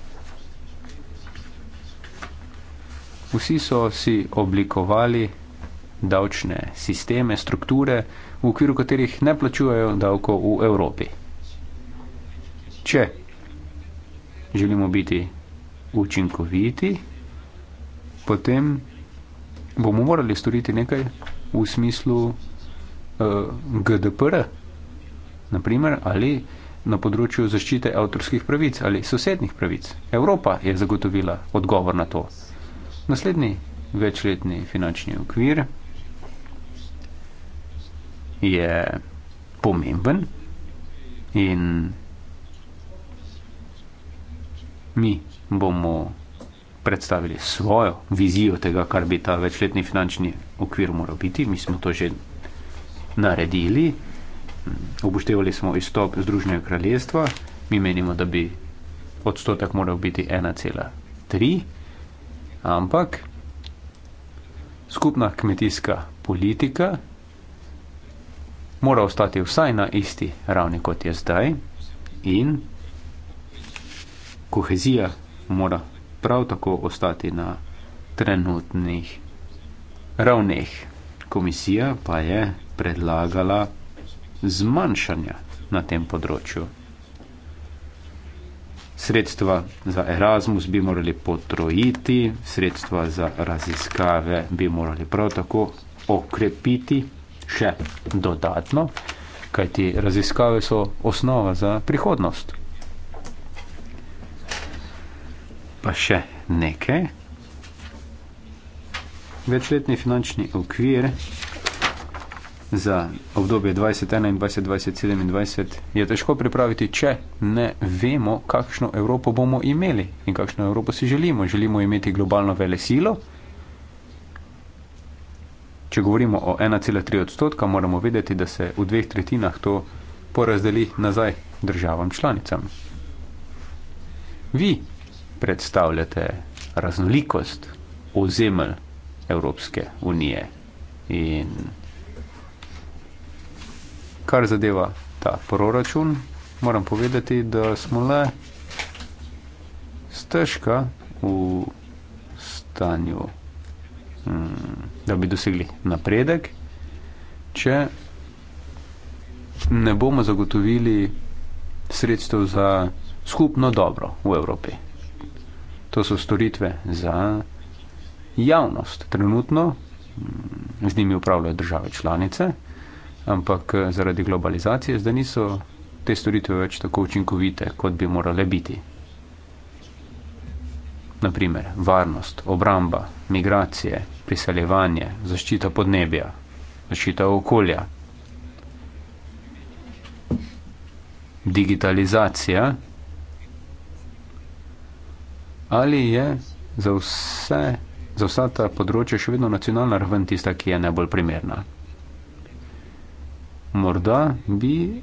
Vsi so si oblikovali davčne sisteme, strukture, v okviru katerih ne plačujejo davko v Evropi. Če želimo biti učinkoviti, potem bomo morali storiti nekaj v smislu uh, eh, GDPR, naprimer, ali na področju zaščite avtorskih pravic ali sosednih pravic. Evropa je zagotovila odgovor na to. Naslednji večletni finančni okvir je pomemben in mi bomo predstavili svojo vizijo tega, kar bi ta večletni finančni okvir moral biti. Mi smo to že naredili. Obuštevali smo izstop Združenja kraljestva. Mi menimo, da bi odstotek moral biti 1,3 ampak skupna kmetijska politika mora ostati vsaj na isti ravni, kot je zdaj, in kohezija mora prav tako ostati na trenutnih ravneh. Komisija pa je predlagala zmanjšanja na tem področju. Sredstva za Erasmus bi morali potrojiti, sredstva za raziskave bi morali prav tako okrepiti še dodatno, kajti raziskave so osnova za prihodnost. Pa še nekaj. Večletni finančni okvir za obdobje 2021-2027 je težko pripraviti, če ne vemo, kakšno Evropo bomo imeli in kakšno Evropo si želimo. Želimo imeti globalno vele silo. Če govorimo o 1,3 odstotka, moramo vedeti, da se v dveh tretjinah to porazdeli nazaj državam članicam. Vi predstavljate raznolikost ozemelj Evropske unije in kar zadeva ta proračun, moram povedati, da smo le stežka v stanju, mm, da bi dosegli napredek, če ne bomo zagotovili sredstev za skupno dobro v Evropi. To so storitve za javnost. Trenutno mm, z njimi upravljajo države članice, ampak eh, zaradi globalizacije zdaj niso te storitve več tako učinkovite, kot bi morale biti. Naprimer, varnost, obramba, migracije, priseljevanje, zaščita podnebja, zaščita okolja, digitalizacija. Ali je za, vse, za vsa ta področja še vedno nacionalna raven tista, ki je najbolj primerna? morda bi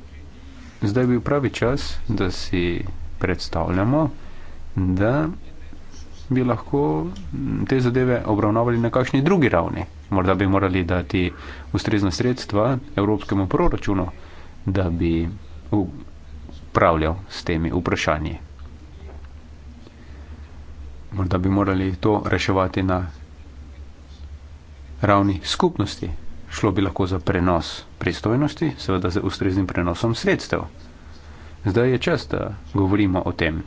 zdaj bil pravi čas, da si predstavljamo, da bi lahko te zadeve obravnavali na kakšni drugi ravni. Morda bi morali dati ustrezna sredstva evropskemu proračunu, da bi upravljal s temi vprašanji. Morda bi morali to reševati na ravni skupnosti šlo bi lahko za prenos pristojnosti, seveda za ustreznim prenosom sredstev. Zdaj je čas, da govorimo o tem.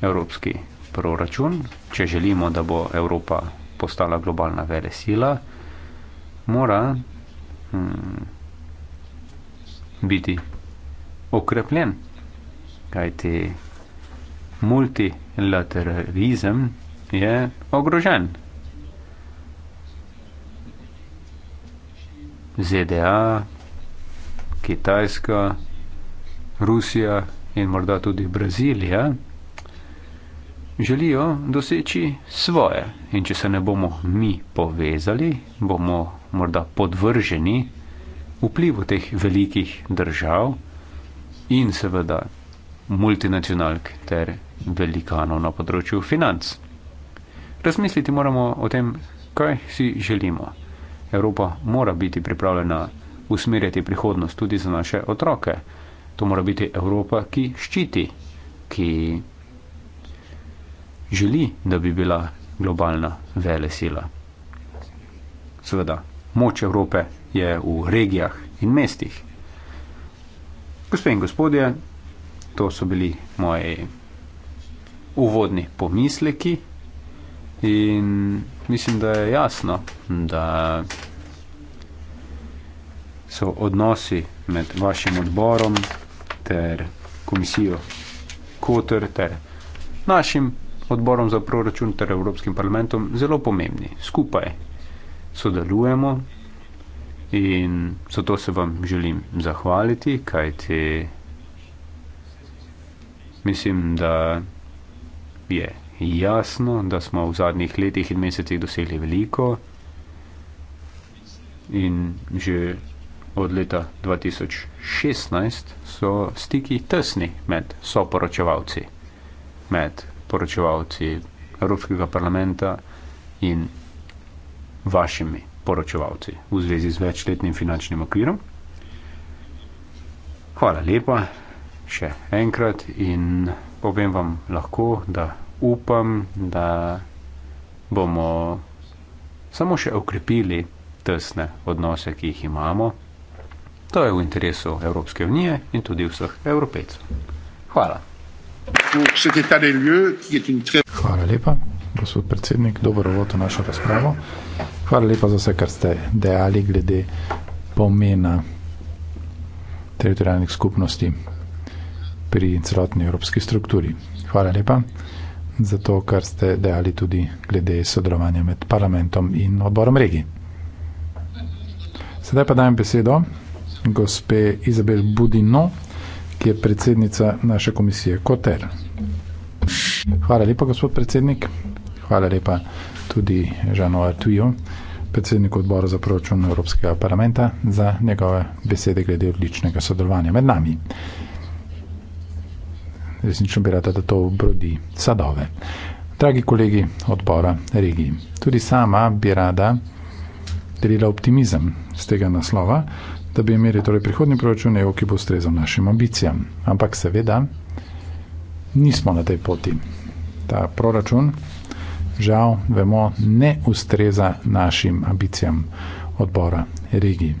Evropski proračun, če želimo, da bo Evropa postala globalna vele sila, mora hmm, biti okrepljen, kajti multilateralizem je ogrožen. ZDA, Kitajska, Rusija in morda tudi Brazilija, želijo doseči svoje. In če se ne bomo mi povezali, bomo morda podvrženi vplivu teh velikih držav in seveda multinacionalk ter velikanov na področju financ. Razmisliti moramo o tem, kaj si želimo. Evropa mora biti pripravljena usmerjati prihodnost tudi za naše otroke. To mora biti Evropa, ki ščiti, ki želi, da bi bila globalna vele sila. Seveda, moč Evrope je v regijah in mestih. Gospe in gospodje, to so bili moji uvodni pomisleki in mislim, da je jasno, da so odnosi med vašim odborom ter komisijo Kotr ter našim odborom za proračun ter Evropskim parlamentom zelo pomembni. Skupaj sodelujemo in zato se vam želim zahvaliti, kajti mislim, da je. Yeah jasno, da smo v zadnjih letih in mesecih dosegli veliko in že od leta 2016 so stiki tesni med soporočevalci, med poročevalci Evropskega parlamenta in vašimi poročevalci v zvezi z večletnim finančnim okvirom. Hvala lepa še enkrat in povem vam lahko, da upam, da bomo samo še okrepili tesne odnose, ki jih imamo. To je v interesu Evropske unije in tudi vseh evropejcev. Hvala. Hvala lepa, gospod predsednik, dobro vod v našo razpravo. Hvala lepa za vse, kar ste dejali glede pomena teritorijalnih skupnosti pri celotni evropski strukturi. Hvala lepa za to, kar ste dejali tudi glede sodelovanja med parlamentom in odborom regij. Sedaj pa dajem besedo gospe Izabel Budino, ki je predsednica naše komisije Koter. Hvala lepa, gospod predsednik. Hvala lepa tudi Žano Artuju, predsedniku odbora za proračun Evropskega parlamenta, za njegove besede glede odličnega sodelovanja med nami resnično bi rada, da to brodi sadove. Dragi kolegi odbora regiji, tudi sama bi rada delila optimizem z tega naslova, da bi imeli torej prihodni proračun EU, ki bo ustrezal našim ambicijam. Ampak seveda nismo na tej poti. Ta proračun, žal, vemo, ne ustreza našim ambicijam odbora regiji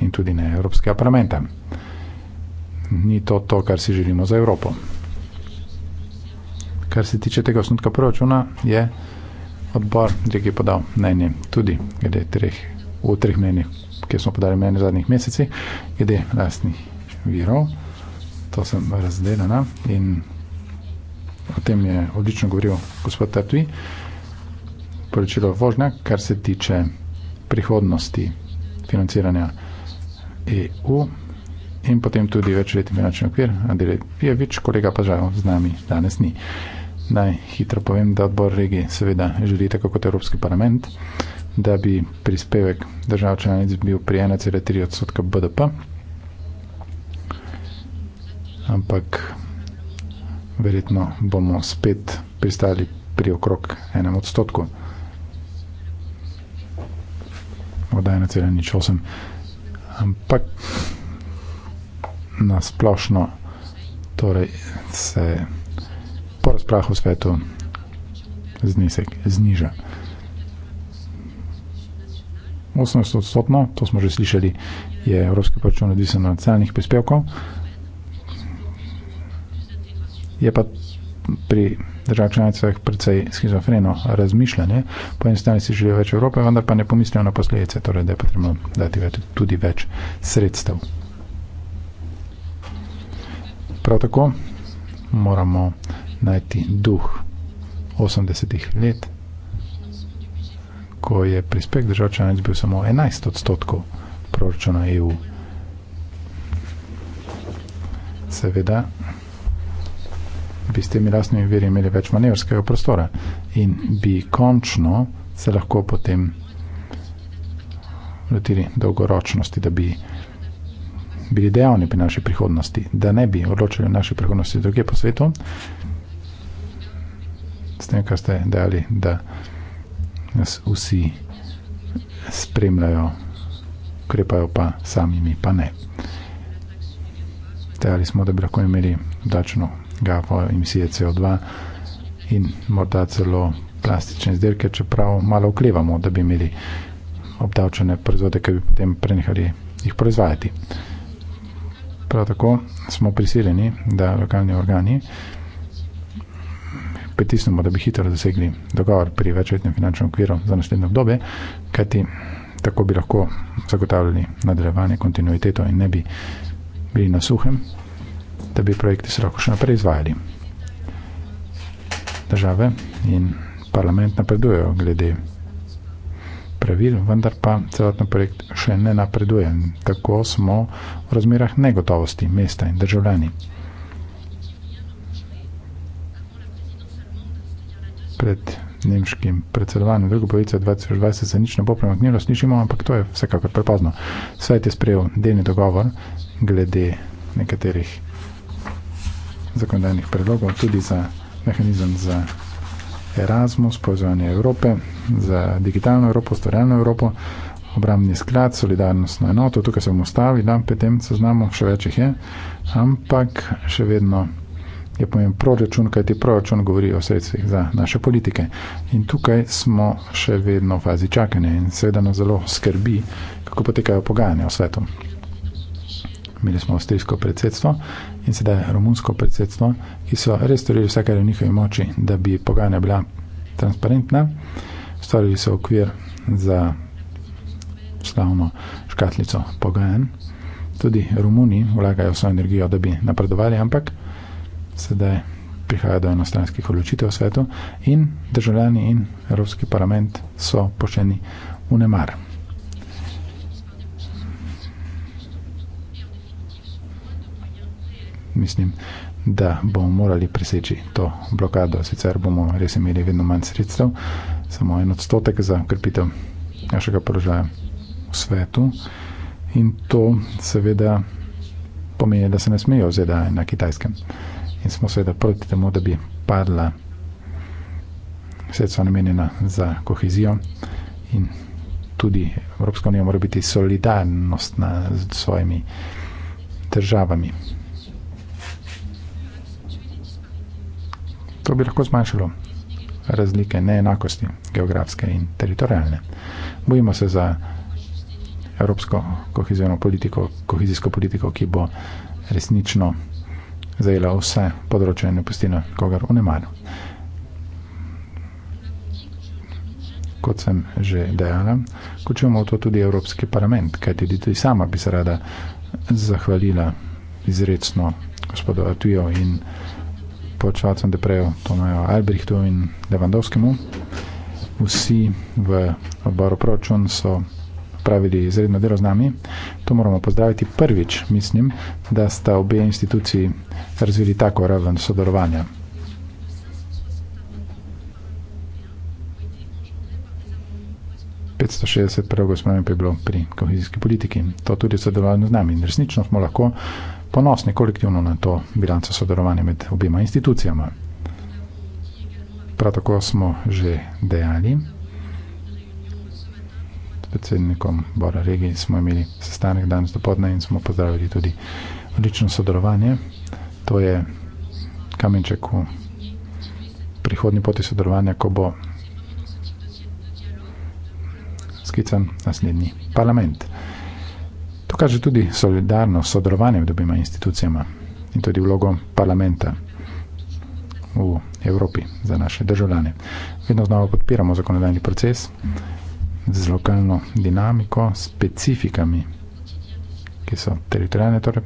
in tudi ne Evropskega parlamenta. Ni to to, kar si želimo za Evropo kar se tiče tega osnutka proračuna, je odbor, ki je podal mnenje tudi glede treh, v treh mnenjih, ki smo podali mnenje v zadnjih mesecih, glede lastnih virov. To sem razdelila in o tem je odlično govoril gospod Tartvi. Poročilo Vožnja, kar se tiče prihodnosti financiranja EU in potem tudi večletni finančni okvir. Andrej Pijevič, kolega pa žal z nami danes ni. Naj hitro povem, da odbor regije seveda želi, tako kot Evropski parlament, da bi prispevek držav članic bil pri 1,3 odstotka BDP. Ampak verjetno bomo spet pristali pri okrog enem odstotku. Od 1,08. Ampak na splošno torej se je po razprahu v svetu znesek zniža. 18 odstotno, to smo že slišali, je Evropski pračun odvisen od celnih prispevkov. Je pa pri držav članicah precej schizofreno razmišljanje. Po eni strani si želijo več Evrope, vendar pa ne pomislijo na posledice, torej da je potrebno dati več, tudi več sredstev. Prav tako moramo najti duh 80-ih let, ko je prispek držav članic bil samo 11 odstotkov proračuna EU. Seveda bi s temi lastnimi viri imeli več manevrskega prostora in bi končno se lahko potem lotili dolgoročnosti, da bi bili dejavni pri naši prihodnosti, da ne bi odločili o naši prihodnosti druge po svetu, s tem, kar ste dali, da nas vsi spremljajo, ukrepajo pa sami, mi pa ne. Dejali smo, da bi lahko imeli dačno gafo emisije CO2 in morda celo plastične izdelke, čeprav malo oklevamo, da bi imeli obdavčene proizvode, ki bi potem prenehali jih proizvajati. Prav tako smo prisiljeni, da lokalni organi, pritisnemo, da bi hitro dosegli dogovor pri večletnem finančnem okviru za naslednje obdobje, kajti tako bi lahko zagotavljali nadaljevanje kontinuiteto in ne bi bili na suhem, da bi projekti se lahko še naprej izvajali. Države in parlament napredujejo glede pravil, vendar pa celotno projekt še ne napreduje. Tako smo v razmerah negotovosti mesta in državljani. pred nemškim predsedovanjem, drugo polovico 2020 za nič ne bo premaknilo, slišimo, ampak to je vsekakor prepozno. Svet je sprejel delni dogovor glede nekaterih zakonodajnih predlogov, tudi za mehanizem za Erasmus, povezovanje Evrope, za digitalno Evropo, storjalno Evropo, obramni sklad, solidarnostno enoto, tukaj se bomo stavili, da, pri tem seznamu še več jih je, ampak še vedno je pomemben proračun, kajti proračun govori o sredstvih za naše politike. In tukaj smo še vedno v fazi čakanja in seveda nas zelo skrbi, kako potekajo pogajanja o svetu. Imeli smo avstrijsko predsedstvo in sedaj romunsko predsedstvo, ki so res storili vse, kar je v njihovi moči, da bi pogajanja bila transparentna. Stvarili so okvir za slavno škatlico pogajanj. Tudi Romuni vlagajo svojo energijo, da bi napredovali, ampak sedaj prihaja do enostranskih odločitev v svetu in državljani in Evropski parlament so pošteni v nemar. Mislim, da bomo morali preseči to blokado, sicer bomo res imeli vedno manj sredstev, samo en odstotek za ukrepitev našega položaja v svetu. In to seveda pomeni, da se ne smejo ZDA na kitajskem in smo seveda proti temu, da bi padla sredstva namenjena za kohezijo in tudi Evropska unija mora biti solidarnostna z svojimi državami. To bi lahko zmanjšalo razlike, neenakosti geografske in teritorijalne. Bojimo se za evropsko kohezijsko politiko, kohezijsko politiko, ki bo resnično zajela vse področje in ne pustila kogar v nemaru. Kot sem že dejala, kočujemo to tudi Evropski parlament, kajti tudi sama bi se rada zahvalila izredno gospodu Atujo in počvacom Deprejo, Tonojo Albrechtu in Levandovskemu. Vsi v odboru proračun so opravili izredno delo z nami. To moramo pozdraviti prvič, mislim, da sta obe instituciji razvili tako raven sodelovanja. Pravno je bilo pri kohezijski politiki, to tudi sodelovanje z nami. In resnično smo lahko ponosni kolektivno na to bilanco sodelovanja med obima institucijama. Prav tako smo že dejali, predsednikom Bora Regi smo imeli sestanek danes do podne in smo pozdravili tudi odlično sodelovanje. To je kamenček v prihodni poti sodelovanja, ko bo skican naslednji parlament. To kaže tudi solidarno sodelovanje med obima institucijama in tudi vlogo parlamenta v Evropi za naše državljane. Vedno znova podpiramo zakonodajni proces, z lokalno dinamiko, specifikami, ki so teritorijalne, torej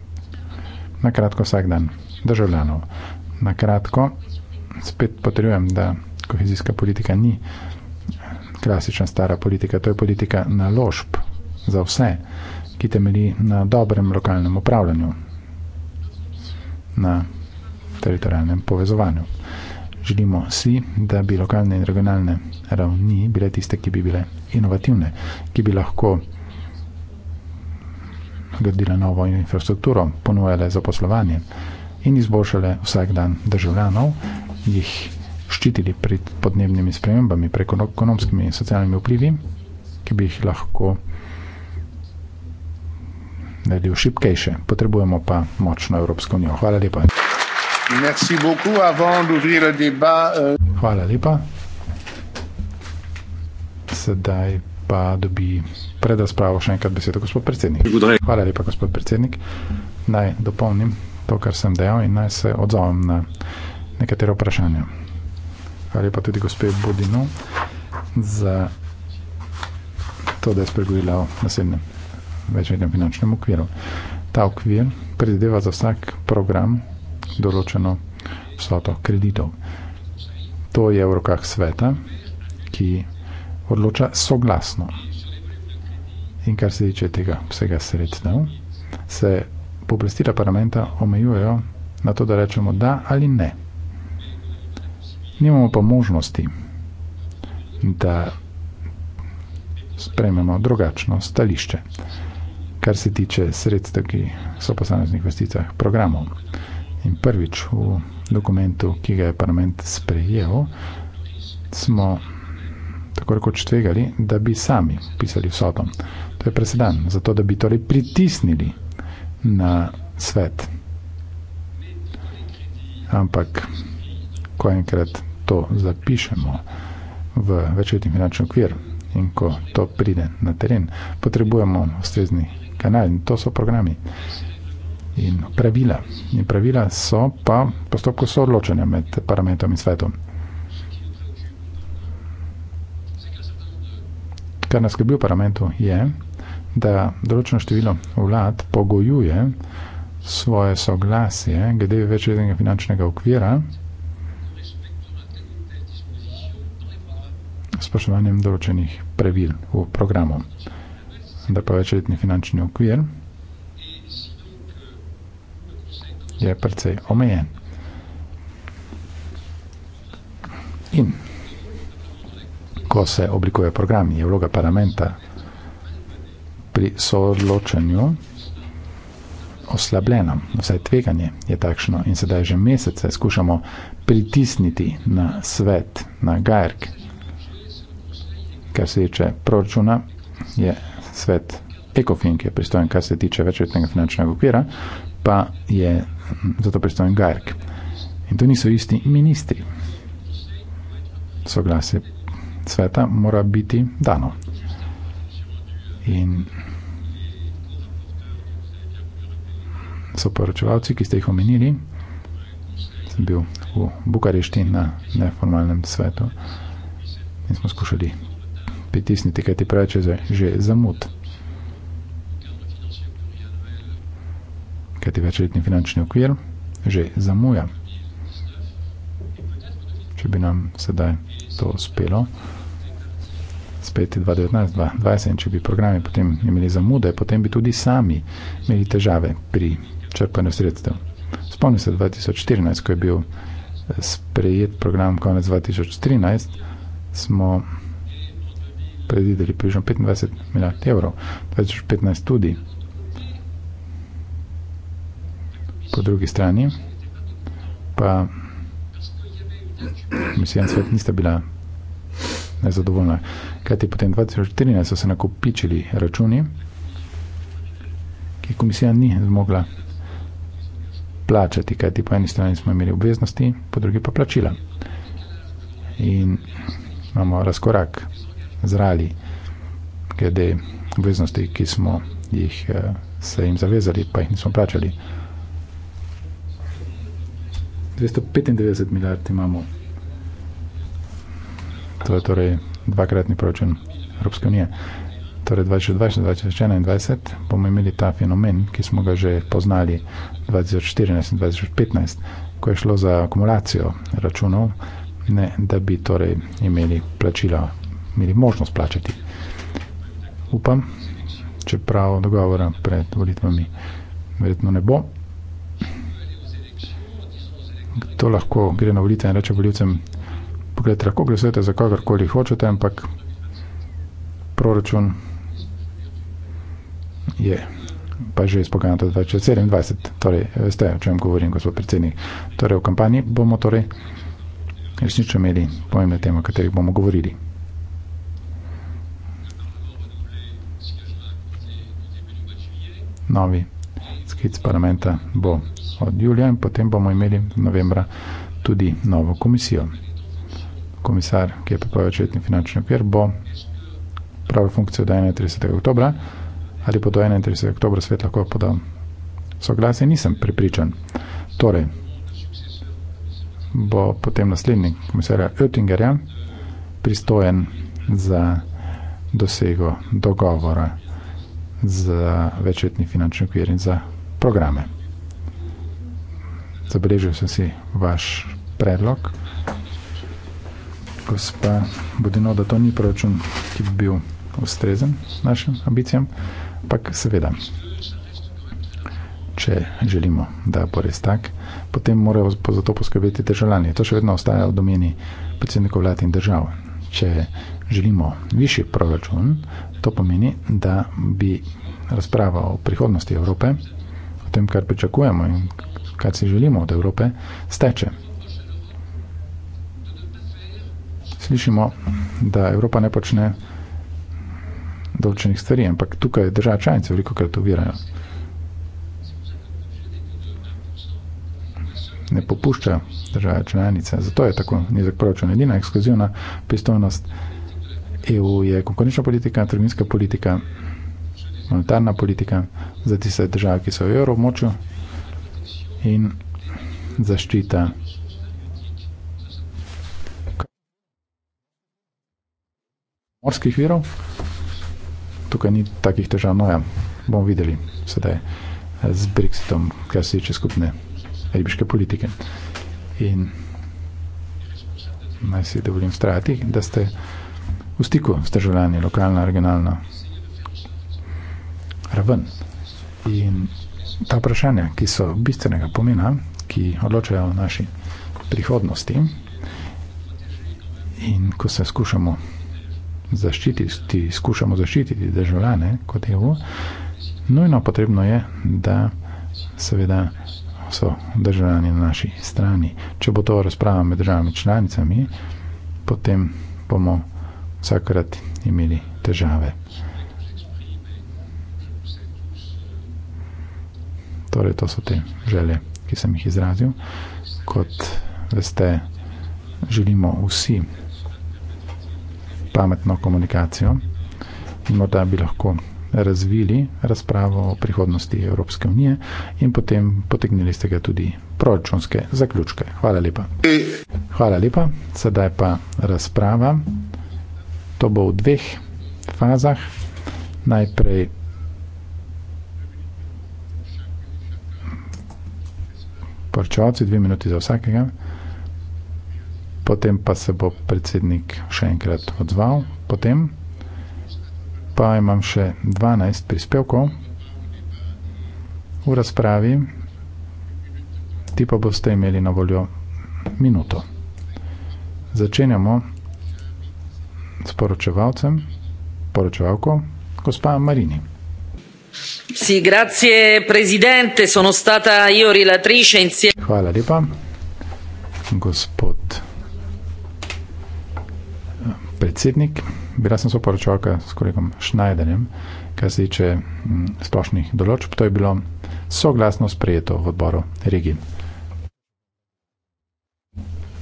na kratko vsak dan državljanov. Na kratko, spet potrebujem, da kohezijska politika ni eh, klasična stara politika, to je politika naložb za vse, ki temelji na dobrem lokalnem upravljanju, na teritorijalnem povezovanju. Želimo si, da bi lokalne in regionalne ravni bile tiste, ki bi bile inovativne, ki bi lahko gradile novo infrastrukturo, ponujale zaposlovanje in izboljšale vsak dan državljanov, jih ščitili pred podnebnimi spremembami, preko ekonomskimi in socialnimi vplivi, ki bi jih lahko naredil šipkejše. Potrebujemo pa močno Evropsko unijo. Hvala lepa. Merci beaucoup. Avant d'ouvrir le débat. Euh... Hvala lepa. Sedaj pa dobi predaspravo še enkrat besedo, gospod predsednik. Hvala lepa, gospod predsednik. Naj dopolnim to, kar sem dejal in naj se odzovem na nekatere vprašanja. Hvala lepa tudi gospe Budinu za to, da je spregovorila o naslednjem večmernem finančnem okviru. Ta okvir predvideva za vsak program določeno vsoto kreditov. To je v rokah sveta, ki odloča soglasno. In kar se tiče tega vsega sredstev, se poblestila parlamenta omejujejo na to, da rečemo da ali ne. Nimamo pa možnosti, da sprejmemo drugačno stališče, kar se tiče sredstev, ki so posameznih vesticah programov in prvič v dokumentu, ki ga je parlament sprejel, smo tako rekoč tvegali, da bi sami pisali vsotom. To je presedan, zato da bi torej pritisnili na svet. Ampak, ko enkrat to zapišemo v večletni finančni okvir in ko to pride na teren, potrebujemo ustrezni kanal in to so programi in pravila. In pravila so pa postopko soodločanja med parlamentom in svetom. Kar nas skrbi v parlamentu je, da določeno število vlad pogojuje svoje soglasje glede večletnega finančnega okvira s spoštovanjem določenih pravil v programu. Da pa večletni finančni okvir je precej omejen. In ko se oblikuje program, je vloga parlamenta pri soodločanju oslabljena. Vsaj tveganje je takšno in sedaj že mesece skušamo pritisniti na svet, na GARK. Kar se tiče proračuna, je svet ECOFIN, ki je pristojen, kar se tiče večletnega finančnega okvira, pa je <laughs> zato pristojen Gajrk. In to niso isti ministri. Soglasje sveta mora biti dano. In so poročevalci, ki ste jih omenili, sem bil v Bukarešti na neformalnem svetu in smo skušali pritisniti, kaj ti pravi, že zamud. Za kajti večletni finančni okvir že zamuja. Če bi nam sedaj to uspelo, spet 2019, 2020, in če bi programe potem imeli zamude, potem bi tudi sami imeli težave pri črpanju sredstev. Spomnim se 2014, ko je bil eh, sprejet program konec 2013, smo predvideli približno 25 milijard evrov, 2015 tudi po drugi strani pa misija na svet nista bila nezadovoljna. Kajti potem 2014 so se nakopičili računi, ki komisija ni zmogla plačati, kajti po eni strani smo imeli obveznosti, po drugi pa plačila. In imamo razkorak zrali glede obveznosti, ki smo jih eh, se jim zavezali, pa jih nismo plačali. 295 milijard imamo. To je torej dvakratni proračun Evropske unije. Torej 2020, 2021 bomo imeli ta fenomen, ki smo ga že poznali 2014 in 2015, ko je šlo za akumulacijo računov, ne, da bi torej imeli plačila, imeli možnost plačati. Upam, čeprav dogovora pred volitvami verjetno ne bo, to lahko gre na volitve in reče voljivcem, pogledajte, lahko glasujete za kogarkoli hočete, ampak proračun je pa že izpogajan do 2027. Torej, veste, o čem govorim, gospod predsednik. Torej, v kampanji bomo torej resnično imeli pomembne teme, o katerih bomo govorili. Novi sklic parlamenta bo od julija in potem bomo imeli novembra tudi novo komisijo. Komisar, ki je pripravil četni finančni okvir, bo pravil funkcijo do 31. oktobra ali pa do 31. oktobra svet lahko podal soglasje, nisem pripričan. Torej, bo potem naslednji komisarja Oettingerja pristojen za dosego dogovora za večletni finančni okvir in za programe. Zabeležil sem si vaš predlog. Gospa Budino, da to ni proračun, ki bi bil ustrezen našim ambicijam, ampak seveda, če želimo, da bo res tak, potem morajo za to poskrbeti državljani. To še vedno ostaja v domeni predsednikov vlad in držav. Če želimo višji proračun, to pomeni, da bi razprava o prihodnosti Evrope tem, kar pričakujemo in kar si želimo od Evrope, steče. Slišimo, da Evropa ne počne določenih stvari, ampak tukaj država članice veliko krat ovirajo. Ne popušča države članice. Zato je tako nizek proračun. Edina ekskluzivna pristojnost EU je konkurenčna politika, trgovinska politika, monetarna politika za tiste države, ki so v evroobmočju in zaščita morskih virov. Tukaj ni takih težav, no ja, bomo videli sedaj eh, z Brexitom, kar se tiče skupne ribiške politike. In naj si dovolim strati, da ste v stiku z državljani, lokalna, regionalna, raven. In ta vprašanja, ki so bistvenega pomena, ki odločajo o naši prihodnosti, in ko se skušamo zaščititi, skušamo zaščititi državljane kot EU, nujno potrebno je, da seveda so državljani na naši strani. Če bo to razprava med državami članicami, potem bomo vsakrat imeli težave. Torej, to so te želje, ki sem jih izrazil. Kot veste, želimo vsi pametno komunikacijo in morda bi lahko razvili razpravo o prihodnosti Evropske unije in potem potegnili ste ga tudi proračunske zaključke. Hvala lepa. Hvala lepa. Sedaj pa razprava. To bo v dveh fazah. Najprej porčovci, dve minuti za vsakega. Potem pa se bo predsednik še enkrat odzval. Potem pa imam še 12 prispevkov v razpravi. Ti pa boste imeli na voljo minuto. Začenjamo s poročevalcem, poročevalko, gospa Marini. Grazie presidente, sono stata io relatrice insieme. Hvala lepa. Gospod eh, predsednik, bila sem soporočalka s kolegom Schneiderjem, kar se tiče mm, splošnih določb, to je bilo soglasno sprejeto v odboru regij.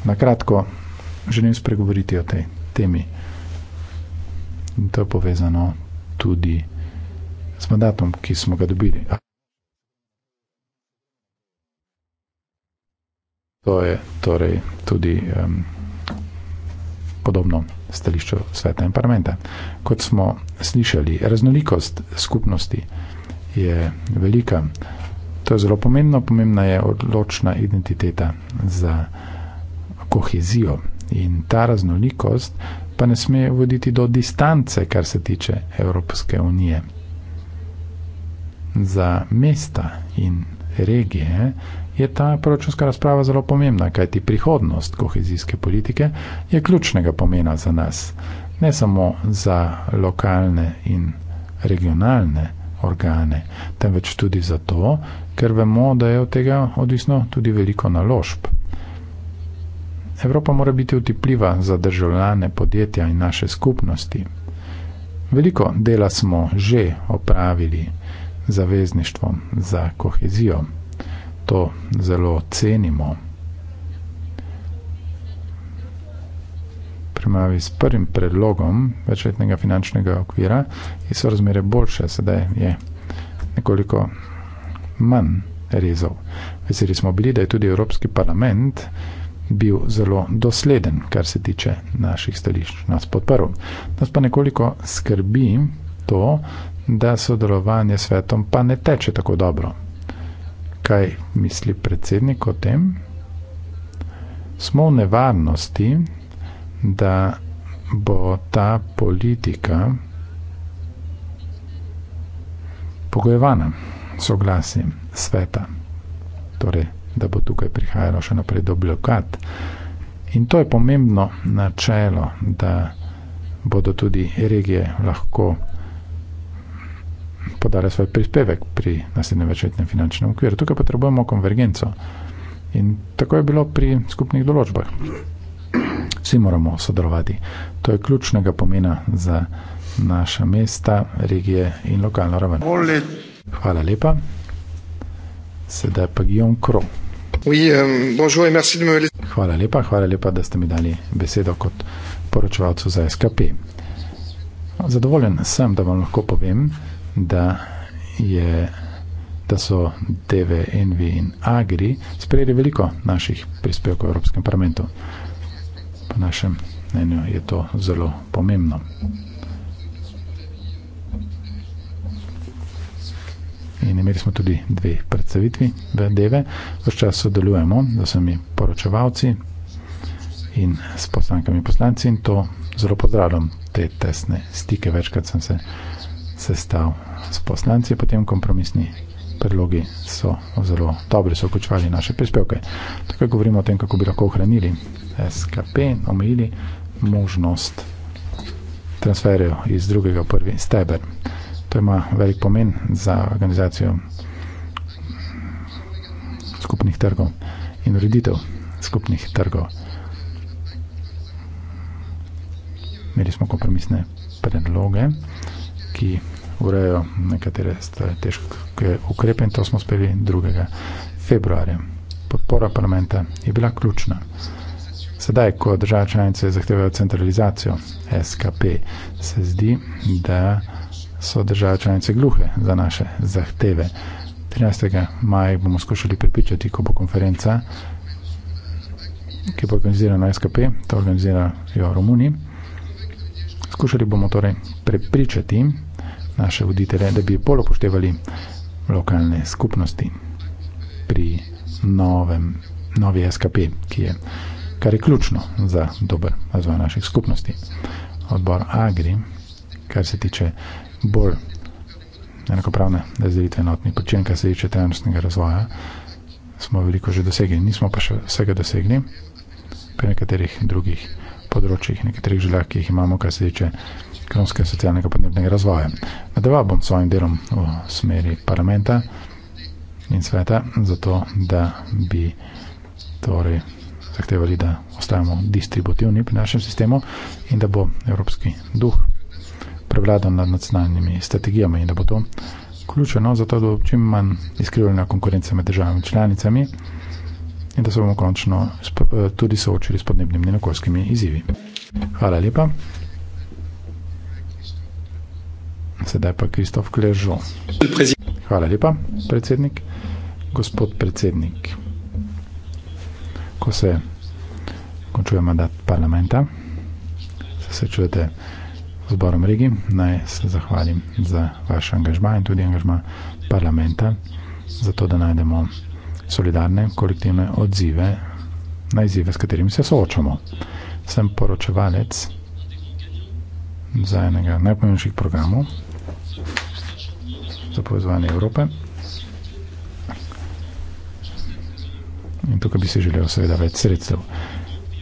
Na kratko želim spregovoriti o tej temi. In to je povezano tudi s s mandatom, ki smo ga dobili. To je torej tudi um, podobno stališču sveta in parlamenta. Kot smo slišali, raznolikost skupnosti je velika. To je zelo pomembno. Pomembna je odločna identiteta za kohezijo. In ta raznolikost pa ne sme voditi do distance, kar se tiče Evropske unije za mesta in regije, je ta proračunska razprava zelo pomembna, kajti prihodnost kohezijske politike je ključnega pomena za nas, ne samo za lokalne in regionalne organe, temveč tudi zato, ker vemo, da je od tega odvisno tudi veliko naložb. Evropa mora biti utipljiva za državljane, podjetja in naše skupnosti. Veliko dela smo že opravili zavezništvom, za kohezijo. To zelo cenimo. Primavi s prvim predlogom večletnega finančnega okvira je so razmere boljše, sedaj je nekoliko manj rezov. Veseli smo bili, da je tudi Evropski parlament bil zelo dosleden, kar se tiče naših stališč, nas podprl. Nas pa nekoliko skrbi to, da sodelovanje s svetom pa ne teče tako dobro. Kaj misli predsednik o tem? Smo v nevarnosti, da bo ta politika pogojevana soglasjem sveta. Torej, da bo tukaj prihajalo še naprej do blokad. In to je pomembno načelo, da bodo tudi regije lahko podali svoj prispevek pri naslednjem večletnem finančnem okviru. Tukaj potrebujemo konvergenco. In tako je bilo pri skupnih določbah. Vsi moramo sodelovati. To je ključnega pomena za naša mesta, regije in lokalno raven. Hvala lepa. Sedaj pa Gion euh, Kro. Hvala lepa, hvala lepa, da ste mi dali besedo kot poročevalcu za SKP. Zadovoljen sem, da vam lahko povem, da je da so DV, Envi in Agri sprejeli veliko naših prispevkov v Evropskem parlamentu. Po našem mnenju je to zelo pomembno. In imeli smo tudi dve predstavitvi v DV. Vse čas sodelujemo z vsemi poročevalci in s poslankami poslanci in to zelo pozdravljam te tesne stike. Večkrat sem se sestav s poslanci, potem kompromisni predlogi so zelo dobri, so vključevali naše prispevke. Tukaj govorimo o tem, kako bi lahko ohranili SKP, omejili možnost transferjev iz drugega v prvi steber. To ima velik pomen za organizacijo skupnih trgov in ureditev skupnih trgov. Imeli smo kompromisne predloge ki urejo nekatere težke ukrepe in to smo uspeli 2. februarja. Podpora parlamenta je bila ključna. Sedaj, ko države članice zahtevajo centralizacijo SKP, se zdi, da so države članice gluhe za naše zahteve. 13. maja bomo skušali pripričati, ko bo konferenca, ki bo organizirana SKP, to organizirajo Romuni. Skušali bomo torej prepričati, naše voditelje, da bi bolj upoštevali lokalne skupnosti pri novem, novi SKP, ki je, kar je ključno za dober razvoj naših skupnosti. Odbor Agri, kar se tiče bolj enakopravne razdelitve enotnih počin, kar se tiče trenutnega razvoja, smo veliko že dosegli, nismo pa še vsega dosegli pri nekaterih drugih področjih, nekaterih željah, ki jih imamo, kar se tiče ekonomskega, socialnega in podnebnega razvoja. Nadaljeval bom s svojim delom v smeri parlamenta in sveta, zato da bi torej zahtevali, da ostajamo distributivni pri našem sistemu in da bo evropski duh prevladan nad nacionalnimi strategijami in da bo to ključno, zato da bo čim manj izkrivljena konkurenca med državami članicami in da se bomo končno eh, tudi soočili s podnebnimi in okoljskimi izzivi. Hvala lepa. sedaj pa Kristof Kležo. Hvala lepa, predsednik. Gospod predsednik, ko se končuje mandat parlamenta, se srečujete z zborom Rigi, naj se zahvalim za vaš angažma in tudi angažma parlamenta, zato da najdemo solidarne kolektivne odzive na izzive, s katerimi se soočamo. Sem poročevalec za enega najpomembnejših programov, za povezovanje Evrope. In tukaj bi si želel seveda več sredstev.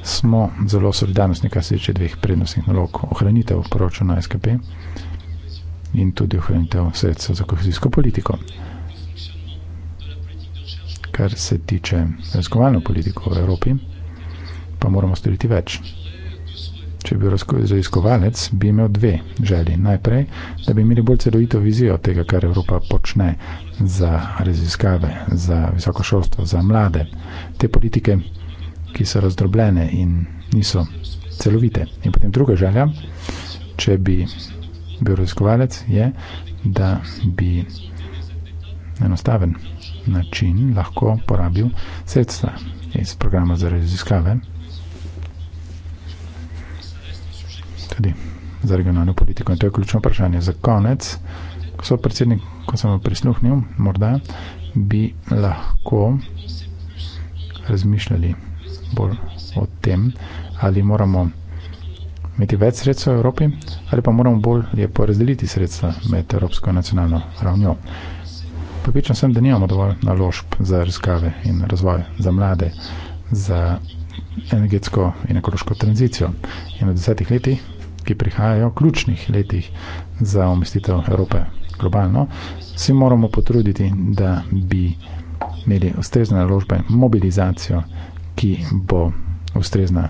Smo zelo solidarnostni, kar se tiče dveh prednostnih nalog, ohranitev poročuna SKP in tudi ohranitev sredstev za kohezijsko politiko. Kar se tiče raziskovalno politiko v Evropi, pa moramo storiti več. Če bi bil raziskovalec, bi imel dve želji. Najprej, da bi imeli bolj celovito vizijo tega, kar Evropa počne za raziskave, za visoko šolstvo, za mlade. Te politike, ki so razdrobljene in niso celovite. In potem druga želja, če bi bil raziskovalec, je, da bi enostaven način lahko porabil sredstva iz programa za raziskave tudi za regionalno politiko. In to je ključno vprašanje. Za konec, so predsednik, ko sem vam prisluhnil, morda bi lahko razmišljali bolj o tem, ali moramo imeti več sredstva v Evropi, ali pa moramo bolj lepo razdeliti sredstva med Evropsko in nacionalno ravnjo. Pripričan sem, da nimamo dovolj naložb za raziskave in razvoj, za mlade, za energetsko in ekološko tranzicijo. In v desetih letih ki prihajajo, ključnih letih za umestitev Evrope globalno, si moramo potruditi, da bi imeli ustrezne naložbe, mobilizacijo, ki bo ustrezna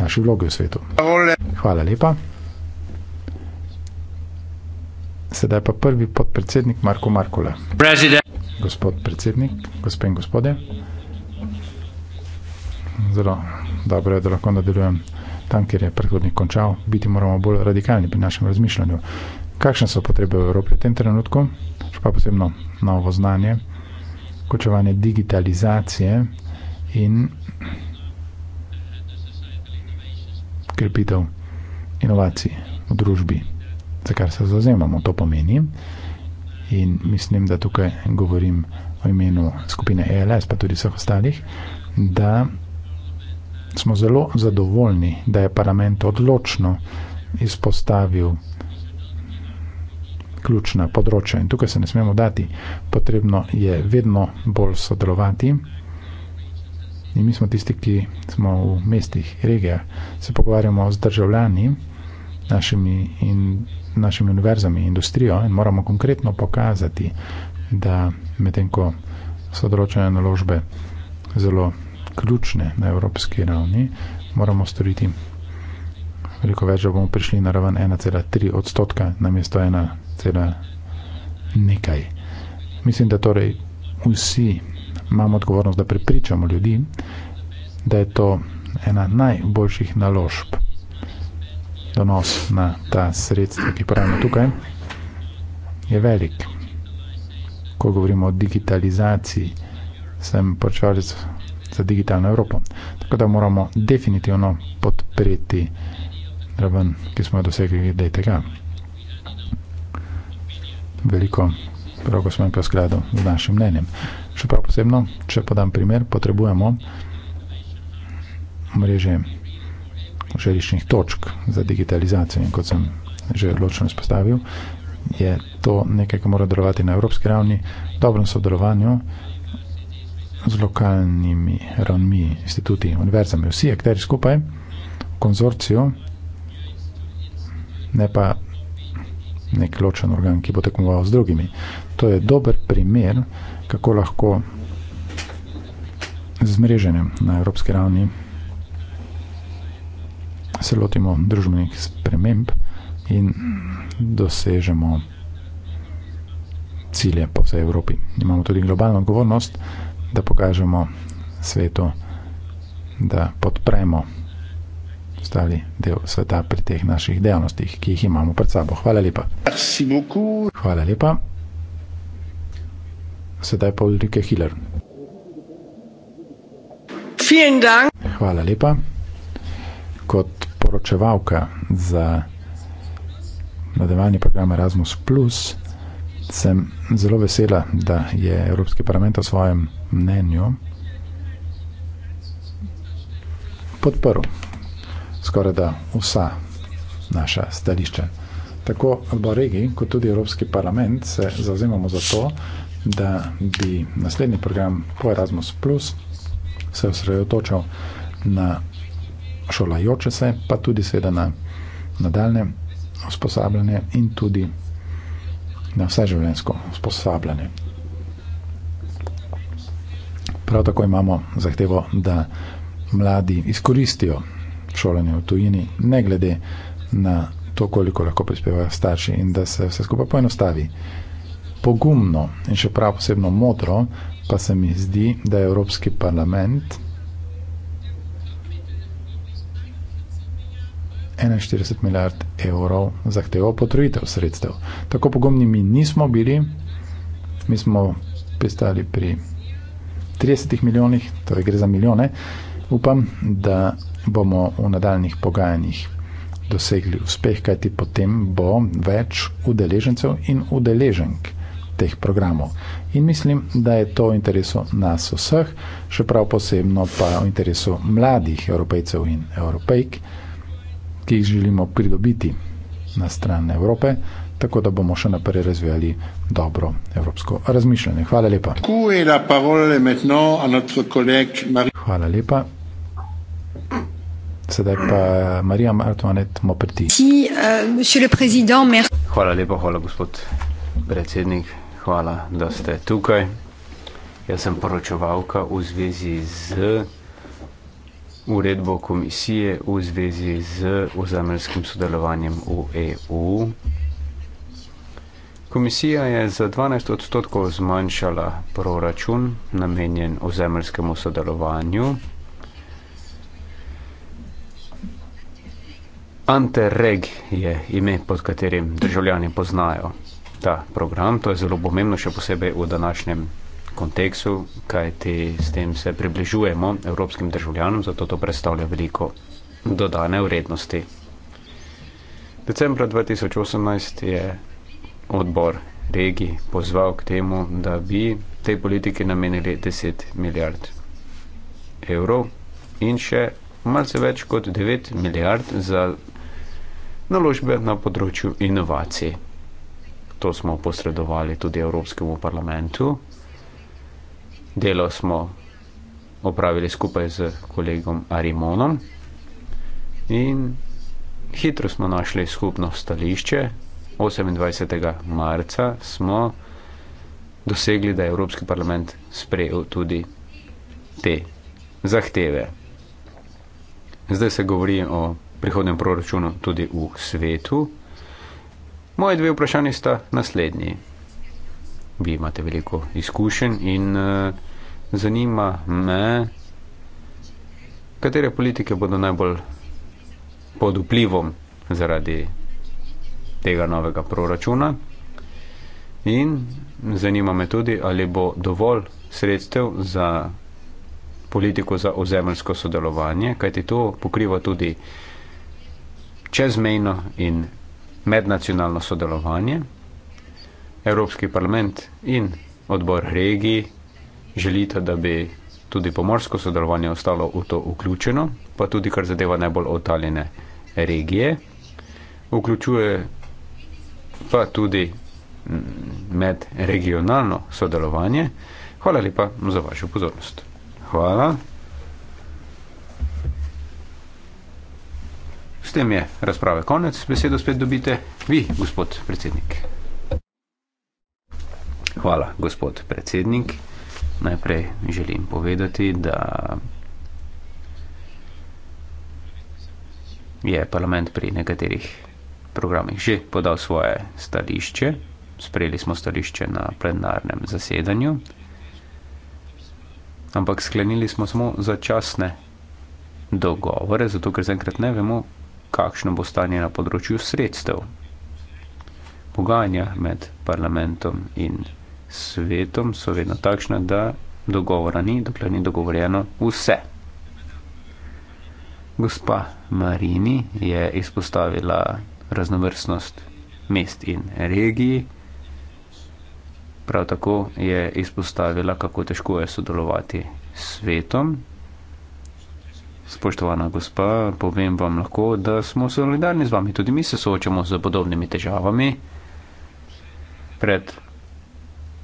naši vlogi v svetu. Hvala lepa. Sedaj pa prvi podpredsednik Marko Markula. Gospod predsednik, gospe in gospode. Zelo dobro je, da lahko nadaljujem tam, kjer je predhodnik končal, biti moramo bolj radikalni pri našem razmišljanju. Kakšne so potrebe v Evropi v tem trenutku, še pa posebno novo znanje, vključevanje digitalizacije in krepitev inovacij v družbi, za kar se zauzemamo, to pomeni. In mislim, da tukaj govorim o imenu skupine ELS, pa tudi vseh ostalih, da smo zelo zadovoljni, da je parlament odločno izpostavil ključna področja in tukaj se ne smemo dati. Potrebno je vedno bolj sodelovati in mi smo tisti, ki smo v mestih, regijah, se pogovarjamo z državljani, našimi in našimi univerzami, industrijo in moramo konkretno pokazati, da medtem ko so določene naložbe zelo ključne na evropski ravni, moramo storiti veliko več, da bomo prišli na raven 1,3 odstotka namesto 1, nekaj. Mislim, da torej vsi imamo odgovornost, da prepričamo ljudi, da je to ena najboljših naložb donos na ta sredstva, ki pravimo tukaj, je velik. Ko govorimo o digitalizaciji, sem počvalec za digitalno Evropo. Tako da moramo definitivno podpreti raven, ki smo jo dosegli glede tega. Veliko prvo smo jim pa skladu z našim mnenjem. Še prav posebno, če podam primer, potrebujemo mreže želiščnih točk za digitalizacijo in kot sem že odločno izpostavil, je to nekaj, ki mora delovati na evropski ravni, dobrem sodelovanju, z lokalnimi ravnmi, instituti, univerzami, vsi akteri skupaj, konzorcijo, ne pa nek ločen organ, ki bo tekmoval z drugimi. To je dober primer, kako lahko z mreženjem na evropski ravni se lotimo družbenih sprememb in dosežemo cilje po vsej Evropi. Imamo tudi globalno odgovornost, da pokažemo svetu, da podpremo ostali del sveta pri teh naših dejavnostih, ki jih imamo pred sabo. Hvala lepa. Hvala lepa. Sedaj pa Ulrike Hiller. Hvala lepa. Kot poročevalka za nadaljevanje programa Erasmus, sem zelo vesela, da je Evropski parlament v svojem mnenju podprl skoraj da vsa naša stališča. Tako odbor regij, kot tudi Evropski parlament se zauzemamo za to, da bi naslednji program po Erasmus Plus se osredotočal na šolajoče se, pa tudi seveda na nadaljne usposabljanje in tudi na vseživljenjsko usposabljanje. Prav tako imamo zahtevo, da mladi izkoristijo šolanje v tujini, ne glede na to, koliko lahko prispevajo starši in da se vse skupaj poenostavi. Pogumno in še prav posebno modro pa se mi zdi, da je Evropski parlament 41 milijard evrov zahteval potrojitev sredstev. Tako pogumni mi nismo bili, mi smo pristali pri 30 milijonih, torej gre za milijone, upam, da bomo v nadaljnih pogajanjih dosegli uspeh, kajti potem bo več udeležencev in udeleženk teh programov. In mislim, da je to v interesu nas vseh, še prav posebno pa v interesu mladih evropejcev in evropejk, ki jih želimo pridobiti na stran Evrope, tako da bomo še naprej razvijali dobro evropsko razmišljanje. Hvala lepa. Hvala lepa. Sedaj pa Marija Martonet Moperti. Eh, hvala lepa, hvala gospod predsednik, hvala, da ste tukaj. Jaz sem poročevalka v zvezi z uredbo komisije, v zvezi z ozemeljskim sodelovanjem v EU. Komisija je za 12 odstotkov zmanjšala proračun namenjen ozemljskemu sodelovanju. Ante Reg je ime, pod katerim državljani poznajo ta program. To je zelo pomembno, še posebej v današnjem kontekstu, kajti s tem se približujemo evropskim državljanom, zato to predstavlja veliko dodane vrednosti. Decembra 2018 je odbor regij pozval k temu, da bi tej politiki namenili 10 milijard evrov in še malce več kot 9 milijard za naložbe na področju inovacij. To smo posredovali tudi Evropskemu parlamentu. Delo smo opravili skupaj z kolegom Arimonom in hitro smo našli skupno stališče, 28. marca smo dosegli, da je Evropski parlament sprejel tudi te zahteve. Zdaj se govori o prihodnem proračunu tudi v svetu. Moje dve vprašanje sta naslednji. Vi imate veliko izkušenj in uh, zanima me, katere politike bodo najbolj pod vplivom zaradi tega novega proračuna. In zanima me tudi, ali bo dovolj sredstev za politiko za ozemljsko sodelovanje, kajti to pokriva tudi čezmejno in mednacionalno sodelovanje. Evropski parlament in odbor regiji želita, da bi tudi pomorsko sodelovanje ostalo v to vključeno, pa tudi kar zadeva najbolj otaljene regije. Vključuje pa tudi mm, medregionalno sodelovanje. Hvala lepa za vašo pozornost. Hvala. S tem je razprave konec, besedo spet dobite vi, gospod predsednik. Hvala, gospod predsednik. Najprej želim povedati, da je parlament pri nekaterih programih že podal svoje stališče, sprejeli smo stališče na plenarnem zasedanju, ampak sklenili smo samo začasne dogovore, zato ker zaenkrat ne vemo, kakšno bo stanje na področju sredstev. Pogajanja med parlamentom in svetom so vedno takšna, da dogovora ni, dokler ni dogovorjeno vse. Gospa Marini je izpostavila raznovrstnost mest in regij. Prav tako je izpostavila, kako težko je sodelovati s svetom. Spoštovana gospa, povem vam lahko, da smo solidarni z vami, tudi mi se soočamo z podobnimi težavami. Pred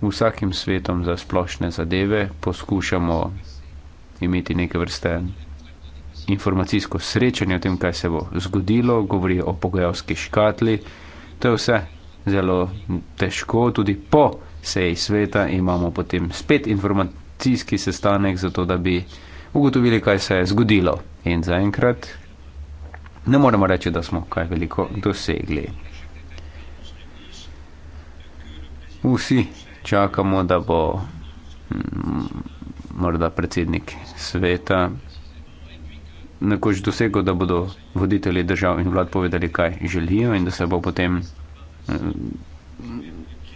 vsakim svetom za splošne zadeve poskušamo imeti neke vrste informacijsko srečanje o tem, kaj se bo zgodilo, govori o pogajalski škatli. To je vse zelo težko, tudi po seji sveta imamo potem spet informacijski sestanek, zato da bi ugotovili, kaj se je zgodilo. In zaenkrat ne moremo reči, da smo kaj veliko dosegli. Vsi čakamo, da bo mm, morda predsednik sveta nekoč dosegel, da bodo voditelji držav in vlad povedali, kaj želijo in da se bo potem eh,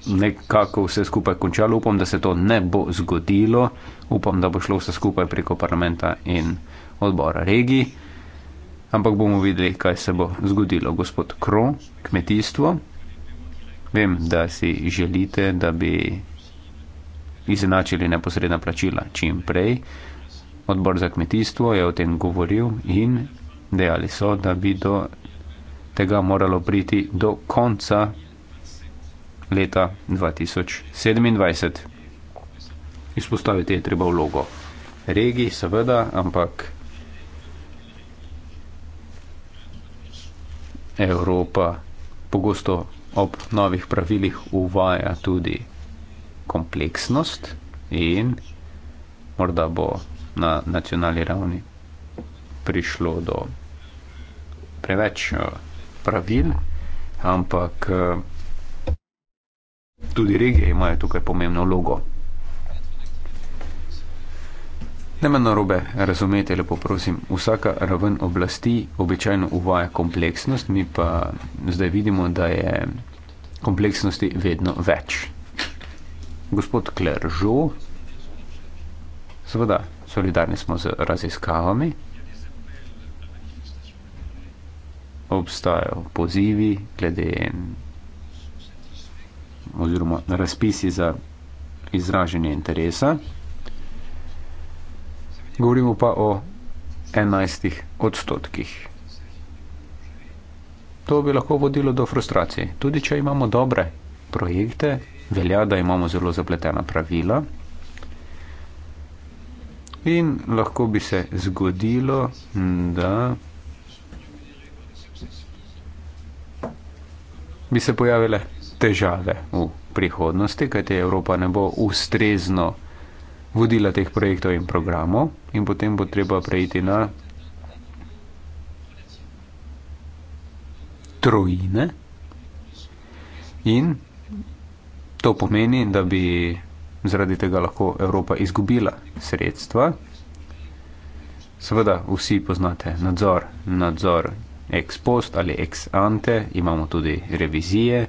nekako vse skupaj končalo. Upam, da se to ne bo zgodilo. Upam, da bo šlo vse skupaj preko parlamenta in odbora regij. Ampak bomo videli, kaj se bo zgodilo. Gospod Kro, kmetijstvo. Vem, da si želite, da bi izenačili neposredna plačila čim prej. Odbor za kmetijstvo je o tem govoril in dejali so, da bi do tega moralo priti do konca leta 2027. Izpostaviti je treba vlogo regij, seveda, ampak Evropa pogosto ob novih pravilih uvaja tudi kompleksnost in morda bo na nacionalni ravni prišlo do preveč eh, pravil, ampak eh, tudi regije imajo tukaj pomembno vlogo. Ne me narobe razumete, lepo prosim. Vsaka raven oblasti običajno uvaja kompleksnost, mi pa zdaj vidimo, da je kompleksnosti vedno več. Gospod Kleržo, seveda, solidarni smo z raziskavami, obstajajo pozivi glede oziroma razpisi za izraženje interesa. Govorimo pa o 11 odstotkih. To bi lahko vodilo do frustracije. Tudi, če imamo dobre projekte, velja, da imamo zelo zapletena pravila. In lahko bi se zgodilo, da bi se pojavile težave v prihodnosti, kajte Evropa ne bo ustrezno vodila teh projektov in programov in potem bo treba preiti na trojine. In to pomeni, da bi zaradi tega lahko Evropa izgubila sredstva. Seveda vsi poznate nadzor, nadzor ex post ali ex ante, imamo tudi revizije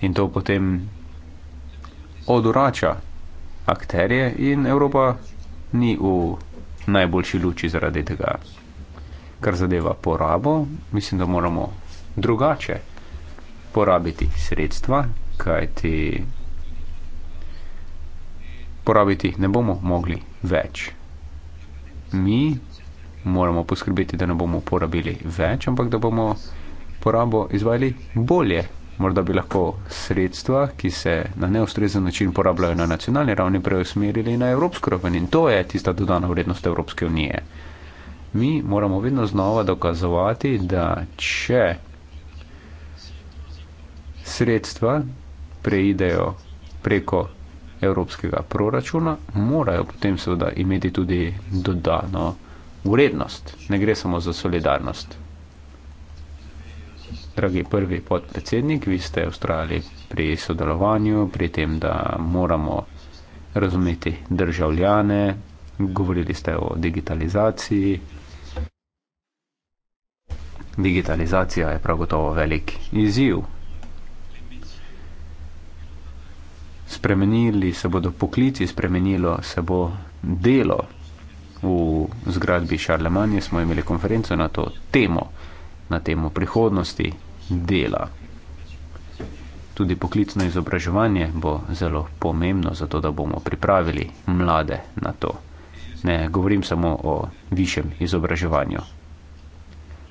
in to potem odurača akterje in Evropa ni v najboljši luči zaradi tega. Kar zadeva porabo, mislim, da moramo drugače porabiti sredstva, kajti porabiti ne bomo mogli več. Mi moramo poskrbeti, da ne bomo porabili več, ampak da bomo porabo izvajali bolje. Morda bi lahko sredstva, ki se na neustrezen način porabljajo na nacionalni ravni, preusmerili na evropsko raven in to je tista dodana vrednost Evropske unije. Mi moramo vedno znova dokazovati, da če sredstva preidejo preko evropskega proračuna, morajo potem seveda imeti tudi dodano vrednost. Ne gre samo za solidarnost. Dragi prvi podpredsednik, vi ste ustrajali pri sodelovanju, pri tem, da moramo razumeti državljane, govorili ste o digitalizaciji. Digitalizacija je prav gotovo velik izziv spremenili, se bodo poklici spremenilo, se bo delo v zgradbi Šarlemanje. Smo imeli konferenco na to temo, na temo prihodnosti dela. Tudi poklicno izobraževanje bo zelo pomembno, zato da bomo pripravili mlade na to. Ne govorim samo o višjem izobraževanju.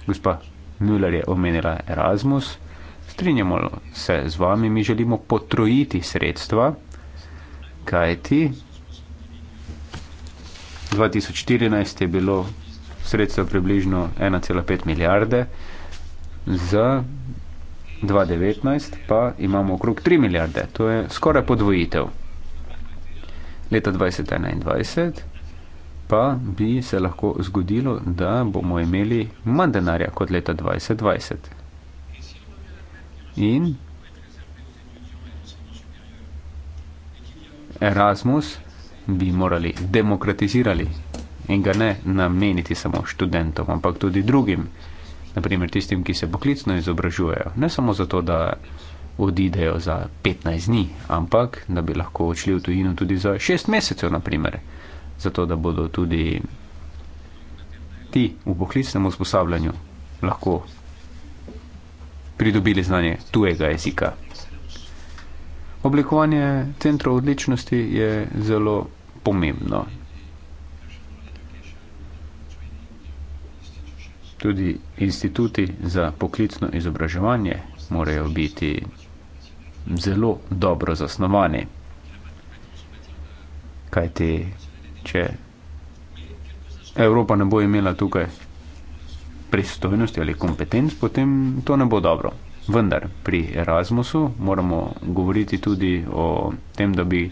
Gospa Müller je omenila Erasmus strinjamo se z vami, mi želimo potrojiti sredstva, kajti 2014 je bilo sredstva približno 1,5 milijarde, za 2019 pa imamo okrog 3 milijarde, to je skoraj podvojitev. Leta 2021 pa bi se lahko zgodilo, da bomo imeli manj denarja kot leta 2020. In Erasmus bi morali demokratizirali in ga ne nameniti samo študentom, ampak tudi drugim, naprimer tistim, ki se poklicno izobražujejo. Ne samo zato, da odidejo za 15 dni, ampak da bi lahko odšli v tujino tudi za 6 mesecev, naprimer, zato da bodo tudi ti v poklicnem usposabljanju lahko pridobili znanje tujega jezika. Oblikovanje centrov odličnosti je zelo pomembno. Tudi instituti za poklicno izobraževanje morajo biti zelo dobro zasnovani. Kajti, če Evropa ne bo imela tukaj pristojnosti ali kompetenc, potem to ne bo dobro. Vendar pri Erasmusu moramo govoriti tudi o tem, da bi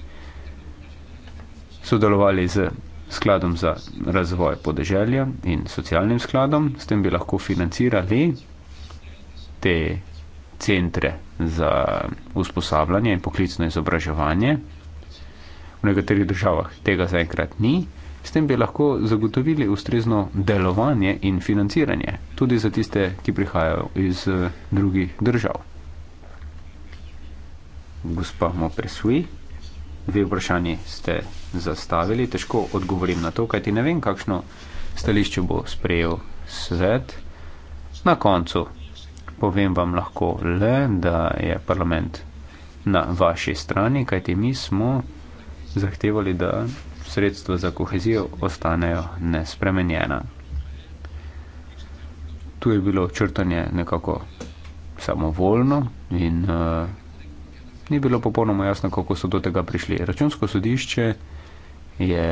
sodelovali z skladom za razvoj podeželja in socialnim skladom, s tem bi lahko financirali te centre za usposabljanje in poklicno izobraževanje. V nekaterih državah tega zaenkrat ni. S tem bi lahko zagotovili ustrezno delovanje in financiranje, tudi za tiste, ki prihajajo iz eh, drugih držav. Gospa Mopresui, dve vprašanji ste zastavili, težko odgovorim na to, kaj ti ne vem, kakšno stališče bo sprejel svet. Na koncu povem vam lahko le, da je parlament na vaši strani, kajti mi smo zahtevali, da sredstva za kohezijo ostanejo nespremenjena. Tu je bilo črtanje nekako samovoljno in uh, ni bilo popolnoma jasno, kako so do tega prišli. Računsko sodišče je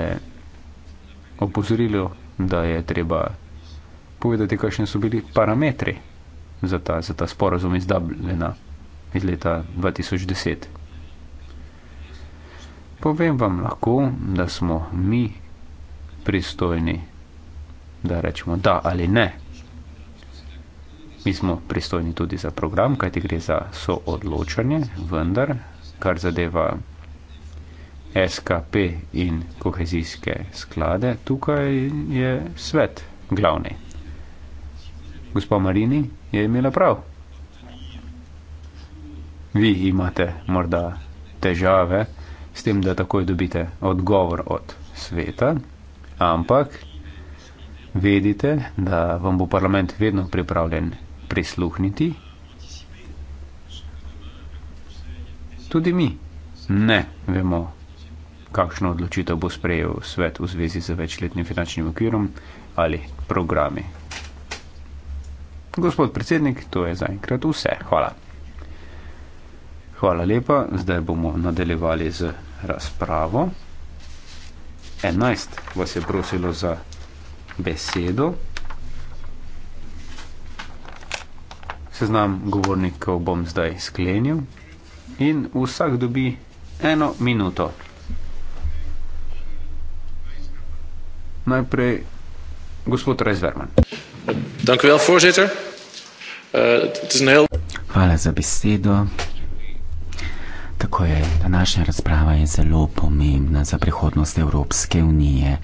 opozorilo, da je treba povedati, kakšni so bili parametri za ta, za ta sporazum iz Dublina iz leta 2010. Povem vam lahko, da smo mi pristojni, da rečemo da ali ne. Mi smo pristojni tudi za program, kajti gre za soodločanje, vendar, kar zadeva SKP in kohezijske sklade, tukaj je svet glavni. Gospa Marini je imela prav. Vi imate morda težave s tem, da takoj dobite odgovor od sveta, ampak vedite, da vam bo parlament vedno pripravljen prisluhniti. Tudi mi ne vemo, kakšno odločitev bo sprejel svet v zvezi z večletnim finančnim okvirom ali programi. Gospod predsednik, to je zaenkrat vse. Hvala. Hvala lepa. Zdaj bomo nadaljevali z razpravo. 11 vas je prosilo za besedo. Seznam govornikov bom zdaj sklenil in vsak dobi eno minuto. Najprej gospod Reisverman. Dank u wel, voorzitter. Uh, het is een heel... Hvala za besedo. Tako je, današnja razprava je zelo pomembna za prihodnost Evropske unije.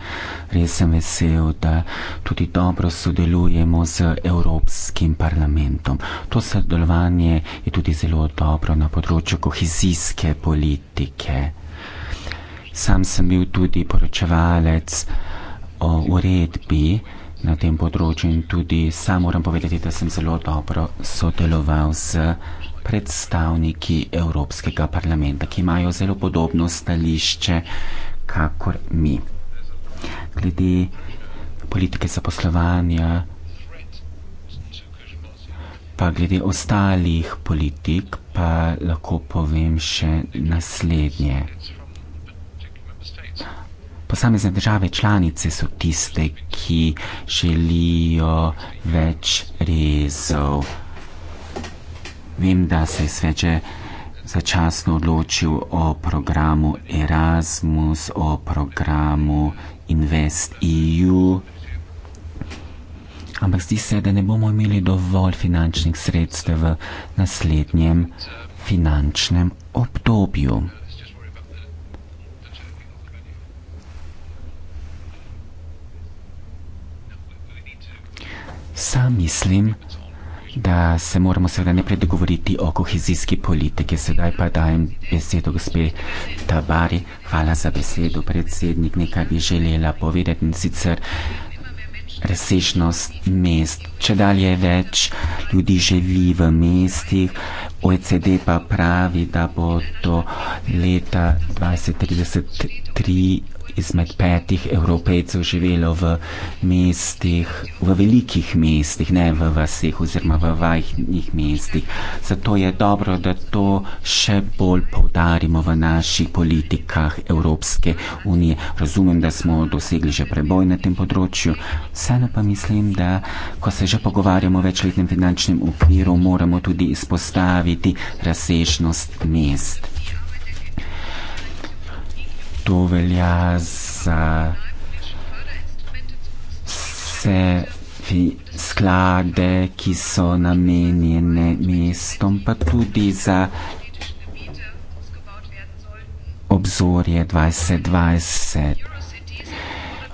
Res sem vesel, da tudi dobro sodelujemo z Evropskim parlamentom. To sodelovanje je tudi zelo dobro na področju kohezijske politike. Sam sem bil tudi poročevalec o uredbi na tem področju in tudi sam moram povedati, da sem zelo dobro sodeloval z predstavniki Evropskega parlamenta, ki imajo zelo podobno stališče kakor mi. Glede politike zaposlovanja, pa glede ostalih politik, pa lahko povem še naslednje. Posamezne države članice so tiste, ki želijo več rezov. Vem, da se je sveče začasno odločil o programu Erasmus, o programu Invest EU. Ampak zdi se, da ne bomo imeli dovolj finančnih sredstev v naslednjem finančnem obdobju. Sam mislim, da se moramo seveda ne predogovoriti o kohezijski politiki. Sedaj pa dajem besedo gospe Tabari. Hvala za besedo, predsednik. Nekaj bi želela povedati in sicer razsežnost mest. Če dalje več ljudi živi v mestih, OECD pa pravi, da bo do leta 2033 izmed petih evropejcev živelo v mestih, v velikih mestih, ne v vseh oziroma v vajhnih mestih. Zato je dobro, da to še bolj povdarimo v naših politikah Evropske unije. Razumem, da smo dosegli že preboj na tem področju, vseeno pa mislim, da ko se že pogovarjamo o večletnem finančnem okviru, moramo tudi izpostaviti razsežnost mest to velja za vse sklade, ki so namenjene mestom, pa tudi za obzorje 2020.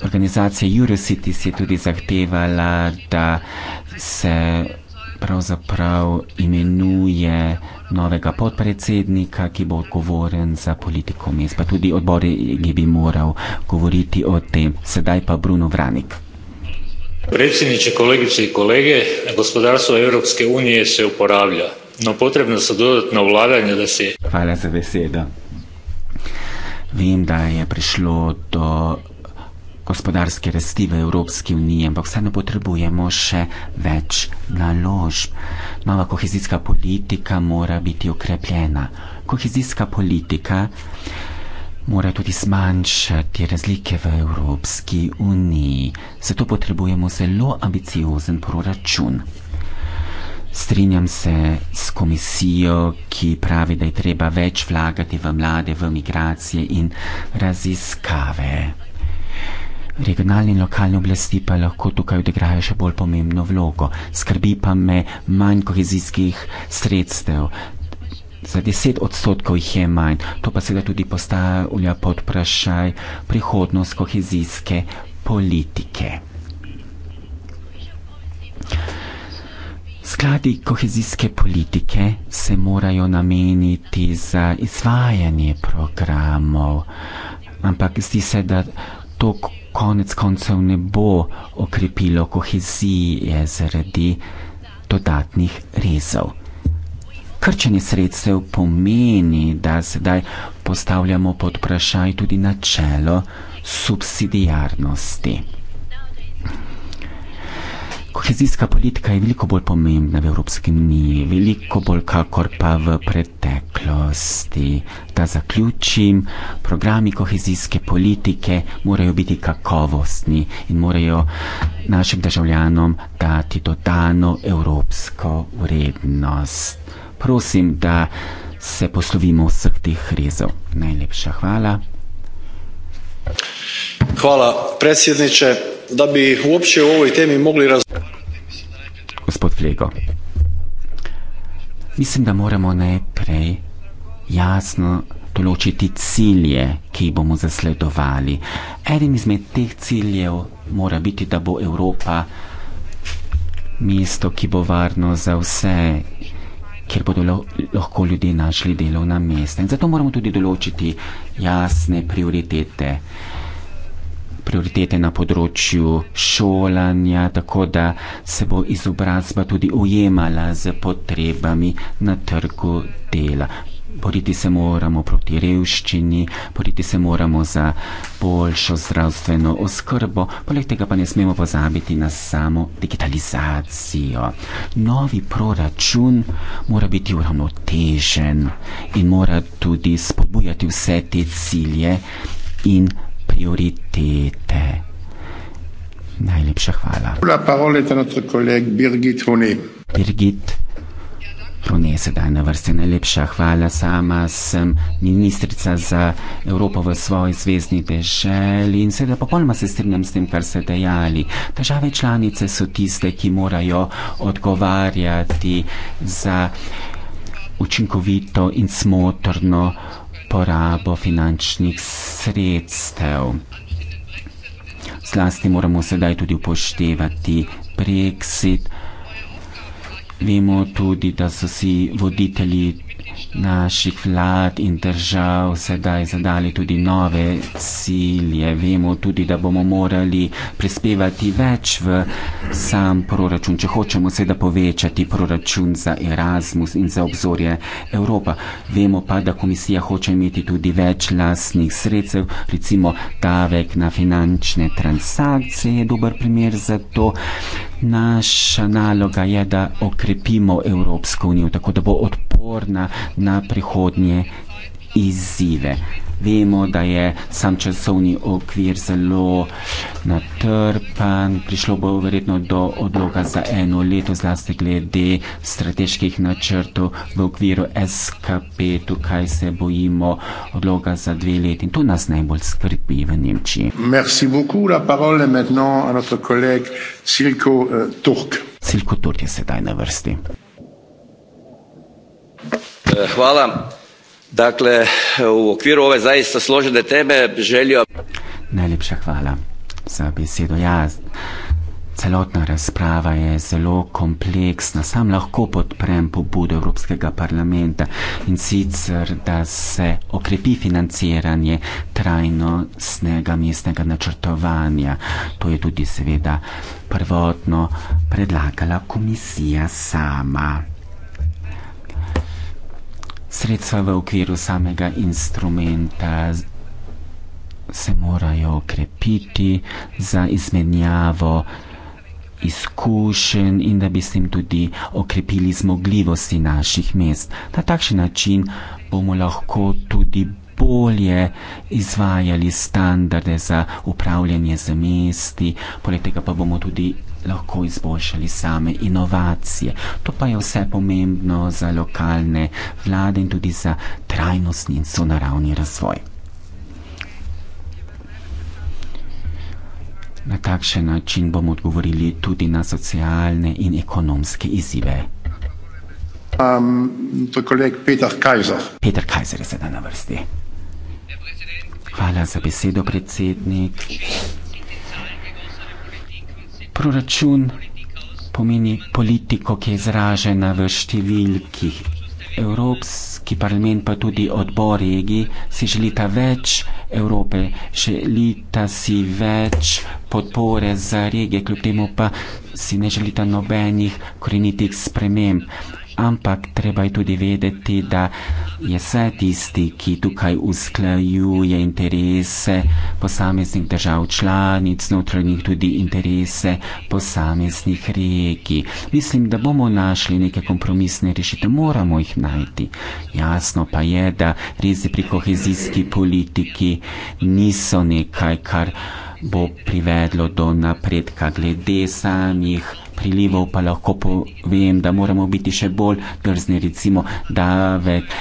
Organizacija Eurocity je tudi zahtevala, da se pravzaprav imenuje novega podpredsednika, ki bo odgovoren za politiko mest, pa tudi odbori, ki bi moral govoriti o tem. Sedaj pa Bruno Vranik. Predsjedniče, kolegice in kolege, gospodarstvo Evropske unije se uporablja, no potrebno so dodatna vlaganja, da se. Hvala za besedo. Vem, da je prišlo do gospodarske rasti v Evropski uniji, ampak vseeno potrebujemo še več naložb. Nova kohezijska politika mora biti okrepljena. Kohezijska politika mora tudi zmanjšati razlike v Evropski uniji. Zato potrebujemo zelo ambiciozen proračun. Strinjam se s komisijo, ki pravi, da je treba več vlagati v mlade, v migracije in raziskave. Regionalne in lokalne oblasti pa lahko tukaj odigrajo še bolj pomembno vlogo. Skrbi pa me manj kohezijskih sredstev. Za deset odstotkov jih je manj. To pa seveda tudi postavlja pod vprašaj prihodnost kohezijske politike. Skladi kohezijske politike se morajo nameniti za izvajanje programov, ampak zdi se, da to konec koncev ne bo okrepilo kohezije zaradi dodatnih rezov. Krčenje sredstev pomeni, da sedaj postavljamo pod vprašaj tudi načelo subsidijarnosti kohezijska politika je veliko bolj pomembna v Evropski uniji, veliko bolj kakor pa v preteklosti. Da zaključim, programi kohezijske politike morajo biti kakovostni in morajo našim državljanom dati dodano evropsko vrednost. Prosim, da se poslovimo vseh teh rezov. Najlepša hvala. Hvala, predsjedniče. Da bi uopće u ovoj temi mogli razgovarati... Gospod Flego, mislim da moramo najprej jasno določiti cilje, ki jih bomo zasledovali. Eden izmed teh ciljev mora biti, da bo Evropa mesto, ki bo varno za vse kjer bodo lahko ljudje našli delovna mesta. In zato moramo tudi določiti jasne prioritete. Prioritete na področju šolanja, tako da se bo izobrazba tudi ujemala z potrebami na trgu dela. Boriti se moramo proti revščini, boriti se moramo za boljšo zdravstveno oskrbo, poleg tega pa ne smemo pozabiti na samo digitalizacijo. Novi proračun mora biti uravnotežen in mora tudi spodbujati vse te cilje in prioritete. Najlepša hvala. Birgit, Po njej sedaj na vrsti najlepša hvala. Sama sem ministrica za Evropo v svoji zvezdni deželi in seveda popolnoma se strinjam s tem, kar ste dejali. Države članice so tiste, ki morajo odgovarjati za učinkovito in smotrno porabo finančnih sredstev. Zlasti moramo sedaj tudi upoštevati Brexit. Vemo tudi, da so si voditelji naših vlad in držav sedaj zadali tudi nove cilje. Vemo tudi, da bomo morali prispevati več v sam proračun, če hočemo seveda povečati proračun za Erasmus in za obzorje Evropa. Vemo pa, da komisija hoče imeti tudi več lasnih sredstev, recimo davek na finančne transakcije je dober primer za to. Naša naloga je, da okrepimo Evropsko unijo, tako da bo odporna na prihodnje izzive. Vemo, da je sam časovni okvir zelo natrpan, prišlo bo verjetno do odloga za eno leto, zlasti glede strateških načrtov v okviru SKP, tukaj se bojimo odloga za dve leti in to nas najbolj skrbi v Nemčiji. Merci beaucoup, la parole est maintenant à notre collègue Silko uh, Turk. Silko Turk je sedaj na vrsti. Uh, hvala. Dakle, v okviru ove zaista složene teme želijo... Najlepša hvala za besedo. Ja, celotna razprava je zelo kompleksna. Sam lahko podprem pobudo Evropskega parlamenta in sicer, da se okrepi financiranje trajnostnega mestnega načrtovanja. To je tudi seveda prvotno predlagala komisija sama sredstva v okviru samega instrumenta se morajo okrepiti za izmenjavo izkušenj in da bi s tem tudi okrepili zmogljivosti naših mest. Na takšen način bomo lahko tudi bolje izvajali standarde za upravljanje z mesti, poleg tega pa bomo tudi lahko izboljšali same inovacije. To pa je vse pomembno za lokalne vlade in tudi za trajnostni in sonaravni razvoj. Na takšen način bomo odgovorili tudi na socialne in ekonomske izive. Um, Peter Kaiser je sedaj na vrsti. Hvala za besedo, predsednik. Proračun pomeni politiko, ki je izražena v številki. Evropski parlament pa tudi odbor regij si želita več Evrope, želita si več podpore za regije, kljub temu pa si ne želita nobenih korenitih sprememb ampak treba je tudi vedeti, da je vse tisti, ki tukaj usklajuje interese posameznih držav članic, notranjih tudi interese posameznih regij. Mislim, da bomo našli neke kompromisne rešite, moramo jih najti. Jasno pa je, da rezi pri kohezijski politiki niso nekaj, kar bo privedlo do napredka glede samih prilivov, pa lahko povem, da moramo biti še bolj drzni, recimo davek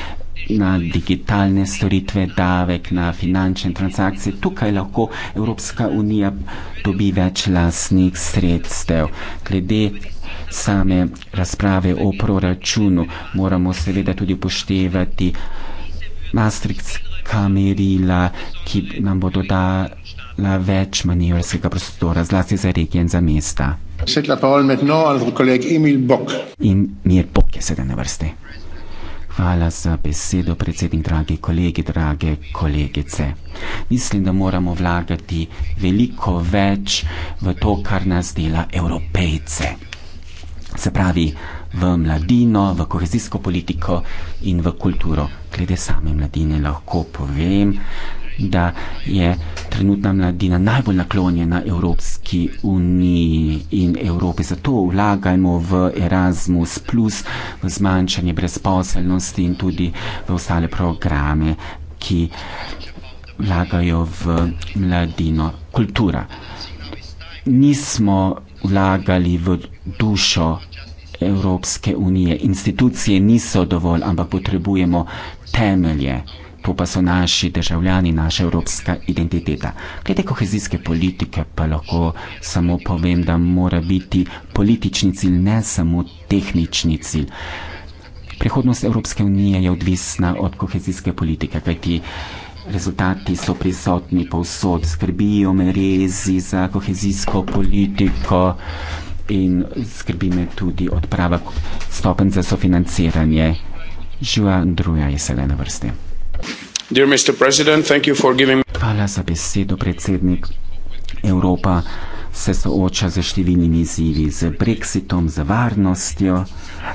na digitalne storitve, davek na finančne transakcije. Tukaj lahko Evropska unija dobi več lasnih sredstev. Glede same razprave o proračunu moramo seveda tudi upoštevati Maastrichtska merila, ki nam bodo dali več manevrskega prostora, zlasti za regije in za mesta. In mir Bog je sedaj na vrsti. Hvala za besedo, predsednik, dragi kolegi, drage kolegice. Mislim, da moramo vlagati veliko več v to, kar nas dela evropejce. Se pravi, v mladino, v kohezijsko politiko in v kulturo. Glede same mladine lahko povem, da je trenutna mladina najbolj naklonjena Evropski uniji in Evropi. Zato vlagajmo v Erasmus, plus, v zmanjšanje brezposelnosti in tudi v ostale programe, ki vlagajo v mladino. Kultura. Nismo vlagali v dušo Evropske unije. Institucije niso dovolj, ampak potrebujemo temelje. To pa so naši državljani, naša evropska identiteta. Glede kohezijske politike pa lahko samo povem, da mora biti politični cilj, ne samo tehnični cilj. Prihodnost Evropske unije je odvisna od kohezijske politike, kajti rezultati so prisotni povsod. Skrbijo me rezi za kohezijsko politiko in skrbi me tudi odprava stopen za sofinanciranje. Žua Andruja je sedaj na vrsti. Hvala za besedo, predsednik. Evropa se sooča z številnimi izzivi, z brexitom, z varnostjo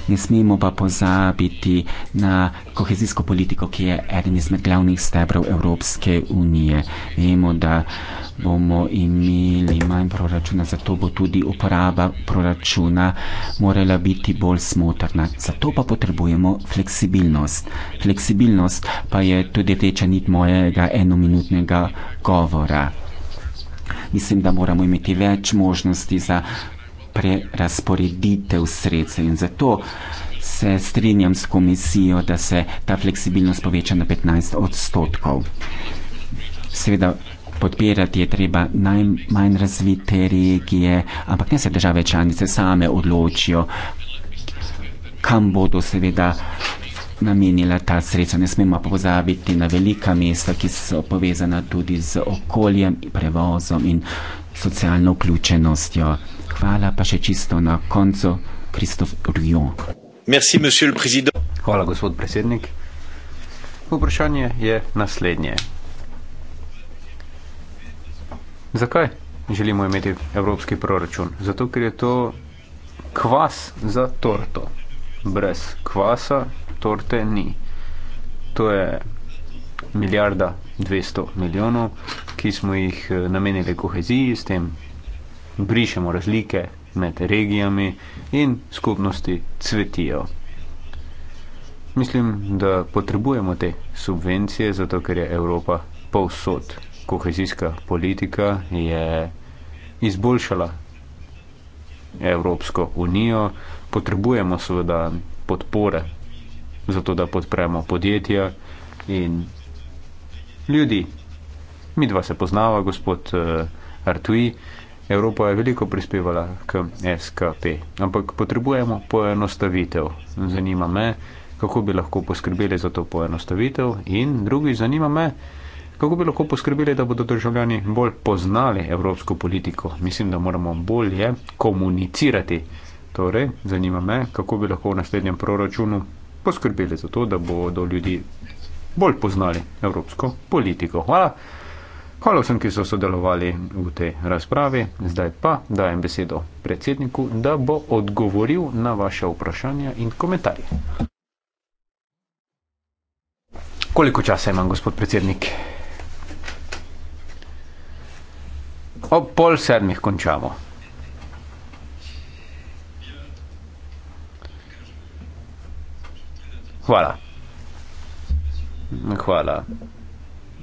ne smemo pa pozabiti na kohezijsko politiko, ki je eden izmed glavnih stebrov Evropske unije. Vemo, da bomo imeli manj proračuna, zato bo tudi uporaba proračuna morala biti bolj smotrna. Zato pa potrebujemo fleksibilnost. Fleksibilnost pa je tudi reča nit mojega enominutnega govora. Mislim, da moramo imeti več možnosti za prerasporeditev sredstev in zato se strinjam s komisijo, da se ta fleksibilnost poveča na 15 odstotkov. Seveda podpirati je treba najmanj razvite regije, ampak ne se države članice same odločijo, kam bodo seveda namenila ta sredstva. Ne smemo pa pozabiti na velika mesta, ki so povezana tudi z okoljem, prevozom in socialno vključenostjo hvala pa še čisto na koncu, Kristof Rjo. Hvala, gospod predsednik. Vprašanje je naslednje. Zakaj želimo imeti evropski proračun? Zato, ker je to kvas za torto. Brez kvasa torte ni. To je milijarda 200 milijonov, ki smo jih eh, namenili koheziji, s tem brišemo razlike med regijami in skupnosti cvetijo. Mislim, da potrebujemo te subvencije, zato ker je Evropa povsod. Kohezijska politika je izboljšala Evropsko unijo, potrebujemo seveda podpore, zato da podpremo podjetja in ljudi. Mi dva se poznava, gospod uh, Artui. Evropa je veliko prispevala k SKP, ampak potrebujemo poenostavitev. Zanima me, kako bi lahko poskrbeli za to poenostavitev in drugi zanima me, kako bi lahko poskrbeli, da bodo državljani bolj poznali evropsko politiko. Mislim, da moramo bolje komunicirati. Torej, zanima me, kako bi lahko v naslednjem proračunu poskrbeli za to, da bodo ljudi bolj poznali evropsko politiko. Hvala. Hvala vsem, ki so sodelovali v tej razpravi. Zdaj pa dajem besedo predsedniku, da bo odgovoril na vaše vprašanja in komentarje. Koliko časa imam, gospod predsednik? Ob pol sedmih končamo. Hvala. Hvala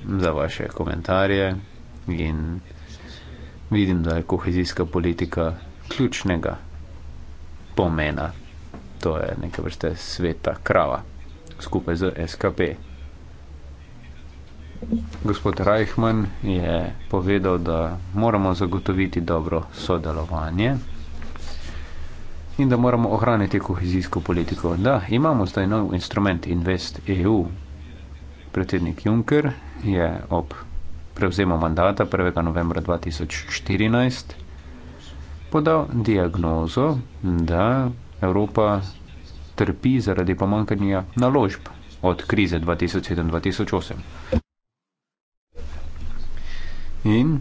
za vaše komentarje in vidim, da je kohezijska politika ključnega pomena. To je neka vrste sveta krava skupaj z SKP. Gospod Reichmann je povedal, da moramo zagotoviti dobro sodelovanje in da moramo ohraniti kohezijsko politiko. Da, imamo zdaj nov instrument Invest EU, predsednik Juncker je ob prevzemu mandata 1. novembra 2014 podal diagnozo, da Evropa trpi zaradi pomankanja naložb od krize 2007-2008. In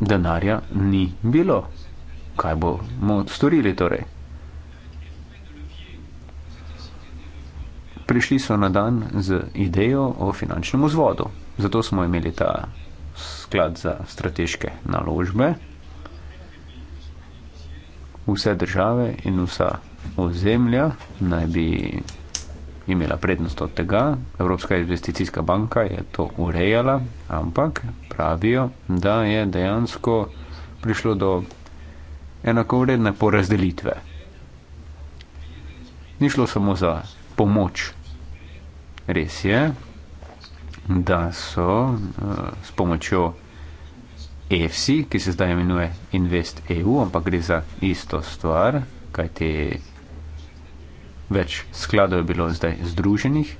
denarja ni bilo. Kaj bomo storili torej? prišli so na dan z idejo o finančnem vzvodu. Zato smo imeli ta sklad za strateške naložbe. Vse države in vsa ozemlja naj bi imela prednost od tega. Evropska investicijska banka je to urejala, ampak pravijo, da je dejansko prišlo do enakovredne porazdelitve. Ni šlo samo za pomoč. Res je, da so eh, s pomočjo EFSI, ki se zdaj imenuje InvestEU, ampak gre za isto stvar, kajti več skladov je bilo zdaj združenih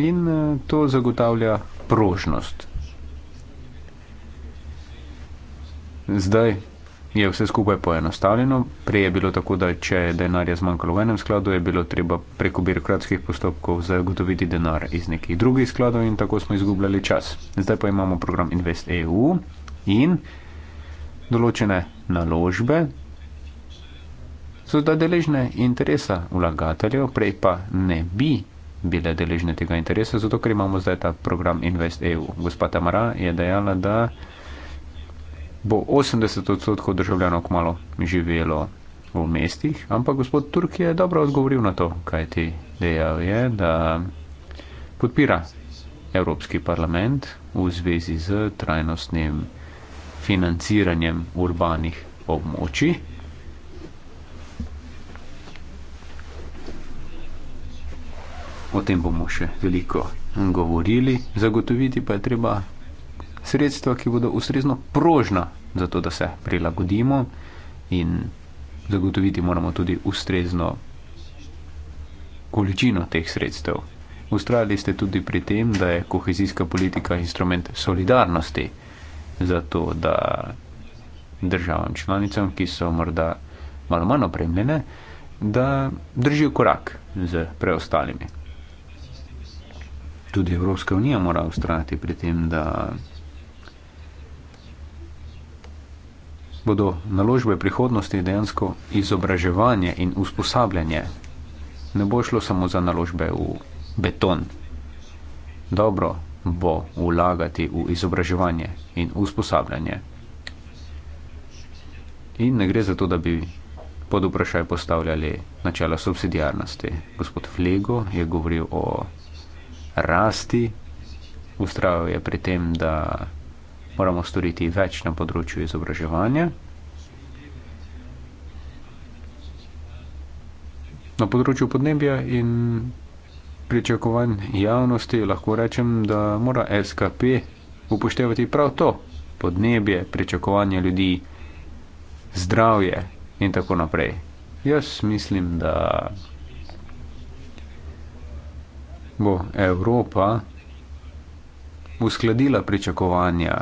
in eh, to zagotavlja prožnost. Zdaj, je vse skupaj poenostavljeno. Prej je bilo tako, da če denarja zmanjkalo v enem skladu, je bilo treba preko birokratskih postopkov zagotoviti denar iz nekih drugih skladov in tako smo izgubljali čas. Zdaj pa imamo program InvestEU in določene naložbe so zdaj deležne interesa vlagateljev, prej pa ne bi bile deležne tega interesa, zato ker imamo zdaj ta program InvestEU. Gospa Tamara je dejala, da bo 80 odstotkov državljanov kmalo živelo v mestih, ampak gospod Turk je dobro odgovoril na to, kaj ti dejal je, da podpira Evropski parlament v zvezi z trajnostnim financiranjem urbanih območij. O tem bomo še veliko govorili, zagotoviti pa je treba sredstva, ki bodo ustrezno prožna, zato da se prilagodimo in zagotoviti moramo tudi ustrezno količino teh sredstev. Ustrajali ste tudi pri tem, da je kohezijska politika instrument solidarnosti, zato da državam članicam, ki so morda malo manj opremljene, da držijo korak z preostalimi. Tudi Evropska unija mora ustrajati pri tem, da bodo naložbe prihodnosti dejansko izobraževanje in usposabljanje. Ne bo šlo samo za naložbe v beton. Dobro bo vlagati v izobraževanje in usposabljanje. In ne gre za to, da bi pod vprašaj postavljali načela subsidijarnosti. Gospod Flego je govoril o rasti, ustrajal je pri tem, da moramo storiti več na področju izobraževanja. Na področju podnebja in pričakovanj javnosti lahko rečem, da mora SKP upoštevati prav to podnebje, pričakovanje ljudi, zdravje in tako naprej. Jaz mislim, da bo Evropa uskladila pričakovanja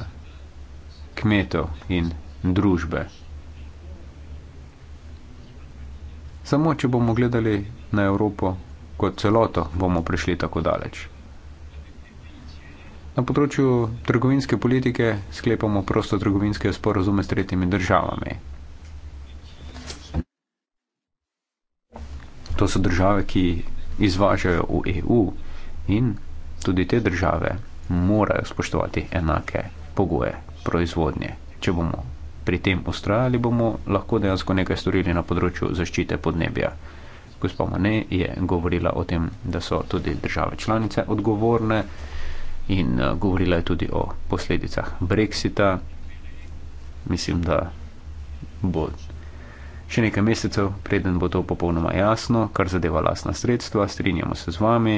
kmetov in družbe. Samo, če bomo gledali na Evropo kot celoto, bomo prišli tako daleč. Na področju trgovinske politike sklepamo prosto trgovinske sporozume s tretjimi državami. To so države, ki izvažajo v EU in tudi te države morajo spoštovati enake pogoje proizvodnje. Če bomo pri tem ustrajali, bomo lahko dejansko nekaj storili na področju zaščite podnebja. Gospa Mane je govorila o tem, da so tudi države članice odgovorne in eh, govorila je tudi o posledicah Brexita. Mislim, da bo še nekaj mesecev, preden bo to popolnoma jasno, kar zadeva lasna sredstva, strinjamo se z vami.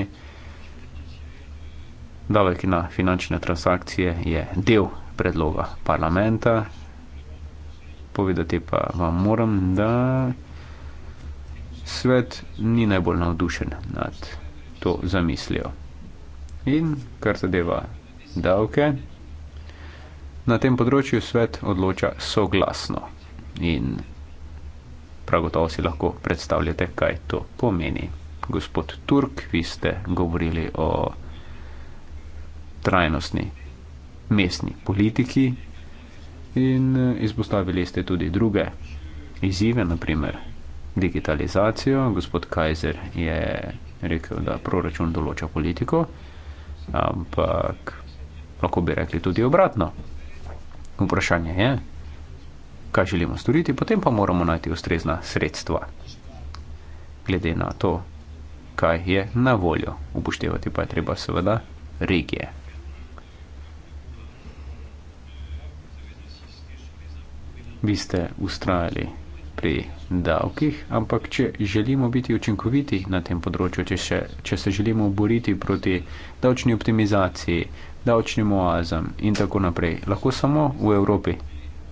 Davek na finančne transakcije je del predloga parlamenta. Povedati pa vam moram, da svet ni najbolj navdušen nad to zamislijo. In kar zadeva davke, na tem področju svet odloča soglasno. In prav gotovo si lahko predstavljate, kaj to pomeni. Gospod Turk, vi ste govorili o trajnostni mestni politiki in eh, izpostavili ste tudi druge izzive, naprimer digitalizacijo. Gospod Kajzer je rekel, da proračun določa politiko, ampak lahko bi rekli tudi obratno. Vprašanje je, kaj želimo storiti, potem pa moramo najti ustrezna sredstva. Glede na to, kaj je na voljo, upoštevati pa je treba seveda regije. bi ste ustrajali pri davkih, ampak če želimo biti učinkoviti na tem področju, če, še, če se želimo boriti proti davčni optimizaciji, davčnim oazam in tako naprej, lahko samo v Evropi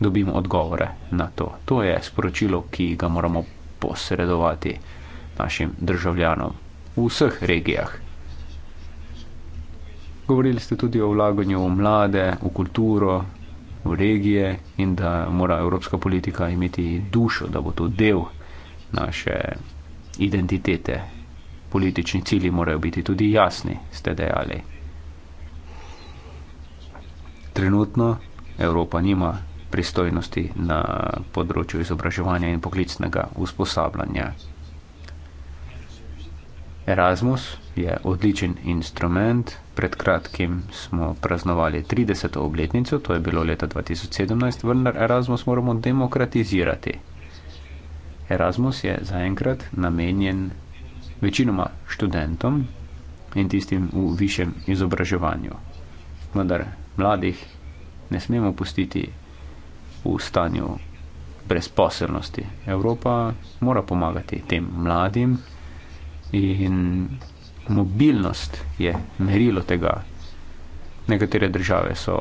dobimo odgovore na to. To je sporočilo, ki ga moramo posredovati našim državljanom v vseh regijah. Govorili ste tudi o vlaganju v mlade, v kulturo, regije in da mora evropska politika imeti dušo, da bo to del naše identitete. Politični cilji morajo biti tudi jasni, ste dejali. Trenutno Evropa nima pristojnosti na področju izobraževanja in poklicnega usposabljanja. Erasmus je odličen instrument. Pred kratkim smo praznovali 30. obletnico, to je bilo leta 2017, vendar Erasmus moramo demokratizirati. Erasmus je zaenkrat namenjen večinoma študentom in tistim v višjem izobraževanju. Vendar mladih ne smemo pustiti v stanju brezposelnosti. Evropa mora pomagati tem mladim In mobilnost je merilo tega. Nekatere države so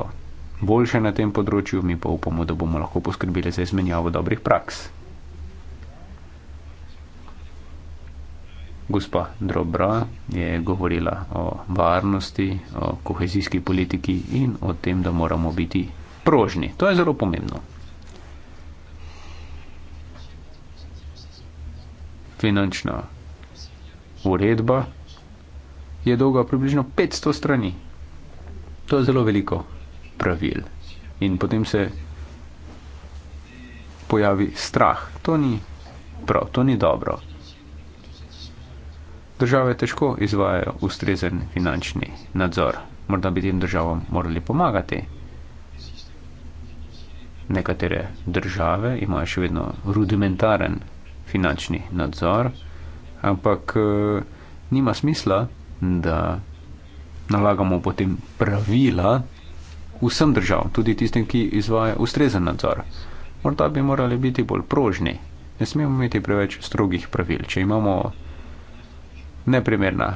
boljše na tem področju, mi pa upamo, da bomo lahko poskrbeli za izmenjavo dobrih praks. Gospa Drobra je govorila o varnosti, o kohezijski politiki in o tem, da moramo biti prožni. To je zelo pomembno. Finančna uredba je dolga približno 500 strani. To je zelo veliko pravil. In potem se pojavi strah. To ni prav, to ni dobro. Države težko izvajajo ustrezen finančni nadzor. Morda bi tem državam morali pomagati. Nekatere države imajo še vedno rudimentaren finančni nadzor ampak e, nima smisla, da nalagamo potem pravila vsem državam, tudi tistem, ki izvaja ustrezen nadzor. Morda bi morali biti bolj prožni, ne smemo imeti preveč strogih pravil. Če imamo neprimerna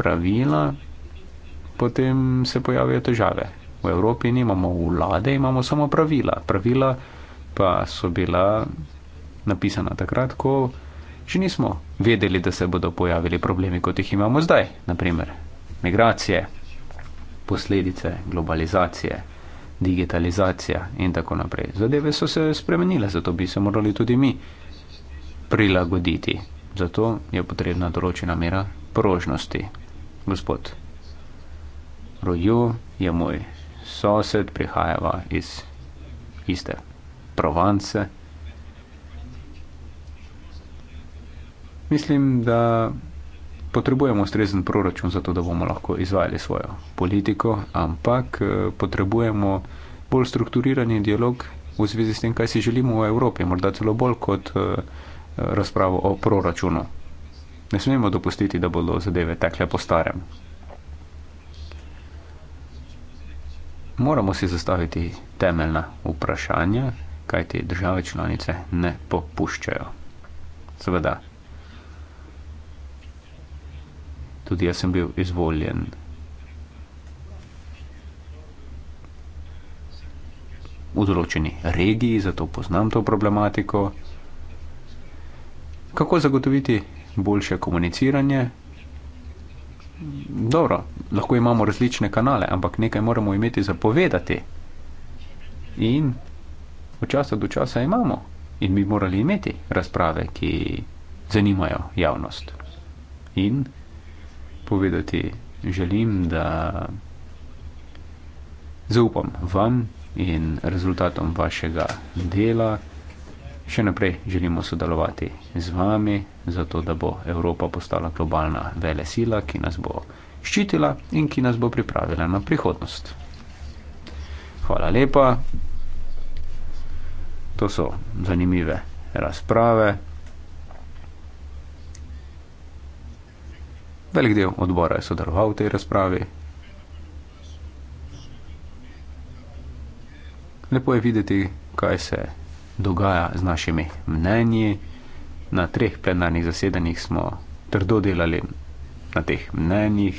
pravila, potem se pojavijo težave. V Evropi nimamo vlade, imamo samo pravila. Pravila pa so bila napisana takrat, ko še nismo vedeli, da se bodo pojavili problemi, kot jih imamo zdaj, naprimer migracije, posledice globalizacije, digitalizacija in tako naprej. Zadeve so se spremenile, zato bi se morali tudi mi prilagoditi. Zato je potrebna določena mera prožnosti. Gospod Rojo je moj sosed, prihajava iz iste Provence. Mislim, da potrebujemo ustrezen proračun za to, da bomo lahko izvajali svojo politiko, ampak eh, potrebujemo bolj strukturirani dialog v zvezi s tem, kaj si želimo v Evropi, morda celo bolj kot eh, razpravo o proračunu. Ne smemo dopustiti, da bodo zadeve tekle po starem. Moramo si zastaviti temeljna vprašanja, kaj te države članice ne popuščajo. Seveda, tudi jaz sem bil izvoljen. V določeni regiji, zato poznam to problematiko. Kako zagotoviti boljše komuniciranje? Dobro, lahko imamo različne kanale, ampak nekaj moramo imeti za povedati. In od časa do časa imamo in bi morali imeti razprave, ki zanimajo javnost. In povedati. Želim, da zaupam vam in rezultatom vašega dela. Še naprej želimo sodelovati z vami, zato da bo Evropa postala globalna vele sila, ki nas bo ščitila in ki nas bo pripravila na prihodnost. Hvala lepa. To so zanimive razprave. Velik del odbora je sodeloval v tej razpravi. Lepo je videti, kaj se dogaja z našimi mnenji. Na treh plenarnih zasedanjih smo trdo delali na teh mnenjih.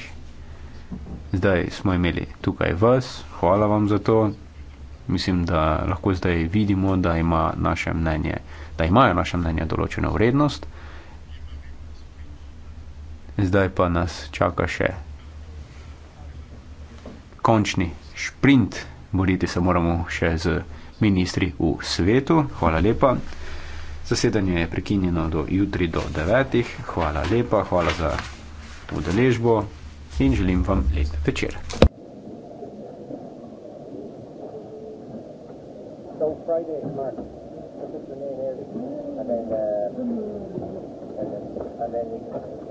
Zdaj smo imeli tukaj vas, hvala vam za to. Mislim, da lahko zdaj vidimo, da, ima naše mnenje, da imajo naše mnenje določeno vrednost zdaj pa nas čaka še končni sprint. Boriti se moramo še z ministri v svetu. Hvala lepa. Zasedanje je prekinjeno do jutri do 9. Hvala lepa, hvala za udeležbo in želim vam lep večer. Friday is March. This is the main area. And then, uh, and then, and then we